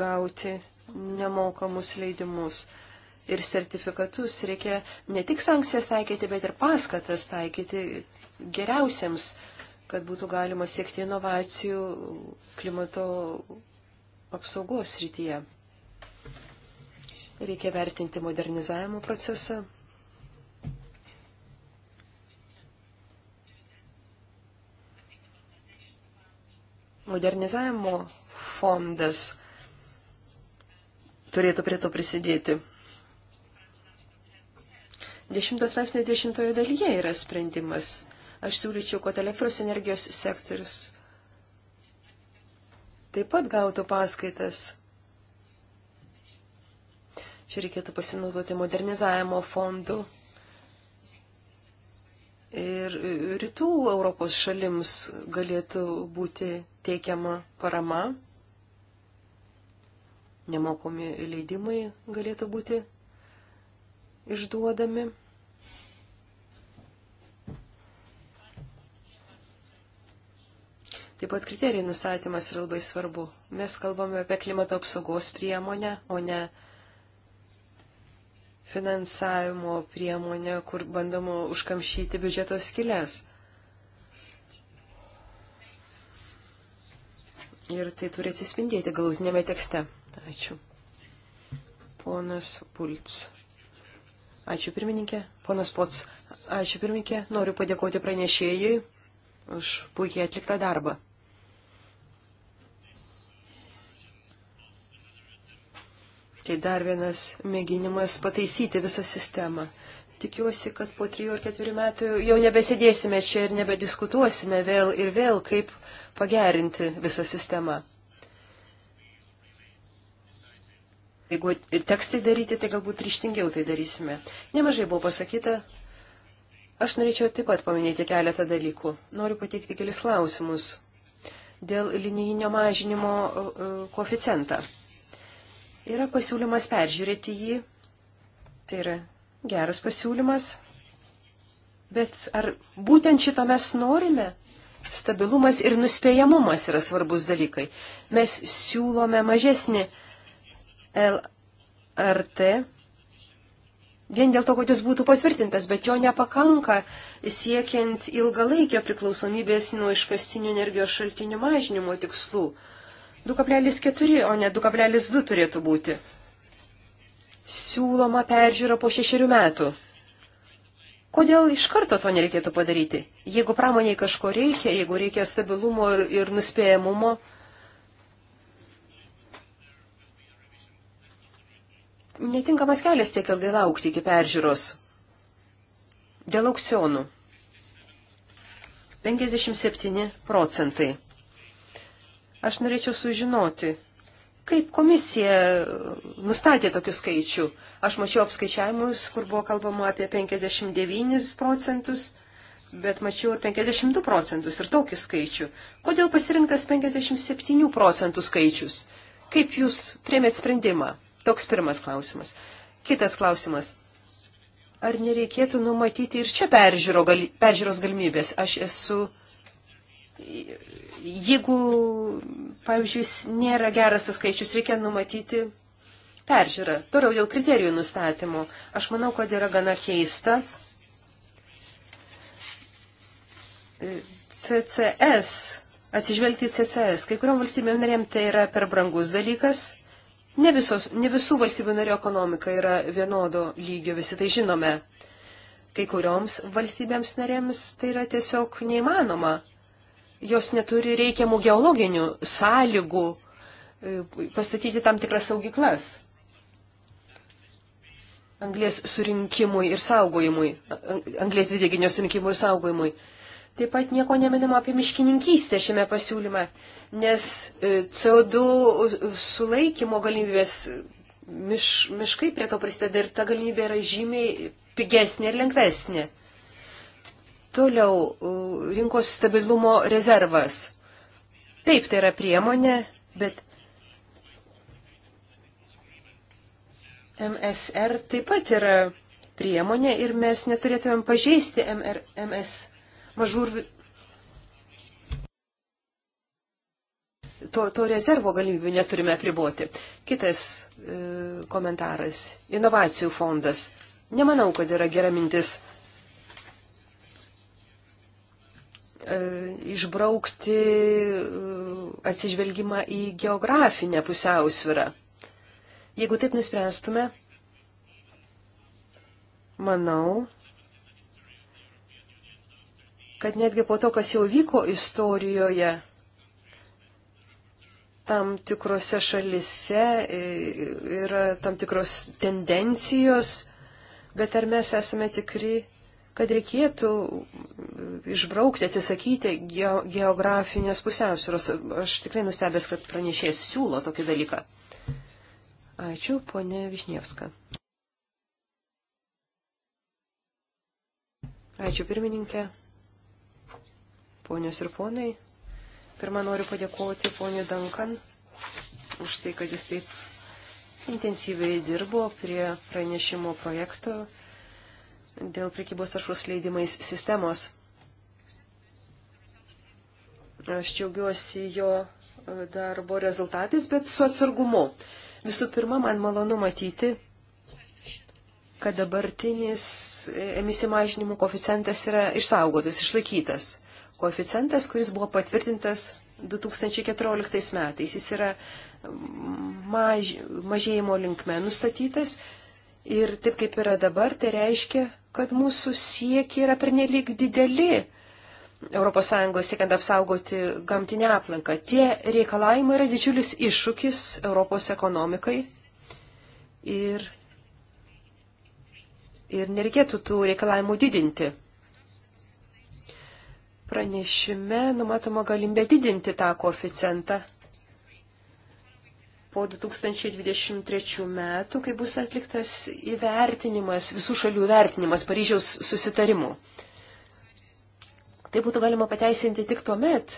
gauti nemokamus leidimus ir sertifikatus. Reikia ne tik sankcijas taikyti, bet ir paskatas taikyti geriausiams, kad būtų galima siekti inovacijų klimato apsaugos srityje. Reikia vertinti modernizavimo procesą, modernizavimo fondas turėtų prie to prisidėti. 10 straipsnio 10 dalyje yra sprendimas. Aš siūlyčiau, kad elektros energijos sektorius taip pat gautų paskaitas. Čia reikėtų pasinaudoti modernizavimo fondų ir rytų Europos šalims galėtų būti teikiama parama, nemokomi leidimai galėtų būti išduodami. Taip pat kriterijų nustatymas yra labai svarbu. Mes kalbame apie klimato apsaugos priemonę, o ne finansavimo priemonė, kur bandoma užkamšyti biudžeto skilės. Ir tai turi atsispindėti galutinėme tekste. Ačiū. Ponas Pults. Ačiū pirmininkė. Ponas Pots. Ačiū pirmininkė. Noriu padėkoti pranešėjai už puikiai atliktą darbą. Tai dar vienas mėginimas pataisyti visą sistemą. Tikiuosi, kad po trijų ar ketverių metų jau nebesėdėsime čia ir nebediskutuosime vėl ir vėl, kaip pagerinti visą sistemą. Jeigu teks tai daryti, tai galbūt ryštingiau tai darysime. Nemažai buvo pasakyta. Aš norėčiau taip pat paminėti keletą dalykų. Noriu pateikti kelis klausimus dėl linijinio mažinimo e, e, koeficientą. Uh, uh, Yra pasiūlymas peržiūrėti jį. Tai yra geras pasiūlymas. Bet ar būtent šito mes norime? Stabilumas ir nuspėjamumas yra svarbus dalykai. Mes siūlome mažesnį LRT vien dėl to, kad jis būtų patvirtintas, bet jo nepakanka siekiant ilgalaikio priklausomybės nuo iškastinių energijos šaltinių mažinimo tikslų. 2,4, o ne 2,2 turėtų būti. Siūloma peržiūra po šešerių metų. Kodėl iš karto to nereikėtų padaryti? Jeigu pramoniai kažko reikia, jeigu reikia stabilumo ir, ir nuspėjamumo, netinkamas kelias tiek ilgai laukti iki peržiūros. Dėl aukcionų. 57 procentai. Aš norėčiau sužinoti, kaip komisija uh, nustatė tokių skaičių. Aš mačiau apskaičiavimus, kur buvo kalbama apie 59 procentus, bet mačiau ir 52 procentus ir tokį skaičių. Kodėl pasirinktas 57 procentų skaičius? Kaip jūs priemėt sprendimą? Toks pirmas klausimas. Kitas klausimas. Ar nereikėtų numatyti ir čia peržiūro, gal, peržiūros galimybės? Aš esu jeigu, pavyzdžiui, nėra geras tas skaičius, reikia numatyti peržiūrą. Toliau dėl kriterijų nustatymo. Aš manau, kad yra gana keista. CCS, atsižvelgti į CCS, kai kuriuom valstybėm narėm tai yra per brangus dalykas. Ne, visos, ne visų valstybių narių ekonomika yra vienodo lygio, visi tai žinome. Kai kurioms valstybėms narėms tai yra tiesiog neįmanoma jos neturi reikiamų geologinių sąlygų e, pastatyti tam tikras saugiklas anglės surinkimui ir saugojimui, anglės dvideginio surinkimui ir saugojimui. Taip pat nieko neminima apie miškininkystę šiame pasiūlyme, nes e, CO2 sulaikymo galimybės miš, miškai prie to prisideda ir ta galimybė yra žymiai pigesnė ir lengvesnė. Toliau rinkos stabilumo rezervas. Taip, tai yra priemonė, bet MSR taip pat yra priemonė ir mes neturėtumėm pažeisti MR, MS mažų ir to, to rezervo galimybių neturime priboti. Kitas e, komentaras - inovacijų fondas. Nemanau, kad yra gera mintis. E, išbraukti e, atsižvelgimą į geografinę pusiausvyrą. Jeigu taip nuspręstume, manau, kad netgi po to, kas jau vyko istorijoje, tam tikrose šalise e, yra tam tikros tendencijos, bet ar mes esame tikri, kad reikėtų išbraukti, atsisakyti geografinės pusiausvėros. Aš tikrai nustebęs, kad pranešėjas siūlo tokį dalyką. Ačiū, ponė Višnievska. Ačiū, pirmininkė. Ponios ir ponai, pirmą noriu padėkoti ponė Dankan už tai, kad jis taip intensyviai dirbo prie pranešimo projekto dėl prekybos taršos leidimais sistemos. Aš džiaugiuosi jo e, darbo rezultatais, bet su atsargumu. Visų pirma, man malonu matyti, kad dabartinis e, emisijų mažinimų koeficientas yra išsaugotas, išlaikytas. Koeficientas, kuris buvo patvirtintas 2014 metais, jis yra maž, mažėjimo linkme nustatytas ir taip kaip yra dabar, tai reiškia, kad mūsų siekiai yra pernelyg dideli. ES siekiant apsaugoti gamtinę aplinką. Tie reikalavimai yra didžiulis iššūkis Europos ekonomikai ir, ir nereikėtų tų reikalavimų didinti. Pranešime numatoma galimybė didinti tą koeficientą po 2023 metų, kai bus atliktas įvertinimas, visų šalių įvertinimas Paryžiaus susitarimų. Tai būtų galima pateisinti tik tuo met,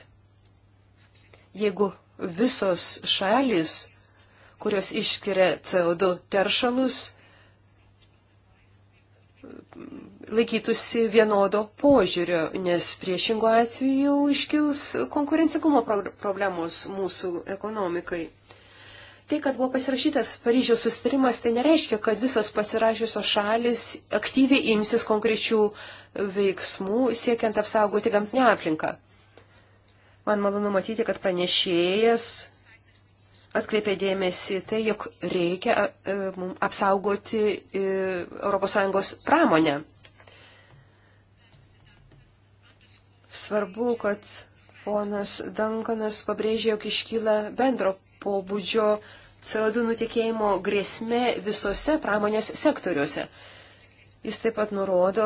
jeigu visos šalis, kurios išskiria CO2 teršalus, laikytųsi vienodo požiūrio, nes priešingo atveju iškils konkurencingumo problemos mūsų ekonomikai. Tai, kad buvo pasirašytas Paryžiaus sustarimas, tai nereiškia, kad visos pasirašiusios šalis aktyviai imsis konkrečių veiksmų, siekiant apsaugoti gamtinę aplinką. Man malonu matyti, kad pranešėjas atkreipė dėmesį tai, jog reikia e, apsaugoti ES pramonę. Svarbu, kad ponas Dankanas pabrėžė, jog iškyla bendro pobūdžio CO2 nutikėjimo grėsmė visose pramonės sektoriuose. Jis taip pat nurodo,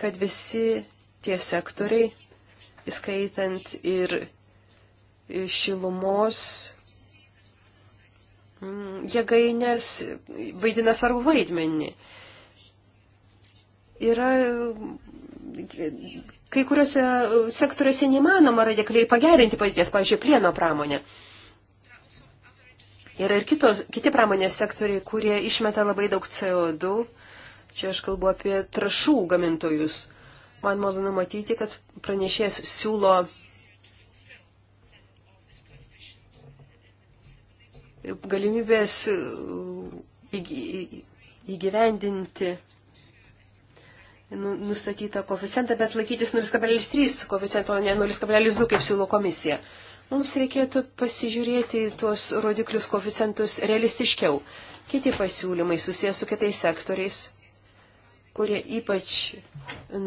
kad visi tie sektoriai, įskaitant ir šilumos mm, jėgainės, vaidina svarbu vaidmenį. Yra kai kuriuose sektoriuose neįmanoma radikaliai pagerinti padėties, pavyzdžiui, plieno pramonė. Yra ir kitos, kiti pramonės sektoriai, kurie išmeta labai daug CO2. Čia aš kalbu apie trašų gamintojus. Man malonu matyti, kad pranešėjas siūlo galimybės uh, įgyvendinti nu, nustatytą koeficientą, bet laikytis 0,3 koeficiento, ne 0,2, kaip siūlo komisija. Mums reikėtų pasižiūrėti tuos rodiklius koficientus realistiškiau. Kiti pasiūlymai susijęs su kitais sektoriais, kurie ypač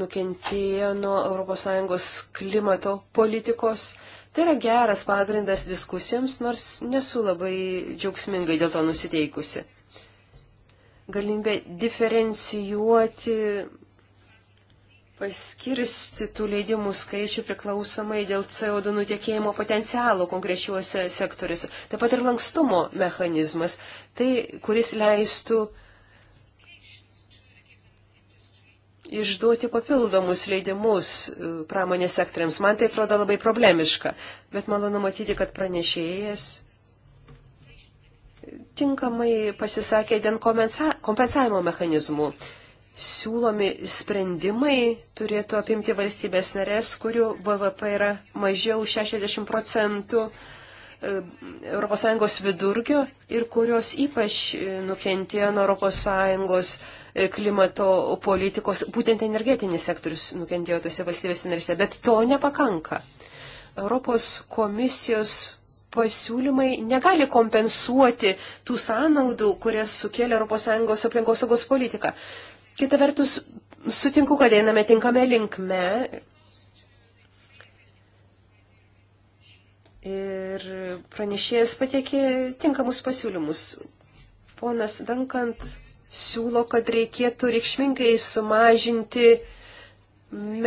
nukentėjo nuo ES klimato politikos. Tai yra geras pagrindas diskusijoms, nors nesu labai džiaugsmingai dėl to nusiteikusi galimybė diferencijuoti paskirstytų leidimų skaičių priklausomai dėl CO2 nutiekėjimo potencialo konkrečiuose sektoriuose. Taip pat ir lankstumo mechanizmas, tai, kuris leistų išduoti papildomus leidimus e, pramonės sektoriams. Man tai atrodo labai problemiška, bet malonu matyti, kad pranešėjas tinkamai pasisakė dėl kompensavimo mechanizmų siūlomi sprendimai turėtų apimti valstybės narės, kurių BVP yra mažiau 60 procentų e, ES vidurkio ir kurios ypač e, nukentėjo nuo ES e, klimato politikos, būtent energetinis sektorius nukentėjo tose valstybėse narėse, bet to nepakanka. Europos komisijos pasiūlymai negali kompensuoti tų sąnaudų, kurias sukėlė ES aplinkosaugos politika. Kita vertus, sutinku, kad einame tinkame linkme. Ir pranešėjas patiekė tinkamus pasiūlymus. Ponas Dankant siūlo, kad reikėtų reikšmingai sumažinti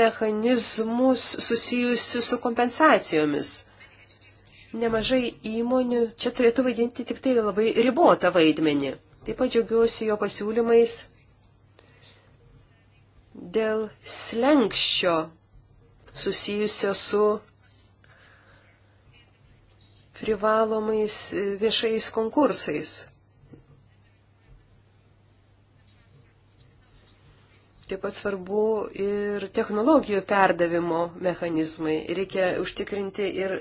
mechanizmus susijusius su kompensacijomis. Nemažai įmonių čia turėtų vaidinti tik tai labai ribotą vaidmenį. Taip pat džiaugiuosi jo pasiūlymais dėl slengščio susijusio su privalomais e, viešais konkursais. Taip pat svarbu ir technologijų perdavimo mechanizmai. Reikia užtikrinti ir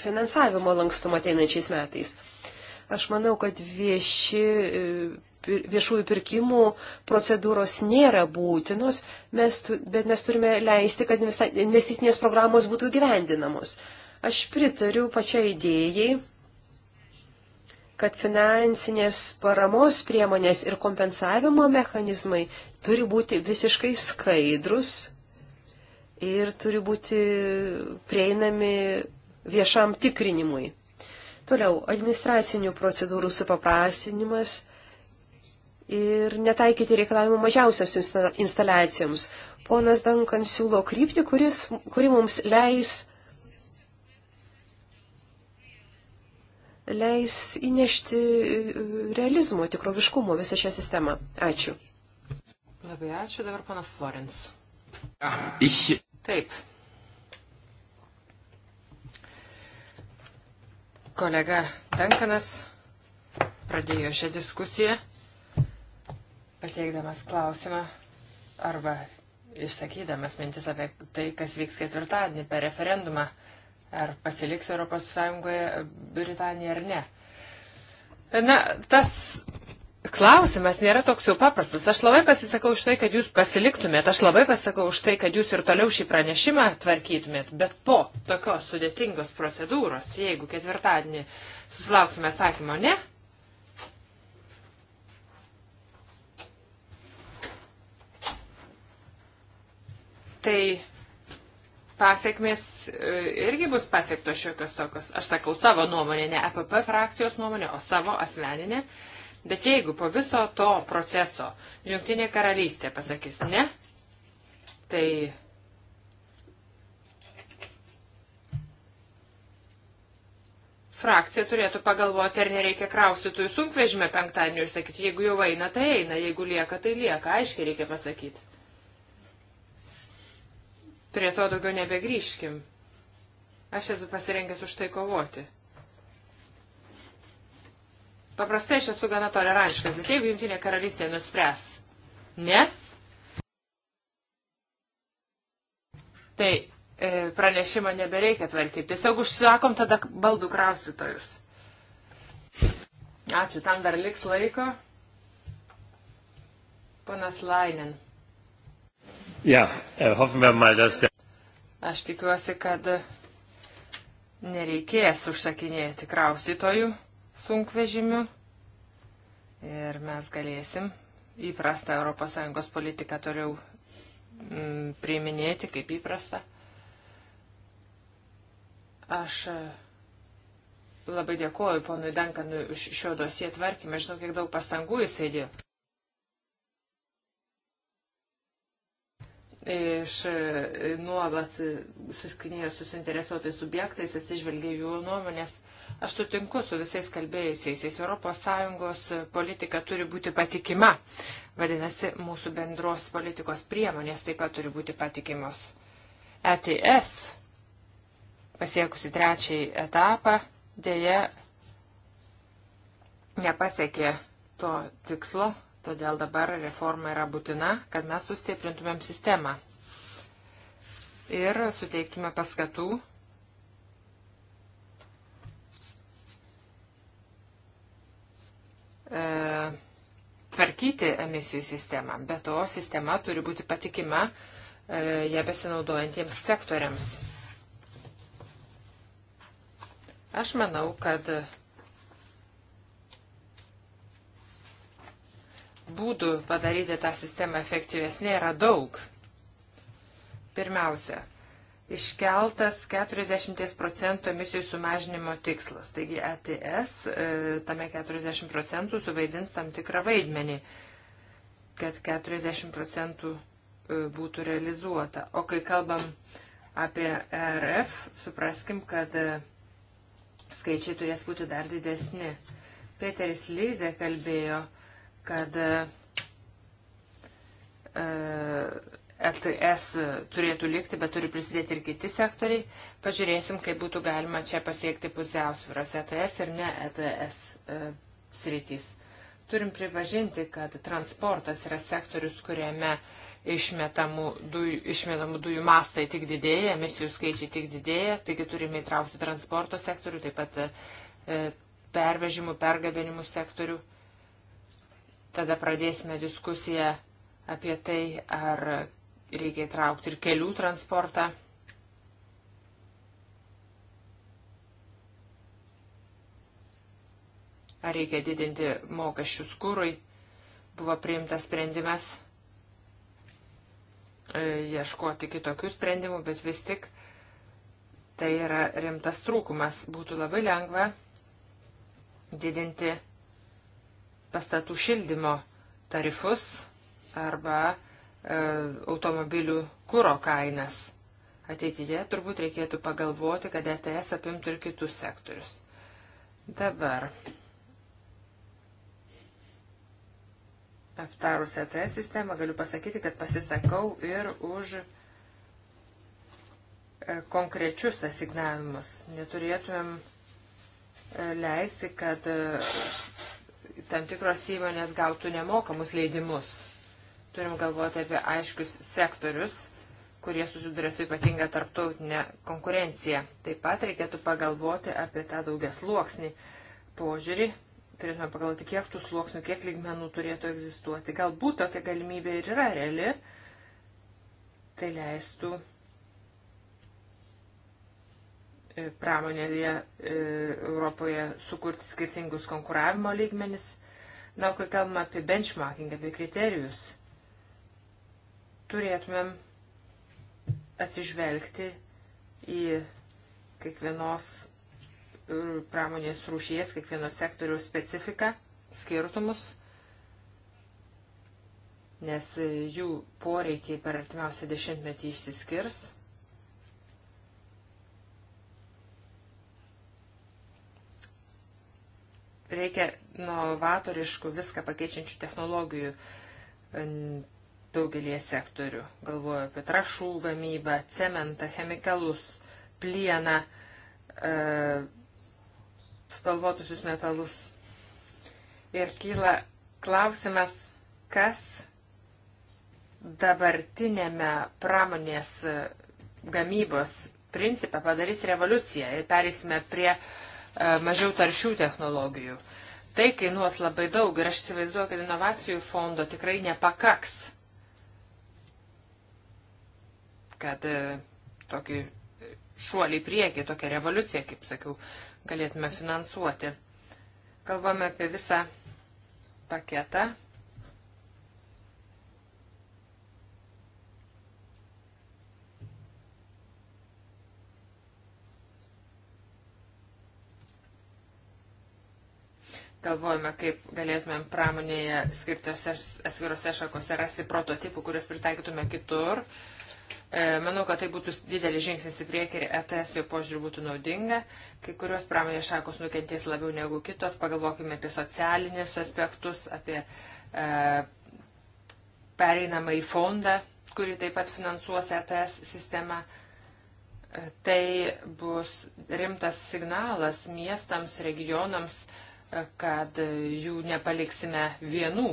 finansavimo lankstumą ateinančiais metais. Aš manau, kad vieši e, viešųjų pirkimų procedūros nėra būtinos, mes, bet mes turime leisti, kad investicinės programos būtų gyvendinamos. Aš pritariu pačiai idėjai, kad finansinės paramos priemonės ir kompensavimo mechanizmai turi būti visiškai skaidrus ir turi būti prieinami viešam tikrinimui. Toliau, administracinių procedūrų supaprastinimas ir netaikyti reikalavimų mažiausiams instaliacijoms. Ponas Dankan siūlo kryptį, kuris, kuri mums leis, leis įnešti e, realizmo, tikroviškumo visą šią sistemą. Ačiū. Labai ačiū dabar panas Florens. Ja, ich... Taip. Kolega Dankanas pradėjo šią diskusiją pateikdamas klausimą arba išsakydamas mintis apie tai, kas vyks ketvirtadienį per referendumą, ar pasiliks ES Britanija ar ne. Na, tas klausimas nėra toks jau paprastas. Aš labai pasisakau už tai, kad jūs pasiliktumėt, aš labai pasisakau už tai, kad jūs ir toliau šį pranešimą tvarkytumėt, bet po tokios sudėtingos procedūros, jeigu ketvirtadienį susilauksime atsakymo ne, tai pasiekmes e, irgi bus pasiektos šiokios tokios. Aš sakau savo nuomonę, ne EPP frakcijos nuomonę, o savo asmeninę. Bet jeigu po viso to proceso Junktinė karalystė pasakys ne, tai frakcija turėtų pagalvoti, ar nereikia kraustytų į sunkvežimę penktadienį ir sakyti, jeigu jau eina, tai eina, jeigu lieka, tai lieka. Aiškiai reikia pasakyti. Prie to daugiau nebegrįžkim. Aš esu pasirengęs už tai kovoti. Paprastai aš esu gana tolerantiškas, bet jeigu Junktinė karalystė nuspręs, ne, tai e, pranešimą nebereikia tvarkyti. Tiesiog užsakom tada baldų kraustytojus. Ačiū, tam dar liks laiko. Ponas Lainin. Ja, äh, hoffen wir mal, dass der. Aš tikiuosi, kad nereikės užsakinėti kraustytojų sunkvežimių ir mes galėsim įprastą ES politiką toliau mm, priiminėti kaip įprasta. Aš e, labai dėkuoju ponui Dankanui už šio dosie tvarkymą, žinau, kiek daug pastangų jis įdėjo. iš e, nuolat e, suskinėjo susinteresuotais subjektais, atsižvelgia jų nuomonės. Aš sutinku su visais kalbėjusiais. ES politika turi būti patikima. Vadinasi, mūsų bendros politikos priemonės taip pat turi būti patikimos. ETS, pasiekusi trečiąjį etapą, dėja nepasiekė to tikslo, Todėl dabar reforma yra būtina, kad mes sustiprintumėm sistemą ir suteiktume paskatų e, tvarkyti emisijų sistemą. Be to, sistema turi būti patikima e, ją besinaudojantiems sektoriams. Aš manau, kad būdų padaryti tą sistemą efektyvesnė yra daug. Pirmiausia, iškeltas 40 procentų emisijų sumažinimo tikslas. Taigi ETS e, tame 40 procentų suvaidins tam tikrą vaidmenį, kad 40 procentų e, būtų realizuota. O kai kalbam apie ERF, supraskim, kad e, skaičiai turės būti dar didesni. Peteris Lyze kalbėjo kad ETS turėtų likti, bet turi prisidėti ir kiti sektoriai. Pažiūrėsim, kaip būtų galima čia pasiekti pusiausvyros ETS ir ne ETS e, sritys. Turim pripažinti, kad transportas yra sektorius, kuriame išmetamų dujų, išmetamų dujų mastai tik didėja, emisijų skaičiai tik didėja, taigi turime įtraukti transporto sektorių, taip pat e, pervežimų, pergabenimų sektorių. E, Tada pradėsime diskusiją apie tai, ar reikia įtraukti ir kelių transportą. Ar reikia didinti mokesčius kūrui. Buvo priimtas sprendimas e, ieškoti kitokių sprendimų, bet vis tik tai yra rimtas trūkumas. Būtų labai lengva didinti pastatų šildymo tarifus arba e, automobilių kūro kainas. Ateityje turbūt reikėtų pagalvoti, kad ETS apimtų ir kitus sektorius. Dabar. Aptarus ETS sistemą galiu pasakyti, kad pasisakau ir už e, konkrečius asignavimus. Neturėtumėm e, leisti, kad tam tikros įmonės gautų nemokamus leidimus. Turim galvoti apie aiškius sektorius, kurie susiduria su ypatinga tarptautinė konkurencija. Taip pat reikėtų pagalvoti apie tą daugias sluoksnį požiūrį. Turėtume pagalvoti, kiek tų sluoksnių, kiek lygmenų turėtų egzistuoti. Galbūt tokia galimybė ir yra reali. Tai leistų E, pramonėje e, Europoje sukurti skirtingus konkuravimo lygmenis. Na, kai kalbame apie benchmarking, apie kriterijus, turėtumėm atsižvelgti į kiekvienos pramonės rūšies, kiekvieno sektoriaus specifiką, skirtumus, nes jų poreikiai per artimiausią dešimtmetį išsiskirs. Reikia novatoriškų viską pakeičiančių technologijų e, daugelie sektorių. Galvoju apie trašų gamybą, cementą, chemikalus, plieną, e, spalvotusius metalus. Ir kyla klausimas, kas dabartinėme pramonės e, gamybos principą padarys revoliuciją ir perėsime prie uh, E, mažiau taršių technologijų. Tai kainuos labai daug ir aš įsivaizduoju, kad inovacijų fondo tikrai nepakaks, kad e, tokį šuolį į priekį, tokią revoliuciją, kaip sakiau, galėtume finansuoti. Kalbame apie visą paketą galvojame, kaip galėtumėm pramonėje skirtose atskirose šakose rasti prototipų, kuriuos pritaikytume kitur. E, manau, kad tai būtų didelis žingsnis į priekį ir ETS jo požiūrį būtų naudinga. Kai kurios pramonės šakos nukentės labiau negu kitos. Pagalvokime apie socialinius aspektus, apie e, pereinamą į fondą, kurį taip pat finansuos ETS sistema. E, tai bus rimtas signalas miestams, regionams, e, kad jų nepaliksime vienų,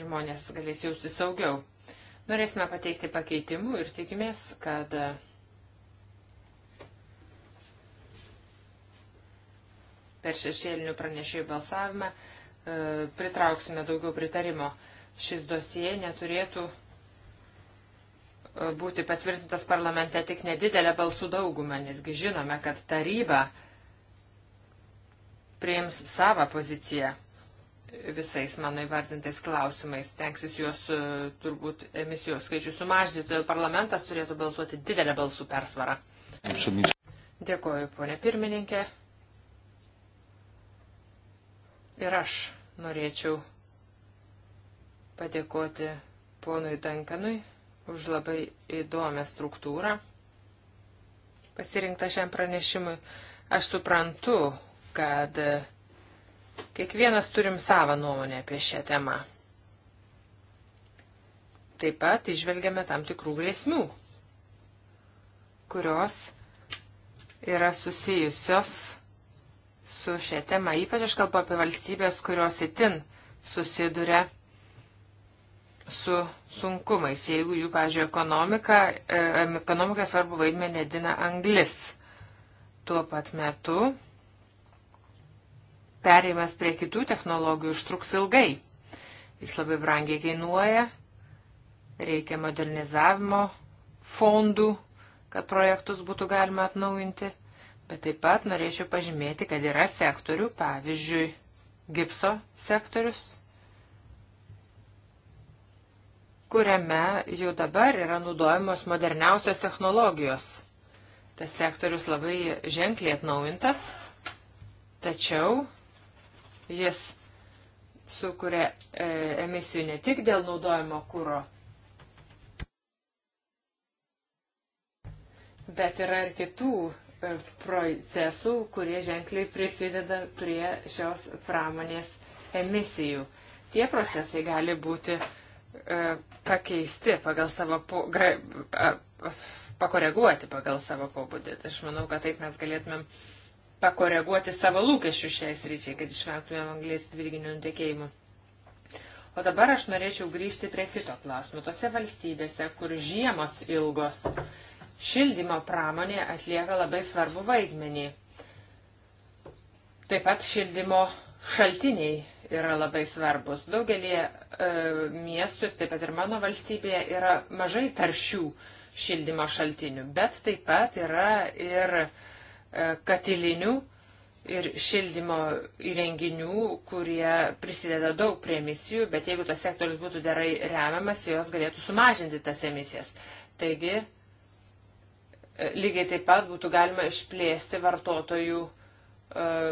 žmonės galės jausti saugiau. Norėsime pateikti pakeitimų ir tikimės, kad per šešėlinių pranešėjų balsavimą e, pritrauksime daugiau pritarimo. Šis dosie neturėtų e, būti patvirtintas parlamente tik nedidelė balsų dauguma, nesgi žinome, kad taryba uh, priims savo poziciją visais mano įvardintais klausimais. Tenksis juos e, turbūt emisijų skaičių sumažinti, todėl parlamentas turėtų balsuoti didelę balsų persvarą. Dėkuoju, ponė pirmininkė. Ir aš norėčiau padėkoti ponui Dankanui už labai įdomią struktūrą pasirinktą šiam pranešimui. Aš suprantu, kad e, kiekvienas turim savo nuomonę apie šią temą. Taip pat išvelgiame tam tikrų grėsmių, kurios yra susijusios su šia tema. Ypač aš kalbu apie valstybės, kurios itin susiduria su sunkumais. Jeigu jų, pažiūrėjau, ekonomika, e, ekonomika svarbu vaidmenį dina anglis. Tuo pat metu perėjimas prie kitų technologijų užtruks ilgai. Jis labai brangiai kainuoja, reikia modernizavimo fondų, kad projektus būtų galima atnaujinti. Bet taip pat norėčiau pažymėti, kad yra sektorių, pavyzdžiui, gipso sektorius, kuriame jau dabar yra naudojamos moderniausios technologijos. Tas sektorius labai ženkliai atnaujintas, tačiau Jis sukuria e, emisijų ne tik dėl naudojimo kūro, bet yra ir kitų e, procesų, kurie ženkliai prisideda prie šios pramonės emisijų. Tie procesai gali būti e, pakeisti pagal savo, po, gra, a, pakoreguoti pagal savo pobūdį. Aš manau, kad taip mes galėtumėm pakoreguoti savo lūkesčių šiai sryčiai, kad išvengtumėm anglės dvirginių nutekėjimų. O dabar aš norėčiau grįžti prie kito klausimo. Tose valstybėse, kur žiemos ilgos, šildymo pramonė atlieka labai svarbu vaidmenį. Taip pat šildymo šaltiniai yra labai svarbus. Daugelį e, miestų, taip pat ir mano valstybėje, yra mažai taršių šildymo šaltinių, bet taip pat yra ir e, E, katilinių ir šildymo įrenginių, kurie prisideda daug prie emisijų, bet jeigu tas sektorius būtų gerai remiamas, jos galėtų sumažinti tas emisijas. Taigi, e, lygiai taip pat būtų galima išplėsti vartotojų uh,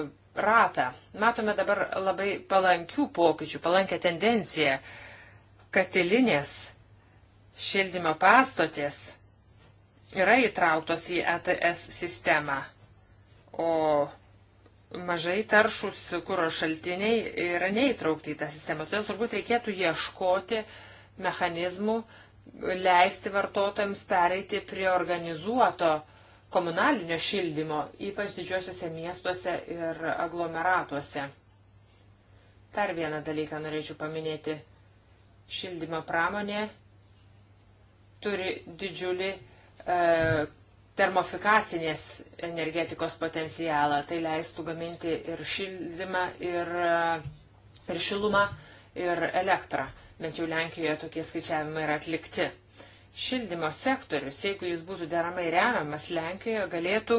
ratą. Matome dabar labai palankių pokyčių, palankę tendenciją. Katilinės šildymo pastotės yra įtrauktos į ETS sistemą o mažai taršus kūro šaltiniai yra neįtraukti į tą sistemą. Todėl turbūt reikėtų ieškoti mechanizmų, leisti vartotojams pereiti prie organizuoto komunalinio šildymo, ypač didžiuosiuose miestuose ir aglomeratuose. Dar vieną dalyką norėčiau paminėti. Šildymo pramonė turi didžiulį e, termofikacinės energetikos potencialą. Tai leistų gaminti ir šildymą, ir, e, ir šilumą, ir elektrą. Bent jau Lenkijoje tokie skaičiavimai yra atlikti. Šildymo sektorius, jeigu jis būtų deramai remiamas Lenkijoje, galėtų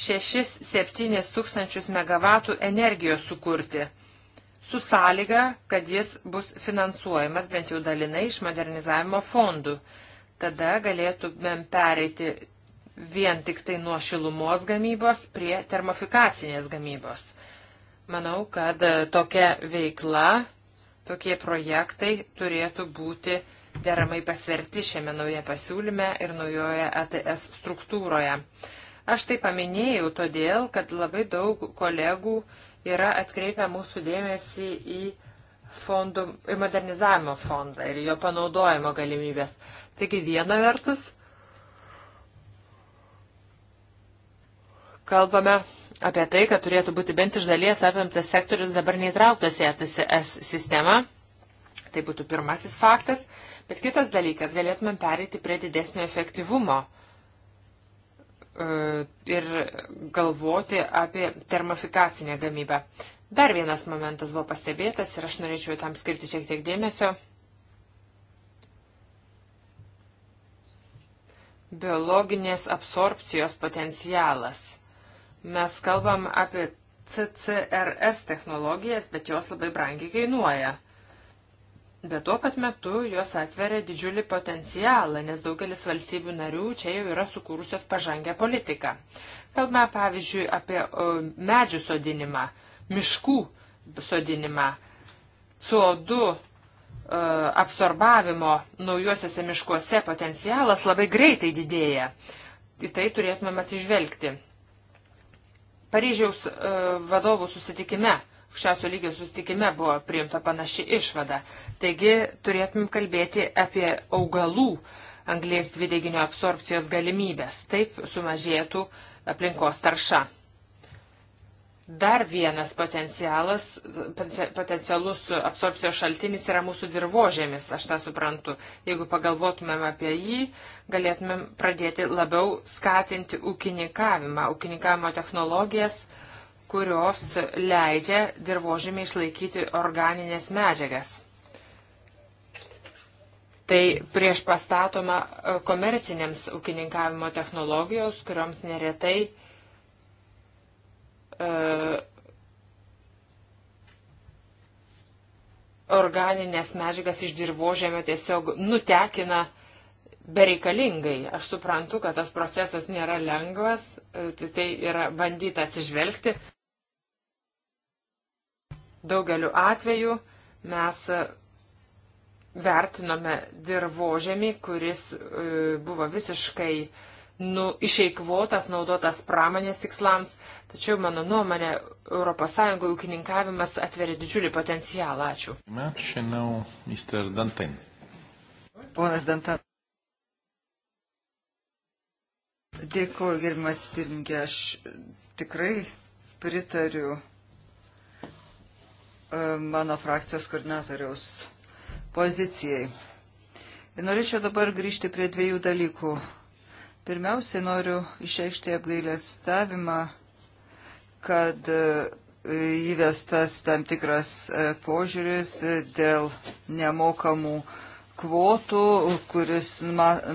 6-7 tūkstančius megavatų energijos sukurti, su sąlyga, kad jis bus finansuojamas bent jau dalinai iš modernizavimo fondų. Tada galėtumėm pereiti vien tik tai nuo šilumos gamybos prie termofikacinės gamybos. Manau, kad e, tokia veikla, tokie projektai turėtų būti deramai pasverti šiame nauja pasiūlyme ir naujoje ATS struktūroje. Aš tai paminėjau todėl, kad labai daug kolegų yra atkreipę mūsų dėmesį į, fondų, į modernizavimo fondą ir jo panaudojimo galimybės. Taigi viena vertus kalbame apie tai, kad turėtų būti bent iš dalies apimtas sektorius dabar neįtrauktas į ATS e sistemą. Tai būtų pirmasis faktas. Bet kitas dalykas, galėtumėm pereiti prie didesnio efektyvumo e, ir galvoti apie termofikacinę gamybą. Dar vienas momentas buvo pastebėtas ir aš norėčiau tam skirti šiek tiek dėmesio. biologinės absorpcijos potencialas. Mes kalbam apie CCRS technologijas, bet jos labai brangiai kainuoja. Bet tuo pat metu jos atveria didžiulį potencialą, nes daugelis valstybių narių čia jau yra sukūrusios pažangę politiką. Kalbame pavyzdžiui apie medžių sodinimą, miškų sodinimą, CO2 E, absorbavimo naujuosiuose miškuose potencialas labai greitai didėja. Į tai turėtumėm atsižvelgti. Paryžiaus e, vadovų susitikime, aukščiausio lygio susitikime buvo priimta panaši išvada. Taigi turėtumėm kalbėti apie augalų anglės dvideginio absorpcijos galimybės. Taip sumažėtų aplinkos tarša. Dar vienas potencialas, potencialus absorpcijos šaltinis yra mūsų dirbožėmis, aš tą suprantu. Jeigu pagalvotumėm apie jį, galėtumėm pradėti labiau skatinti ūkininkavimą, ūkininkavimo technologijas, kurios leidžia dirbožėmį išlaikyti organinės medžiagas. Tai prieš pastatoma komercinėms ūkininkavimo technologijos, kurioms neretai E, organinės medžiagas iš dirbožėmio tiesiog nutekina bereikalingai. Aš suprantu, kad tas procesas nėra lengvas, e, tai, tai yra bandyta atsižvelgti. Daugeliu atveju mes vertinome dirbožėmį, kuris e, buvo visiškai uh, nu, išeikvotas, naudotas pramonės tikslams, tačiau mano nuomonė, ES ūkininkavimas atveria didžiulį potencialą. Ačiū. Ponas Dantan. Dėkuoju, gerbimas pirmininkė, aš tikrai pritariu e, mano frakcijos koordinatoriaus pozicijai. Ir norėčiau dabar grįžti prie dviejų dalykų, Pirmiausiai noriu išreikšti apgailestavimą, kad e, įvestas tam tikras e, požiūris dėl nemokamų kvotų, kuris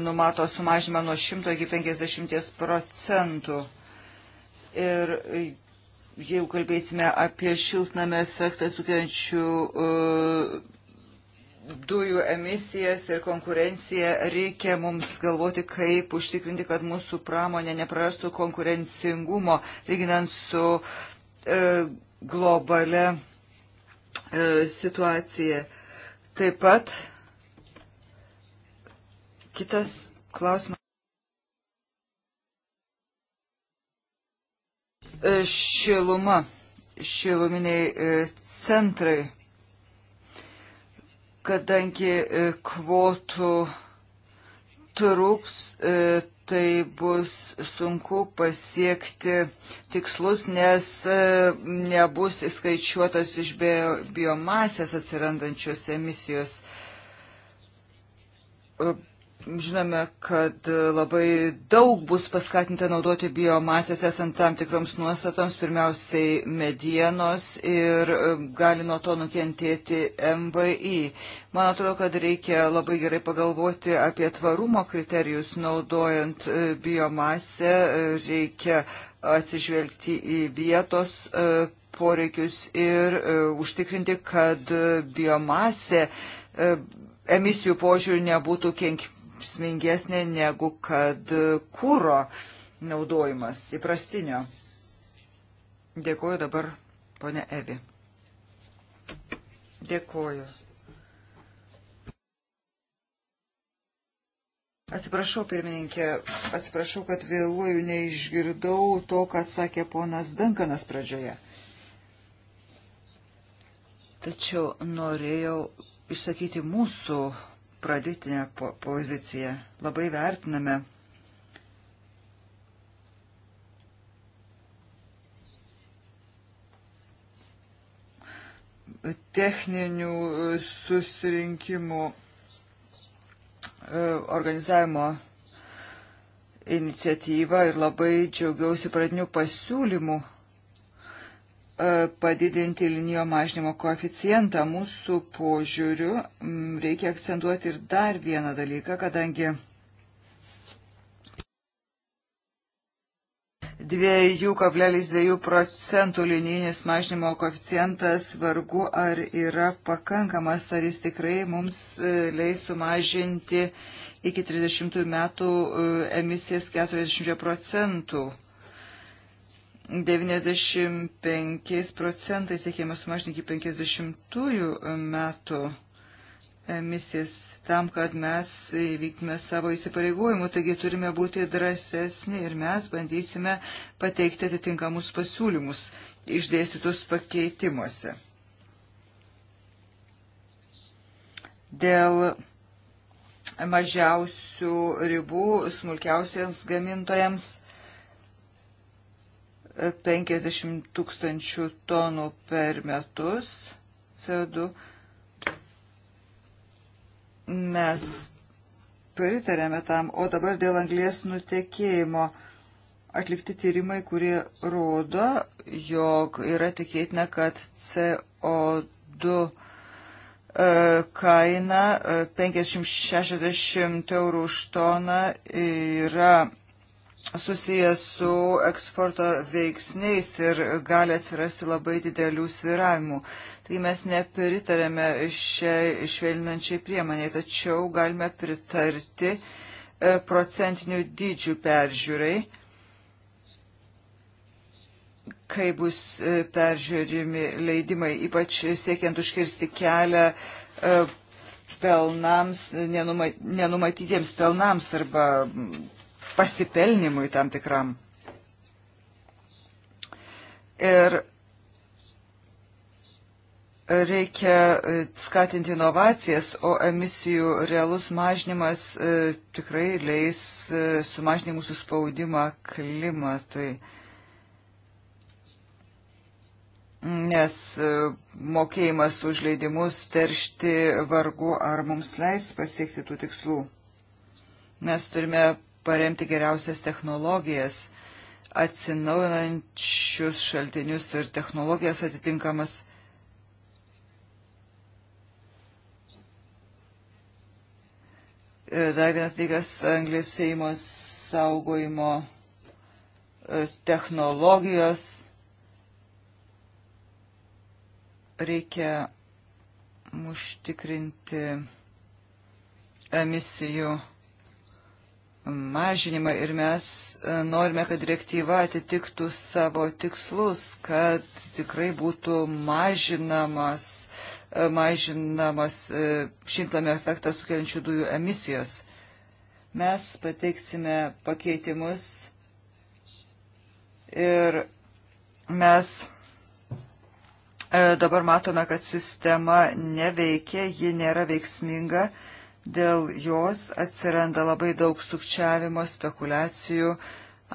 numato sumažymą nuo 100 iki 50 procentų. Ir jeigu kalbėsime apie šiltnamio efektą sukeliančių uh, dujų emisijas ir konkurenciją, reikia mums galvoti, kaip užtikrinti, kad mūsų pramonė neprarastų konkurencingumo, lyginant su e, globale e, situacija. Taip pat kitas klausimas. E, šiluma, šiluminiai e, centrai Kadangi e, kvotų trūks, e, tai bus sunku pasiekti tikslus, nes e, nebus įskaičiuotos iš biomasės atsirandančios emisijos Žinome, kad labai daug bus paskatinta naudoti biomasės esant tam tikroms nuostatoms, pirmiausiai medienos ir e, gali nuo to nukentėti MVI. Man atrodo, kad reikia labai gerai pagalvoti apie tvarumo kriterijus naudojant e, biomasę, e, reikia atsižvelgti į vietos poreikius ir užtikrinti, kad biomasė emisijų požiūrių nebūtų kenk, veiksmingesnė negu kad kūro naudojimas įprastinio. Dėkuoju dabar, ponė Evi. Dėkuoju. Atsiprašau, pirmininkė, atsiprašau, kad vėluoju, neišgirdau to, ką sakė ponas Dankanas pradžioje. Tačiau norėjau išsakyti mūsų pradėtinę po poziciją. Labai vertiname. techninių e, susirinkimų e, organizavimo iniciatyvą ir labai džiaugiausi pradinių pasiūlymų E, padidinti linijo mažnymo koeficientą. Mūsų požiūriu reikia akcentuoti ir dar vieną dalyką, kadangi dviejų kablelis dviejų procentų linijinis mažnymo koeficientas vargu ar yra pakankamas, ar jis tikrai mums e, leis sumažinti iki 30 metų e, emisijas 40 procentų. 95 procentais siekėme sumažinti iki 50 metų emisijas tam, kad mes įvyktume savo įsipareigojimų. Taigi turime būti drąsesni ir mes bandysime pateikti atitinkamus pasiūlymus išdėstytus pakeitimuose. Dėl mažiausių ribų smulkiausiams gamintojams 50 tūkstančių tonų per metus CO2. Mes pritarėme tam, o dabar dėl anglės nutekėjimo atlikti tyrimai, kurie rodo, jog yra tikėtina, kad CO2 e, kaina 50-60 e, eurų už toną yra susijęs su eksporto veiksniais ir gali atsirasti labai didelių sviravimų. Tai mes nepritarėme šiai švelninančiai priemoniai, tačiau galime pritarti e, procentinių dydžių peržiūrai, kai bus e, peržiūrimi leidimai, ypač siekiant užkirsti kelią e, pelnams, nenumatytiems pelnams arba pasipelnimui tam tikram. Ir reikia e, skatinti inovacijas, o emisijų realus mažinimas e, tikrai leis e, sumažinti mūsų spaudimą klimatui. Nes mokėjimas už leidimus teršti vargu ar mums leis pasiekti tų tikslų. Mes turime paremti geriausias technologijas, atsinaujinančius šaltinius ir technologijas atitinkamas. E, dar vienas dalykas - anglės Seimo saugojimo e, technologijos. Reikia užtikrinti emisijų mažinimą ir mes e, norime, kad direktyva atitiktų savo tikslus, kad tikrai būtų mažinamas, e, mažinamas e, šintlame efektą sukeliančių dujų emisijos. Mes pateiksime pakeitimus ir mes dabar matome, kad sistema neveikia, ji nėra veiksminga dėl jos atsiranda labai daug sukčiavimo, spekulacijų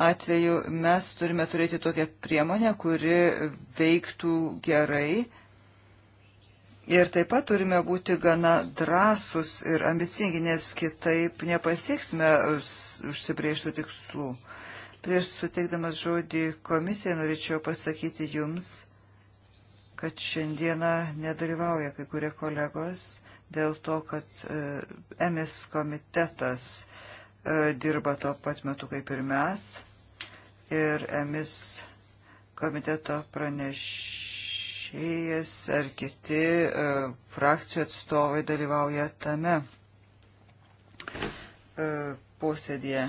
atveju. Mes turime turėti tokią priemonę, kuri veiktų gerai. Ir taip pat turime būti gana drąsus ir ambicingi, nes kitaip nepasieksime užsibrieštų tikslų. Prieš suteikdamas žodį komisijai norėčiau pasakyti jums, kad šiandieną nedalyvauja kai kurie kolegos dėl to, kad e, emis komitetas e, dirba tuo pat metu kaip ir mes ir emis komiteto pranešėjas ar kiti e, frakcijų atstovai dalyvauja tame posėdėje.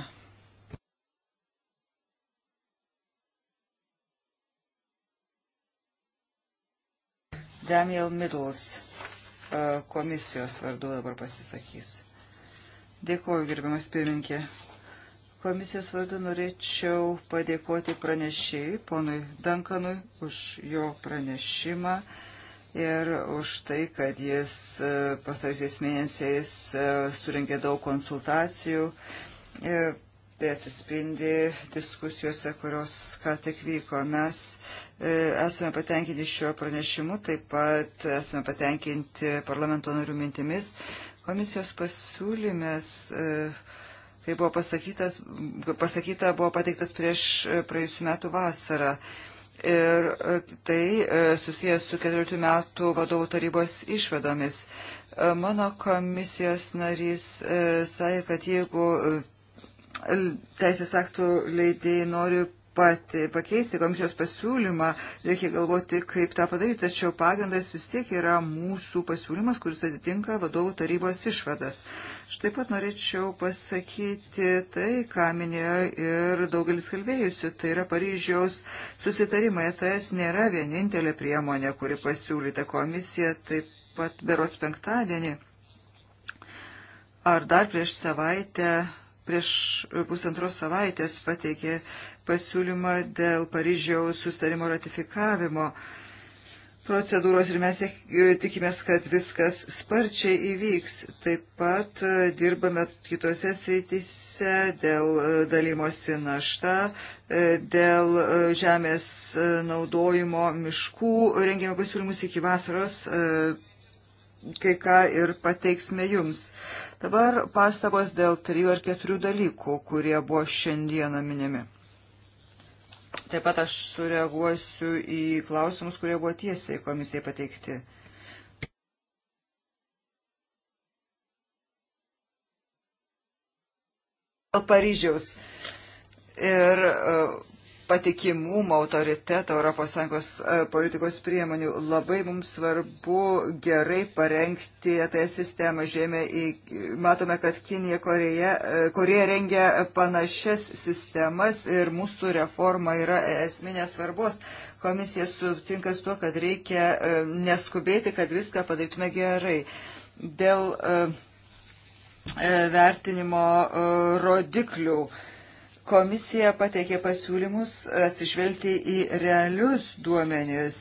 Daniel Middles komisijos vardu dabar pasisakys. Dėkuoju, gerbiamas pirminkė. Komisijos vardu norėčiau padėkoti pranešėjui, ponui Dankanui, už jo pranešimą ir už tai, kad jis pasarysiais mėnesiais surinkė daug konsultacijų. Ir e, tai atsispindi diskusijose, kurios ką tik vyko. Mes E, esame patenkinti šiuo pranešimu, taip pat esame patenkinti parlamento narių mintimis. Komisijos pasiūlymas, e, kaip buvo pasakyta, buvo pateiktas prieš e, praėjusiu metu vasarą. Ir tai susijęs su 14 metų vadovų tarybos išvedomis. Mano komisijos narys sakė, kad jeigu teisės aktų leidėjai nori pati, pakeisti komisijos pasiūlymą, reikia galvoti, kaip tą padaryti, tačiau pagrindas vis tiek yra mūsų pasiūlymas, kuris atitinka vadovų tarybos išvadas. Štai pat norėčiau pasakyti tai, ką minėjo ir daugelis kalbėjusių, tai yra Paryžiaus susitarimai. ETS nėra vienintelė priemonė, kuri pasiūlyta komisija, taip pat beros penktadienį. Ar dar prieš savaitę prieš pusantros savaitės pateikė pasiūlymą dėl Paryžiaus sustarimo ratifikavimo procedūros ir mes e, tikimės, kad viskas sparčiai įvyks. Taip pat e, dirbame kitose srityse dėl e, dalymosi našta, dėl žemės naudojimo miškų, rengėme pasiūlymus iki vasaros kai ką ir pateiksime jums. Dabar pastabos dėl trijų ar keturių dalykų, kurie buvo šiandieną minimi. Taip pat aš sureaguosiu į klausimus, kurie buvo tiesiai komisijai pateikti. Paryžiaus. Ir uh, patikimumo autoritetą ES e, politikos priemonių. Labai mums svarbu gerai parengti e tą sistemą. Žemė į, matome, kad Kinija, Koreja, e, Koreja rengia panašias sistemas ir mūsų reforma yra esminės svarbos. Komisija sutinka su tuo, kad reikia neskubėti, kad viską padarytume gerai. Dėl vertinimo rodiklių. Uh, Komisija pateikė pasiūlymus atsižvelgti į realius duomenis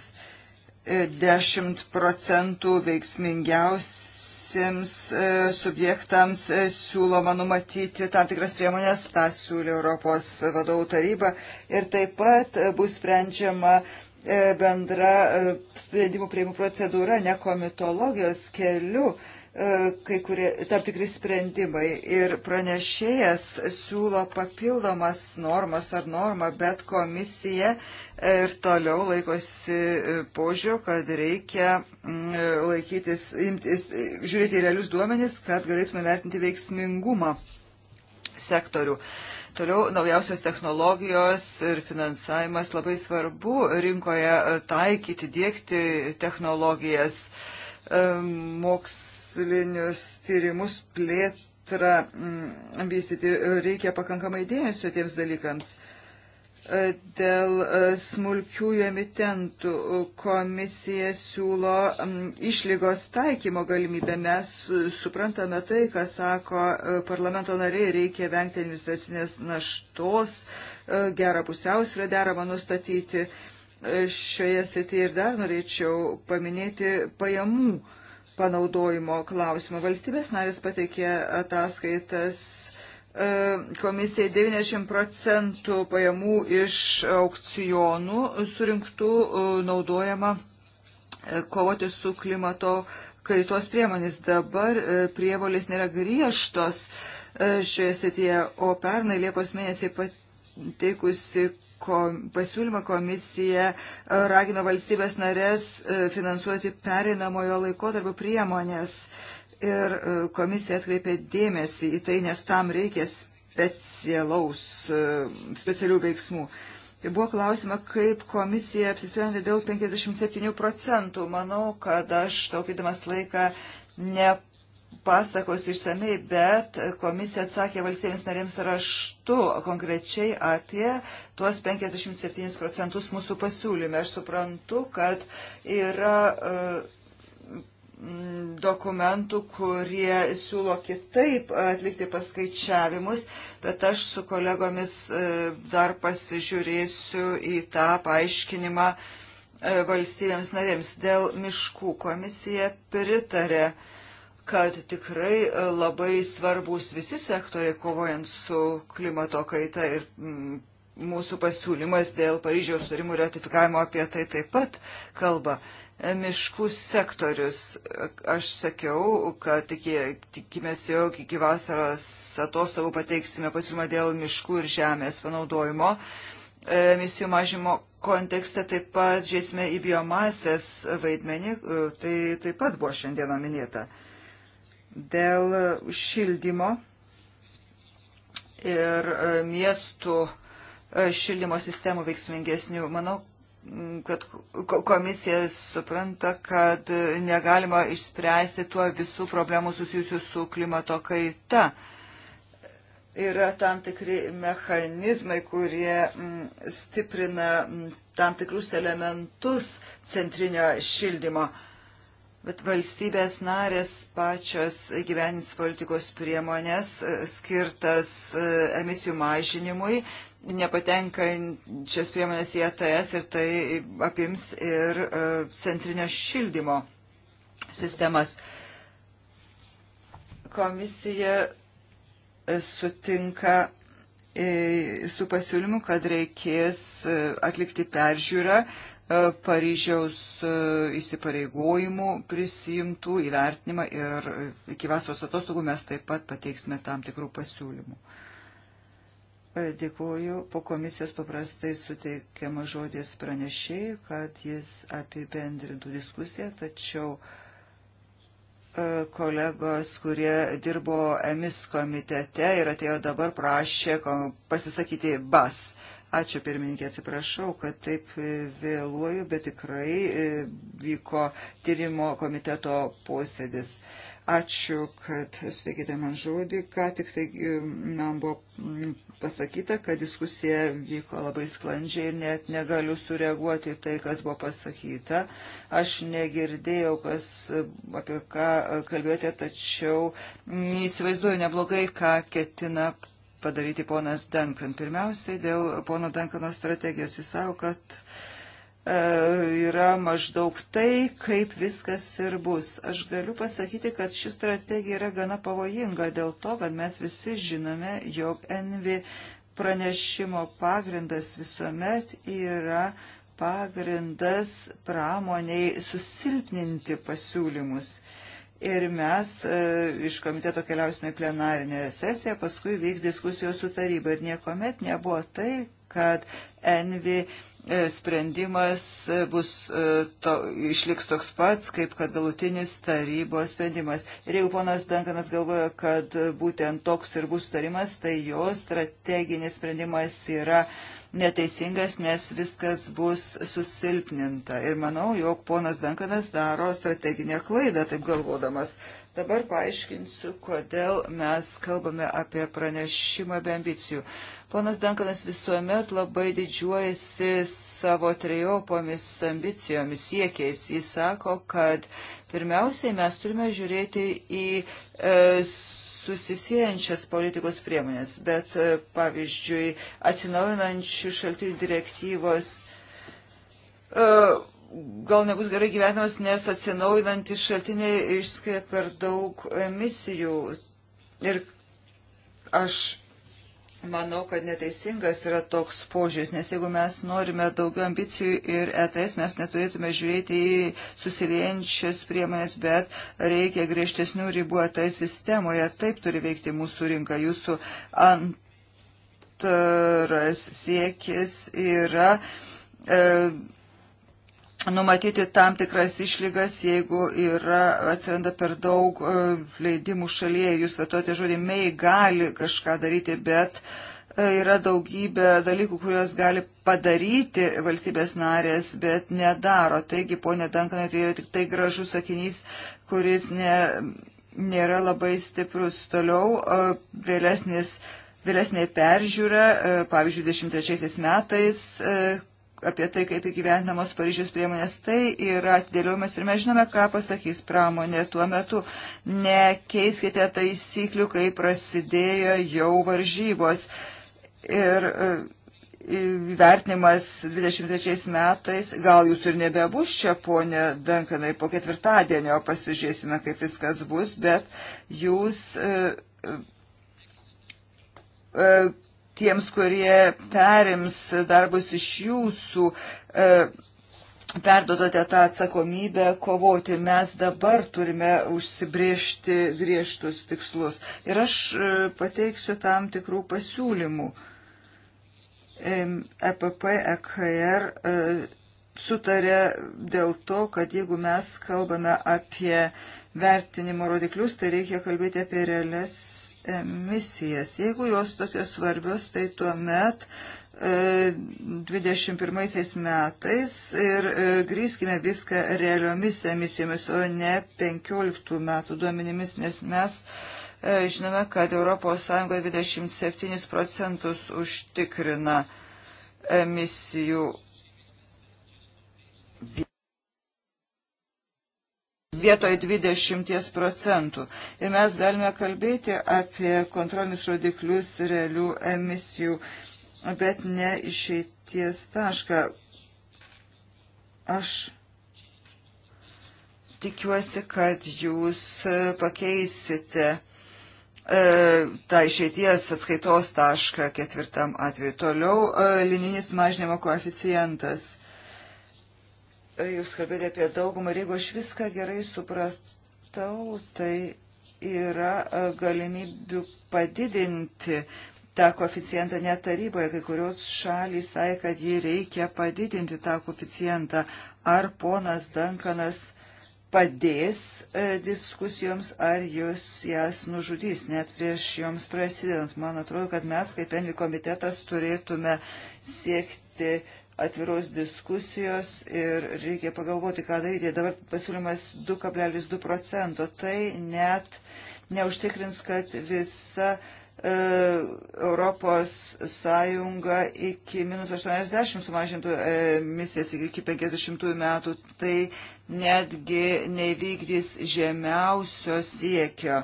10 procentų veiksmingiausiems e, subjektams e, siūloma numatyti tam tikras priemonės, tą siūlė Europos vadovų taryba ir taip pat e, bus sprendžiama bendra sprendimų prieimų procedūra ne komitologijos keliu E, kai kurie tam tikri sprendimai ir pranešėjas siūlo papildomas normas ar normą, bet komisija ir toliau laikosi e, požiūrio, kad reikia e, laikytis, imtis, žiūrėti į realius duomenis, kad galėtume vertinti veiksmingumą sektorių. Toliau naujausios technologijos ir finansavimas labai svarbu rinkoje taikyti, dėkti technologijas. Moks, mokslinius tyrimus plėtrą mm, vystyti. Reikia pakankamai dėmesio tiems dalykams. E, dėl e, smulkiųjų emitentų e, komisija siūlo mm, išlygos taikymo galimybę. Mes suprantame tai, ką sako parlamento nariai, reikia vengti administracinės naštos, gerą pusiausvyrą deramą nustatyti šioje srityje ir dar norėčiau paminėti pajamų panaudojimo klausimą. Valstybės narės pateikė ataskaitas e, komisijai 90 procentų pajamų iš aukcionų surinktų e, naudojama e, kovoti su klimato kaitos priemonės. Dabar prievolės nėra griežtos šioje srityje, o pernai Liepos mėnesį pateikusi kom, pasiūlymą komisija e, ragino valstybės narės e, finansuoti pereinamojo laikotarpio priemonės. Ir e, komisija atkreipė dėmesį į tai, nes tam reikia specialaus, specialių veiksmų. Tai buvo klausima, kaip komisija apsisprendė dėl 57 procentų. Manau, kad aš taupydamas laiką ne pasakosiu išsamei, bet komisija atsakė valstybėms narėms raštu konkrečiai apie tuos 57 procentus mūsų pasiūlyme. Aš suprantu, kad yra e, dokumentų, kurie siūlo kitaip atlikti paskaičiavimus, bet aš su kolegomis e, dar pasižiūrėsiu į tą paaiškinimą e, valstybėms narėms. Dėl miškų komisija pritarė uh, kad tikrai e, labai svarbus visi sektoriai kovojant su klimato kaita ir mūsų pasiūlymas dėl Paryžiaus surimų ratifikavimo apie tai taip pat kalba. E, miškų sektorius, e, aš sakiau, kad tikimės jog iki vasaros atostogų pateiksime pasiūlymą dėl miškų ir žemės panaudojimo. Emisijų mažimo kontekste taip pat žiūrėsime į biomasės vaidmenį, tai taip pat buvo šiandieną minėta. E, dėl šildymo ir e, miestų e, šildymo sistemų veiksmingesnių. Manau, kad komisija supranta, kad e, negalima išspręsti tuo visų problemų susijusių su klimato kaita. Yra tam tikri mechanizmai, kurie stiprina tam tikrus elementus centrinio šildymo bet valstybės narės pačios gyvenins politikos priemonės e, skirtas e, emisijų mažinimui, nepatenkančias priemonės į ATS e ir tai apims ir centrinio šildymo sistemas. Komisija sutinka su pasiūlymu, kad reikės atlikti peržiūrą E, Paryžiaus e, įsipareigojimų prisimtų įvertinimą ir e, iki vasaros atostogų mes taip pat pateiksime tam tikrų pasiūlymų. Dėkuoju. Po komisijos paprastai suteikiama žodis pranešėjai, kad jis apibendrintų diskusiją, tačiau kolegos, kurie dirbo emis komitete ir atėjo dabar prašė pasisakyti bas. Ačiū pirmininkė, atsiprašau, kad taip e, vėluoju, bet tikrai e, vyko tyrimo komiteto posėdis. Ačiū, kad suteikite man žodį. Ką tik tai e, man buvo pasakyta, kad diskusija vyko labai sklandžiai ir net negaliu sureaguoti į tai, kas buvo pasakyta. Aš negirdėjau, kas, apie ką kalbėjote, tačiau įsivaizduoju neblogai, ką ketina padaryti ponas Duncan. Pirmiausiai dėl pono Duncano strategijos. Jis savo, kad e, yra maždaug tai, kaip viskas ir bus. Aš galiu pasakyti, kad ši strategija yra gana pavojinga dėl to, kad mes visi žinome, jog Envi pranešimo pagrindas visuomet yra pagrindas pramoniai susilpninti pasiūlymus. E, ir mes e, iš komiteto keliausime į plenarinę sesiją, paskui vyks diskusijos su taryba ir niekuomet nebuvo tai, kad Envi e, sprendimas e, bus, to, išliks toks pats, kaip kad galutinis tarybos sprendimas. Ir jeigu ponas Dankanas galvoja, kad būtent toks ir bus tarimas, tai jo strateginis sprendimas yra uh, neteisingas, nes viskas bus susilpninta. Ir manau, jog ponas Dankanas daro strateginę klaidą, taip galvodamas. Dabar paaiškinsiu, kodėl mes kalbame apie pranešimą be ambicijų. Ponas Dankanas visuomet labai didžiuojasi savo trejopomis ambicijomis, siekiais. Jis sako, kad pirmiausiai mes turime žiūrėti į e, susisiejančias politikos priemonės, bet e, pavyzdžiui, atsinaujinančių šaltinių direktyvos e, gal nebus gerai gyvenimas, nes atsinaujinantys šaltiniai išskiria per daug emisijų. Ir aš Manau, kad neteisingas yra toks požiūris, nes jeigu mes norime daugiau ambicijų ir ETS, mes neturėtume žiūrėti į susiliejančias priemonės, bet reikia griežtesnių ribų ETS sistemoje. Taip turi veikti mūsų rinka. Jūsų antras siekis yra. E, numatyti tam tikras išlygas, jeigu yra, atsiranda per daug e, leidimų šalyje, jūs vatuojate žodį, mei gali kažką daryti, bet e, yra daugybė dalykų, kuriuos gali padaryti valstybės narės, bet nedaro. Taigi, ponė Dankanai, tai yra tik tai gražus sakinys, kuris ne, nėra labai stiprus. Toliau e, vėlesnis. Vėlesnė peržiūra, pavyzdžiui, 23 metais apie tai, kaip įgyvendinamos Paryžiaus priemonės, tai yra atidėliojimas ir mes žinome, ką pasakys pramonė tuo metu. Nekeiskite taisyklių, kai prasidėjo jau varžybos. Ir e, vertinimas 23 metais, gal jūs ir nebebus čia, ponė Dankanai, po ketvirtadienio pasižiūrėsime, kaip viskas bus, bet jūs. Uh, uh, tiems, kurie perims darbus iš jūsų, e, perdodote tą atsakomybę kovoti. Mes dabar turime užsibriežti griežtus tikslus. Ir aš e, pateiksiu tam tikrų pasiūlymų. EPP, e EKR e, sutarė dėl to, kad jeigu mes kalbame apie vertinimo rodiklius, tai reikia kalbėti apie realias emisijas. Jeigu jos tokios svarbios, tai tuo met 21 metais ir e, grįskime viską realiomis emisijomis, o ne 15 metų duomenimis, nes mes e, žinome, kad ES 27 procentus užtikrina emisijų vietoj 20 procentų. Ir mes galime kalbėti apie kontrolinius rodiklius realių emisijų, bet ne išeities tašką. Aš tikiuosi, kad jūs pakeisite e, tą išeities atskaitos tašką ketvirtam atveju. Toliau e, lininis mažinimo koeficientas jūs kalbėjote apie daugumą ir jeigu aš viską gerai supratau, tai yra e, galimybių padidinti tą koficijantą net taryboje, kai kurios šalys sakė, kad jį reikia padidinti tą koficijantą. Ar ponas Dankanas padės e, diskusijoms, ar jūs jas nužudys net prieš joms prasidedant. Man atrodo, kad mes kaip Envi komitetas turėtume siekti atviros diskusijos ir reikia pagalvoti, ką daryti. Dabar pasiūlymas 2,2 procento. Tai net neužtikrins, kad visa e, Europos Sąjunga iki minus 80 sumažintų e, emisijas iki 50 metų, tai netgi nevykdys žemiausio siekio.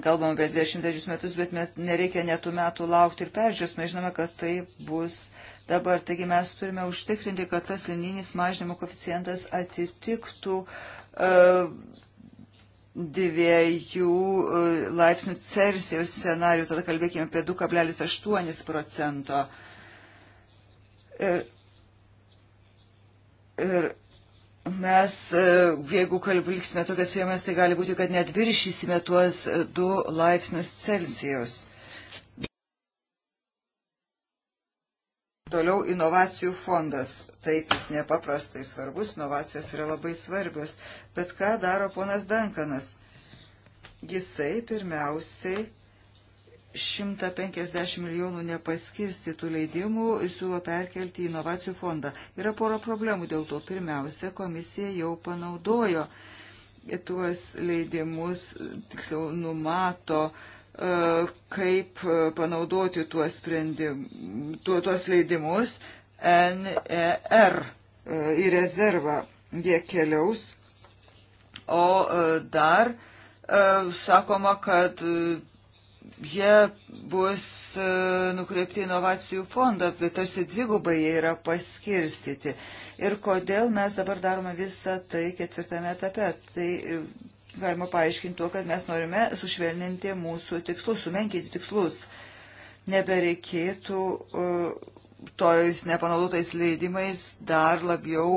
Kalbam apie 23 metus, bet nereikia netų metų laukti ir peržiūrės. Mes žinome, kad tai bus dabar. Taigi mes turime užtikrinti, kad tas linijinis mažinimo koficijantas atitiktų uh, dviejų e, laipsnių Celsijaus scenarių, tada kalbėkime apie 2,8 procento. Ir, ir mes, e, jeigu kalbėsime tokias priemonės, tai gali būti, kad net viršysime tuos 2 laipsnius Celsijaus. Toliau inovacijų fondas. Taip jis nepaprastai svarbus, inovacijos yra labai svarbios. Bet ką daro ponas Dankanas? Jisai pirmiausiai 150 milijonų nepaskirstytų leidimų siūlo perkelti į inovacijų fondą. Yra pora problemų dėl to. Pirmiausia, komisija jau panaudojo tuos leidimus, tiksliau numato uh, kaip e, panaudoti tuos, tuo, tuos leidimus NER e, į rezervą. Jie keliaus. O e, dar sakoma, kad jie bus nukreipti inovacijų fondą, bet tarsi dvigubai jie yra paskirstyti. Ir kodėl mes dabar darome visą tai ketvirtame etape? Tai galima paaiškinti tuo, kad mes norime sušvelninti mūsų tikslus, sumenkinti tikslus. Nebereikėtų uh, tojais nepanaudotais leidimais dar labiau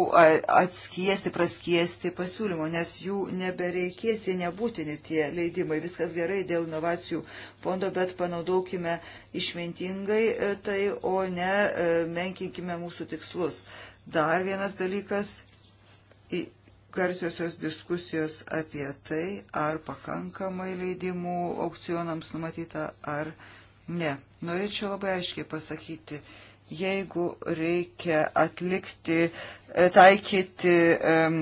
atskiesti, praskiesti pasiūlymo, nes jų nebereikės, jie nebūtini tie leidimai. Viskas gerai dėl inovacijų fondo, bet panaudokime išmintingai uh, tai, o ne uh, menkinkime mūsų tikslus. Dar vienas dalykas garsiosios diskusijos apie tai, ar pakankamai leidimų aukcionams numatyta ar ne. Norėčiau labai aiškiai pasakyti, jeigu reikia atlikti, taikyti um,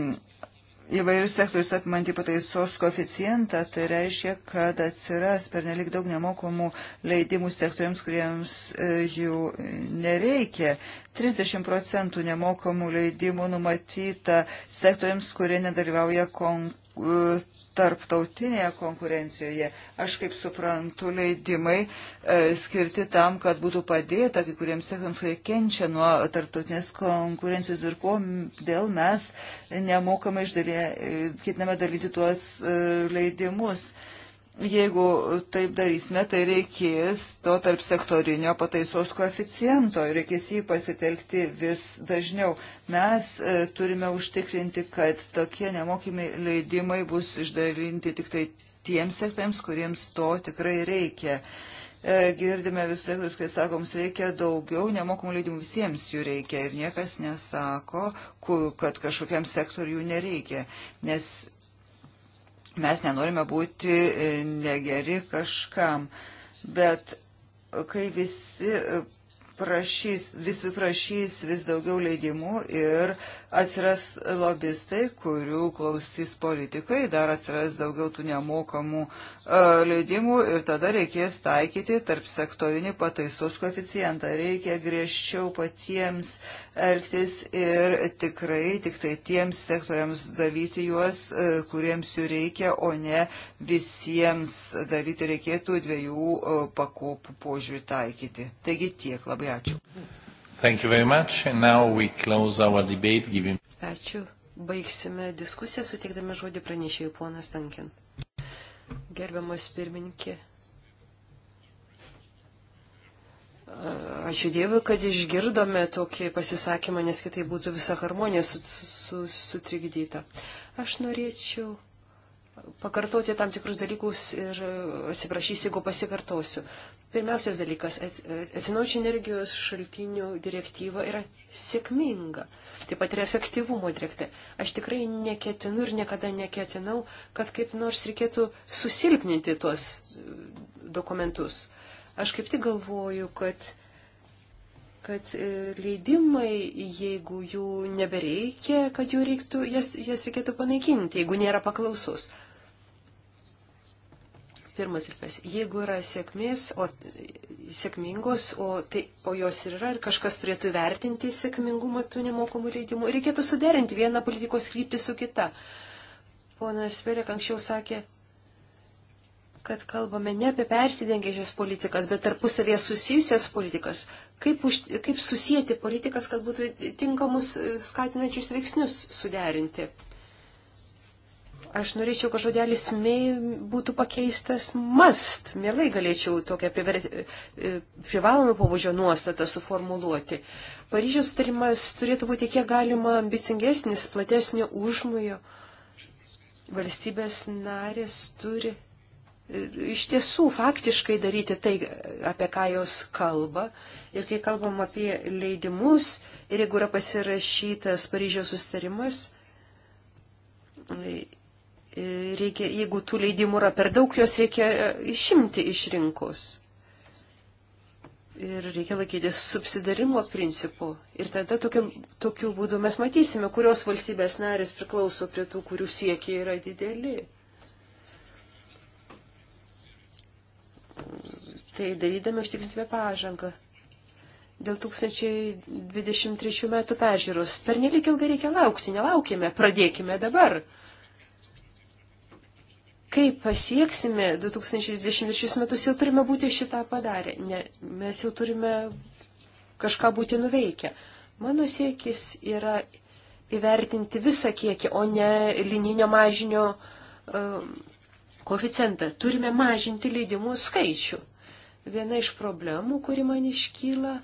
įvairius sektorius apimantį pataisos koeficientą, tai reiškia, kad atsiras per nelik daug nemokamų leidimų sektoriams, kuriems e, jų nereikia. 30 procentų nemokamų leidimų numatyta sektoriams, kurie nedalyvauja konkursuose tarptautinėje konkurencijoje. Aš kaip suprantu, leidimai e, skirti tam, kad būtų padėta kai kuriems sektoriams, kurie kenčia nuo tarptautinės konkurencijos ir ko dėl mes nemokamai išdalė, e, ketiname dalyti tuos e, leidimus. E, Jeigu taip darysime, tai reikės to tarp sektorinio pataisos koeficiento, reikės jį pasitelkti vis dažniau. Mes e, turime užtikrinti, kad tokie nemokimi leidimai bus išdalinti tik tai tiems sektoriams, kuriems to tikrai reikia. E, girdime visus sektorius, kai sakoms reikia daugiau nemokamų leidimų, visiems jų reikia ir niekas nesako, kad kažkokiam sektoriui jų nereikia, nes Mes nenorime būti e, negeri kažkam, bet kai visi e, prašys, visi prašys vis daugiau leidimų ir atsiras lobistai, kurių klausys politikai, dar atsiras daugiau tų nemokamų e, leidimų ir tada reikės taikyti tarp sektorinį pataisos koeficientą. Reikia griežčiau patiems elgtis ir tikrai tik tai tiems sektoriams dalyti juos, e, kuriems jų reikia, o ne visiems dalyti reikėtų dviejų e, pakopų požiūrį taikyti. Taigi tiek, labai ačiū. Thank you very much. And now we close our debate, giving... Ačiū. Baigsime diskusiją, suteikdami žodį pranešėjų ponas Tankin. Gerbiamas pirmininkė. Ačiū Dievui, kad išgirdome tokį pasisakymą, nes kitai būtų visa harmonija sutrikdyta. Aš norėčiau pakartoti tam tikrus dalykus ir atsiprašysiu, jeigu pasikartosiu. Pirmiausias dalykas, atsinaučių energijos šaltinių direktyva yra sėkminga, taip pat ir efektyvumo direktyva. Aš tikrai neketinu ir niekada neketinau, kad kaip nors reikėtų susilpninti tuos e, dokumentus. Aš kaip tik galvoju, kad, kad e, leidimai, jeigu jų nebereikia, kad jų reiktų, jas, jas reikėtų panaikinti, jeigu nėra paklausos. Pirmas dalykas, jeigu yra sėkmės, o sėkmingos, o, tai, o jos ir yra, ir kažkas turėtų vertinti sėkmingumą tų nemokamų leidimų, reikėtų suderinti vieną politikos kryptį su kita. Ponas Vėlėk anksčiau sakė, kad kalbame ne apie persidengiančias politikas, bet tarpusavėje susijusias politikas. Kaip, už, kaip susijęti politikas, kad būtų tinkamus skatinančius veiksnius suderinti? Aš norėčiau, kad žodelis may būtų pakeistas must. Mielai galėčiau tokią e, privalomą pobūdžio nuostatą suformuluoti. Paryžiaus sutarimas turėtų būti kiek galima ambicingesnis, platesnio užmojo. Valstybės narės turi e, iš tiesų faktiškai daryti tai, apie ką jos kalba. Ir kai kalbam apie leidimus, ir jeigu yra pasirašytas Paryžiaus sustarimas, tai reikia, jeigu tų leidimų yra per daug, juos reikia e, išimti iš rinkos. Ir reikia laikytis subsidarimo principų. Ir tada tokiu, tokiu būdu mes matysime, kurios valstybės narės priklauso prie tų, kurių siekiai yra dideli. Tai darydami užtiksime pažangą. Dėl 2023 metų peržiūros. Per nelik ilgai reikia laukti, nelaukime, pradėkime dabar kaip pasieksime 2023 metus, jau turime būti šitą padarę. Ne, mes jau turime kažką būti nuveikę. Mano siekis yra įvertinti visą kiekį, o ne lininio mažinio um, koeficientą. Turime mažinti leidimų skaičių. Viena iš problemų, kuri man iškyla,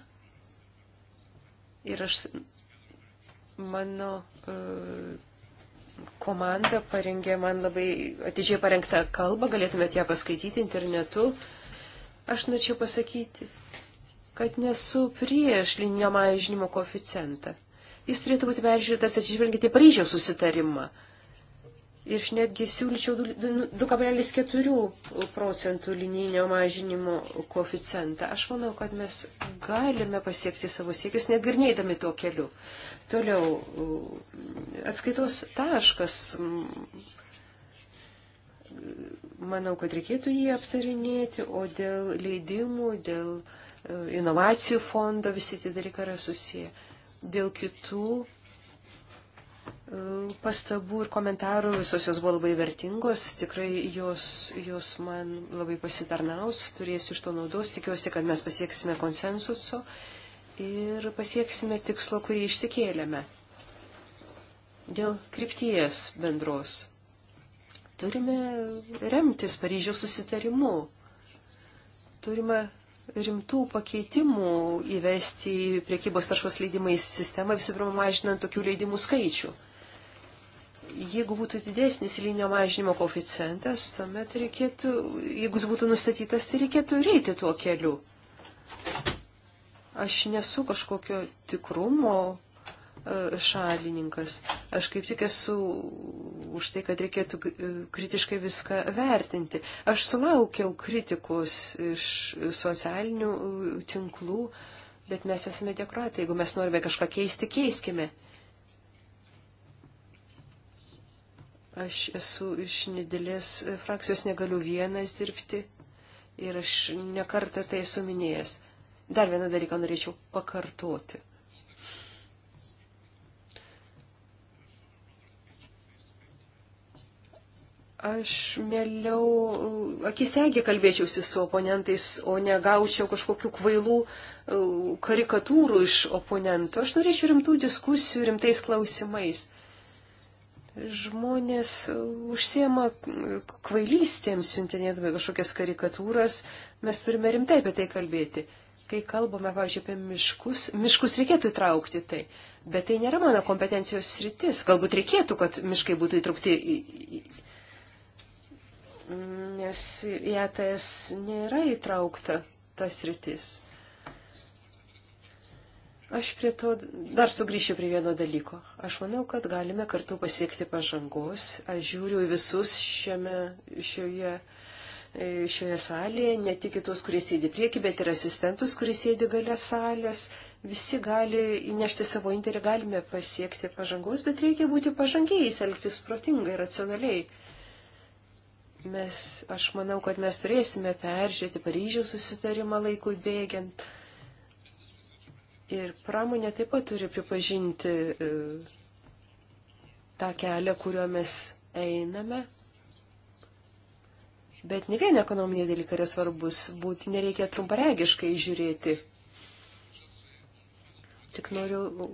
ir aš mano uh, komanda parengė man labai atidžiai parengtą kalbą, galėtumėte ją paskaityti internetu. Aš norėčiau pasakyti, kad nesu prieš linijų mažinimo koeficientą. Jis turėtų būti peržiūrėtas atsižvelgiant į Paryžiaus susitarimą. Ir aš netgi siūlyčiau 2,4 procentų linijinio mažinimo koeficientą. Aš manau, kad mes galime pasiekti savo siekius, net garnėdami tuo keliu. Toliau, atskaitos taškas, manau, kad reikėtų jį aptarinėti, o dėl leidimų, dėl e, inovacijų fondo visi tie dalykai yra susiję. Dėl kitų e, pastabų ir komentarų, visos jos buvo labai vertingos, tikrai jos, jos man labai pasitarnaus, turėsiu iš to naudos, tikiuosi, kad mes pasieksime konsensuso. So ir pasieksime tikslo, kurį išsikėlėme. Dėl krypties bendros. Turime remtis Paryžiaus susitarimu. Turime rimtų pakeitimų įvesti į priekybos taršos leidimais sistemą, visų pirma, mažinant tokių leidimų skaičių. Jeigu būtų didesnis linio mažinimo koeficientas, tuomet reikėtų, jeigu jis būtų nustatytas, tai reikėtų reiti tuo keliu. Aš nesu kažkokio tikrumo e, šalininkas. Aš kaip tik esu už tai, kad reikėtų e, kritiškai viską vertinti. Aš sulaukiau kritikos iš socialinių e, tinklų, bet mes esame dekratai. Jeigu mes norime kažką keisti, keiskime. Aš esu iš nedėlės frakcijos, negaliu vienas dirbti ir aš nekartą tai esu minėjęs. Dar vieną dalyką norėčiau pakartoti. Aš mieliau akisegį kalbėčiausi su oponentais, o negaučiau kažkokių kvailų e, karikatūrų iš oponentų. Aš norėčiau rimtų diskusijų, rimtais klausimais. Žmonės užsiema kvailystėms, siuntinėdami kažkokias karikatūras. Mes turime rimtai apie tai kalbėti. Kai kalbame, pavyzdžiui, apie miškus, miškus reikėtų įtraukti tai, bet tai nėra mano kompetencijos sritis. Galbūt reikėtų, kad miškai būtų įtraukti į. į nes į ETS nėra įtraukta tas rytis. Aš prie to dar sugrįšiu prie vieno dalyko. Aš manau, kad galime kartu pasiekti pažangos. Aš žiūriu į visus šiame, šioje E, šioje salėje, ne tik kitus, kurie sėdi prieki, bet ir asistentus, kurie sėdi gale salės. Visi gali įnešti savo interį, galime pasiekti pažangos, bet reikia būti pažangiais, elgtis protingai, racionaliai. Mes, aš manau, kad mes turėsime peržiūrėti Paryžiaus susitarimą laikui bėgiant. Ir pramonė taip pat turi pripažinti e, tą kelią, kuriuo mes einame Bet ne vien ekonominiai dalykai yra svarbus, būt nereikia trumparegiškai žiūrėti. Tik noriu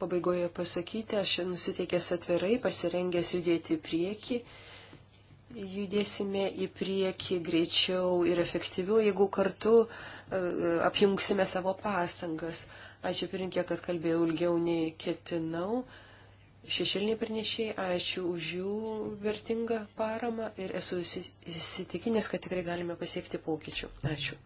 pabaigoje pasakyti, aš nusiteikęs atvirai, pasirengęs judėti į priekį. Judėsime į priekį greičiau ir efektyviau, jeigu kartu e, apjungsime savo pastangas. Ačiū pirinkė, kad kalbėjau ilgiau nei ketinau šešėliniai pranešėjai, ačiū už jų vertingą paramą ir esu įsitikinęs, kad tikrai galime pasiekti pokyčių. Ačiū.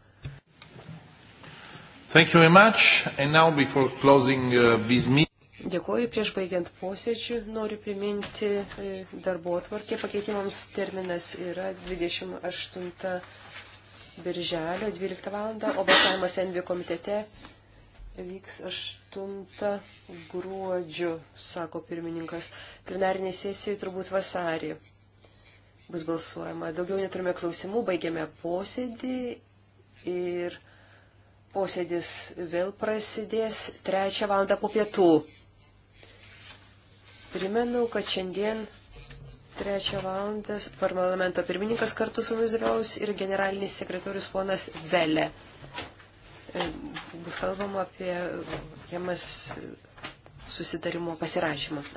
Closing, uh, Dėkuoju prieš baigiant posėdžių. Noriu priminti e, darbo atvarkė. Pakeitimams terminas yra 28 birželio 12 val. o balsavimas NV komitete vyks 8 gruodžio, sako pirmininkas. Plenarinė sesija turbūt vasarį bus balsuojama. Daugiau neturime klausimų, baigiame posėdį ir posėdis vėl prasidės 3 val. po pietų. Primenu, kad šiandien 3 val. parlamento pirmininkas kartu su mumis dalyvaus ir generalinis sekretorius ponas Vele bus kalbama apie priemas susitarimo pasirašymą.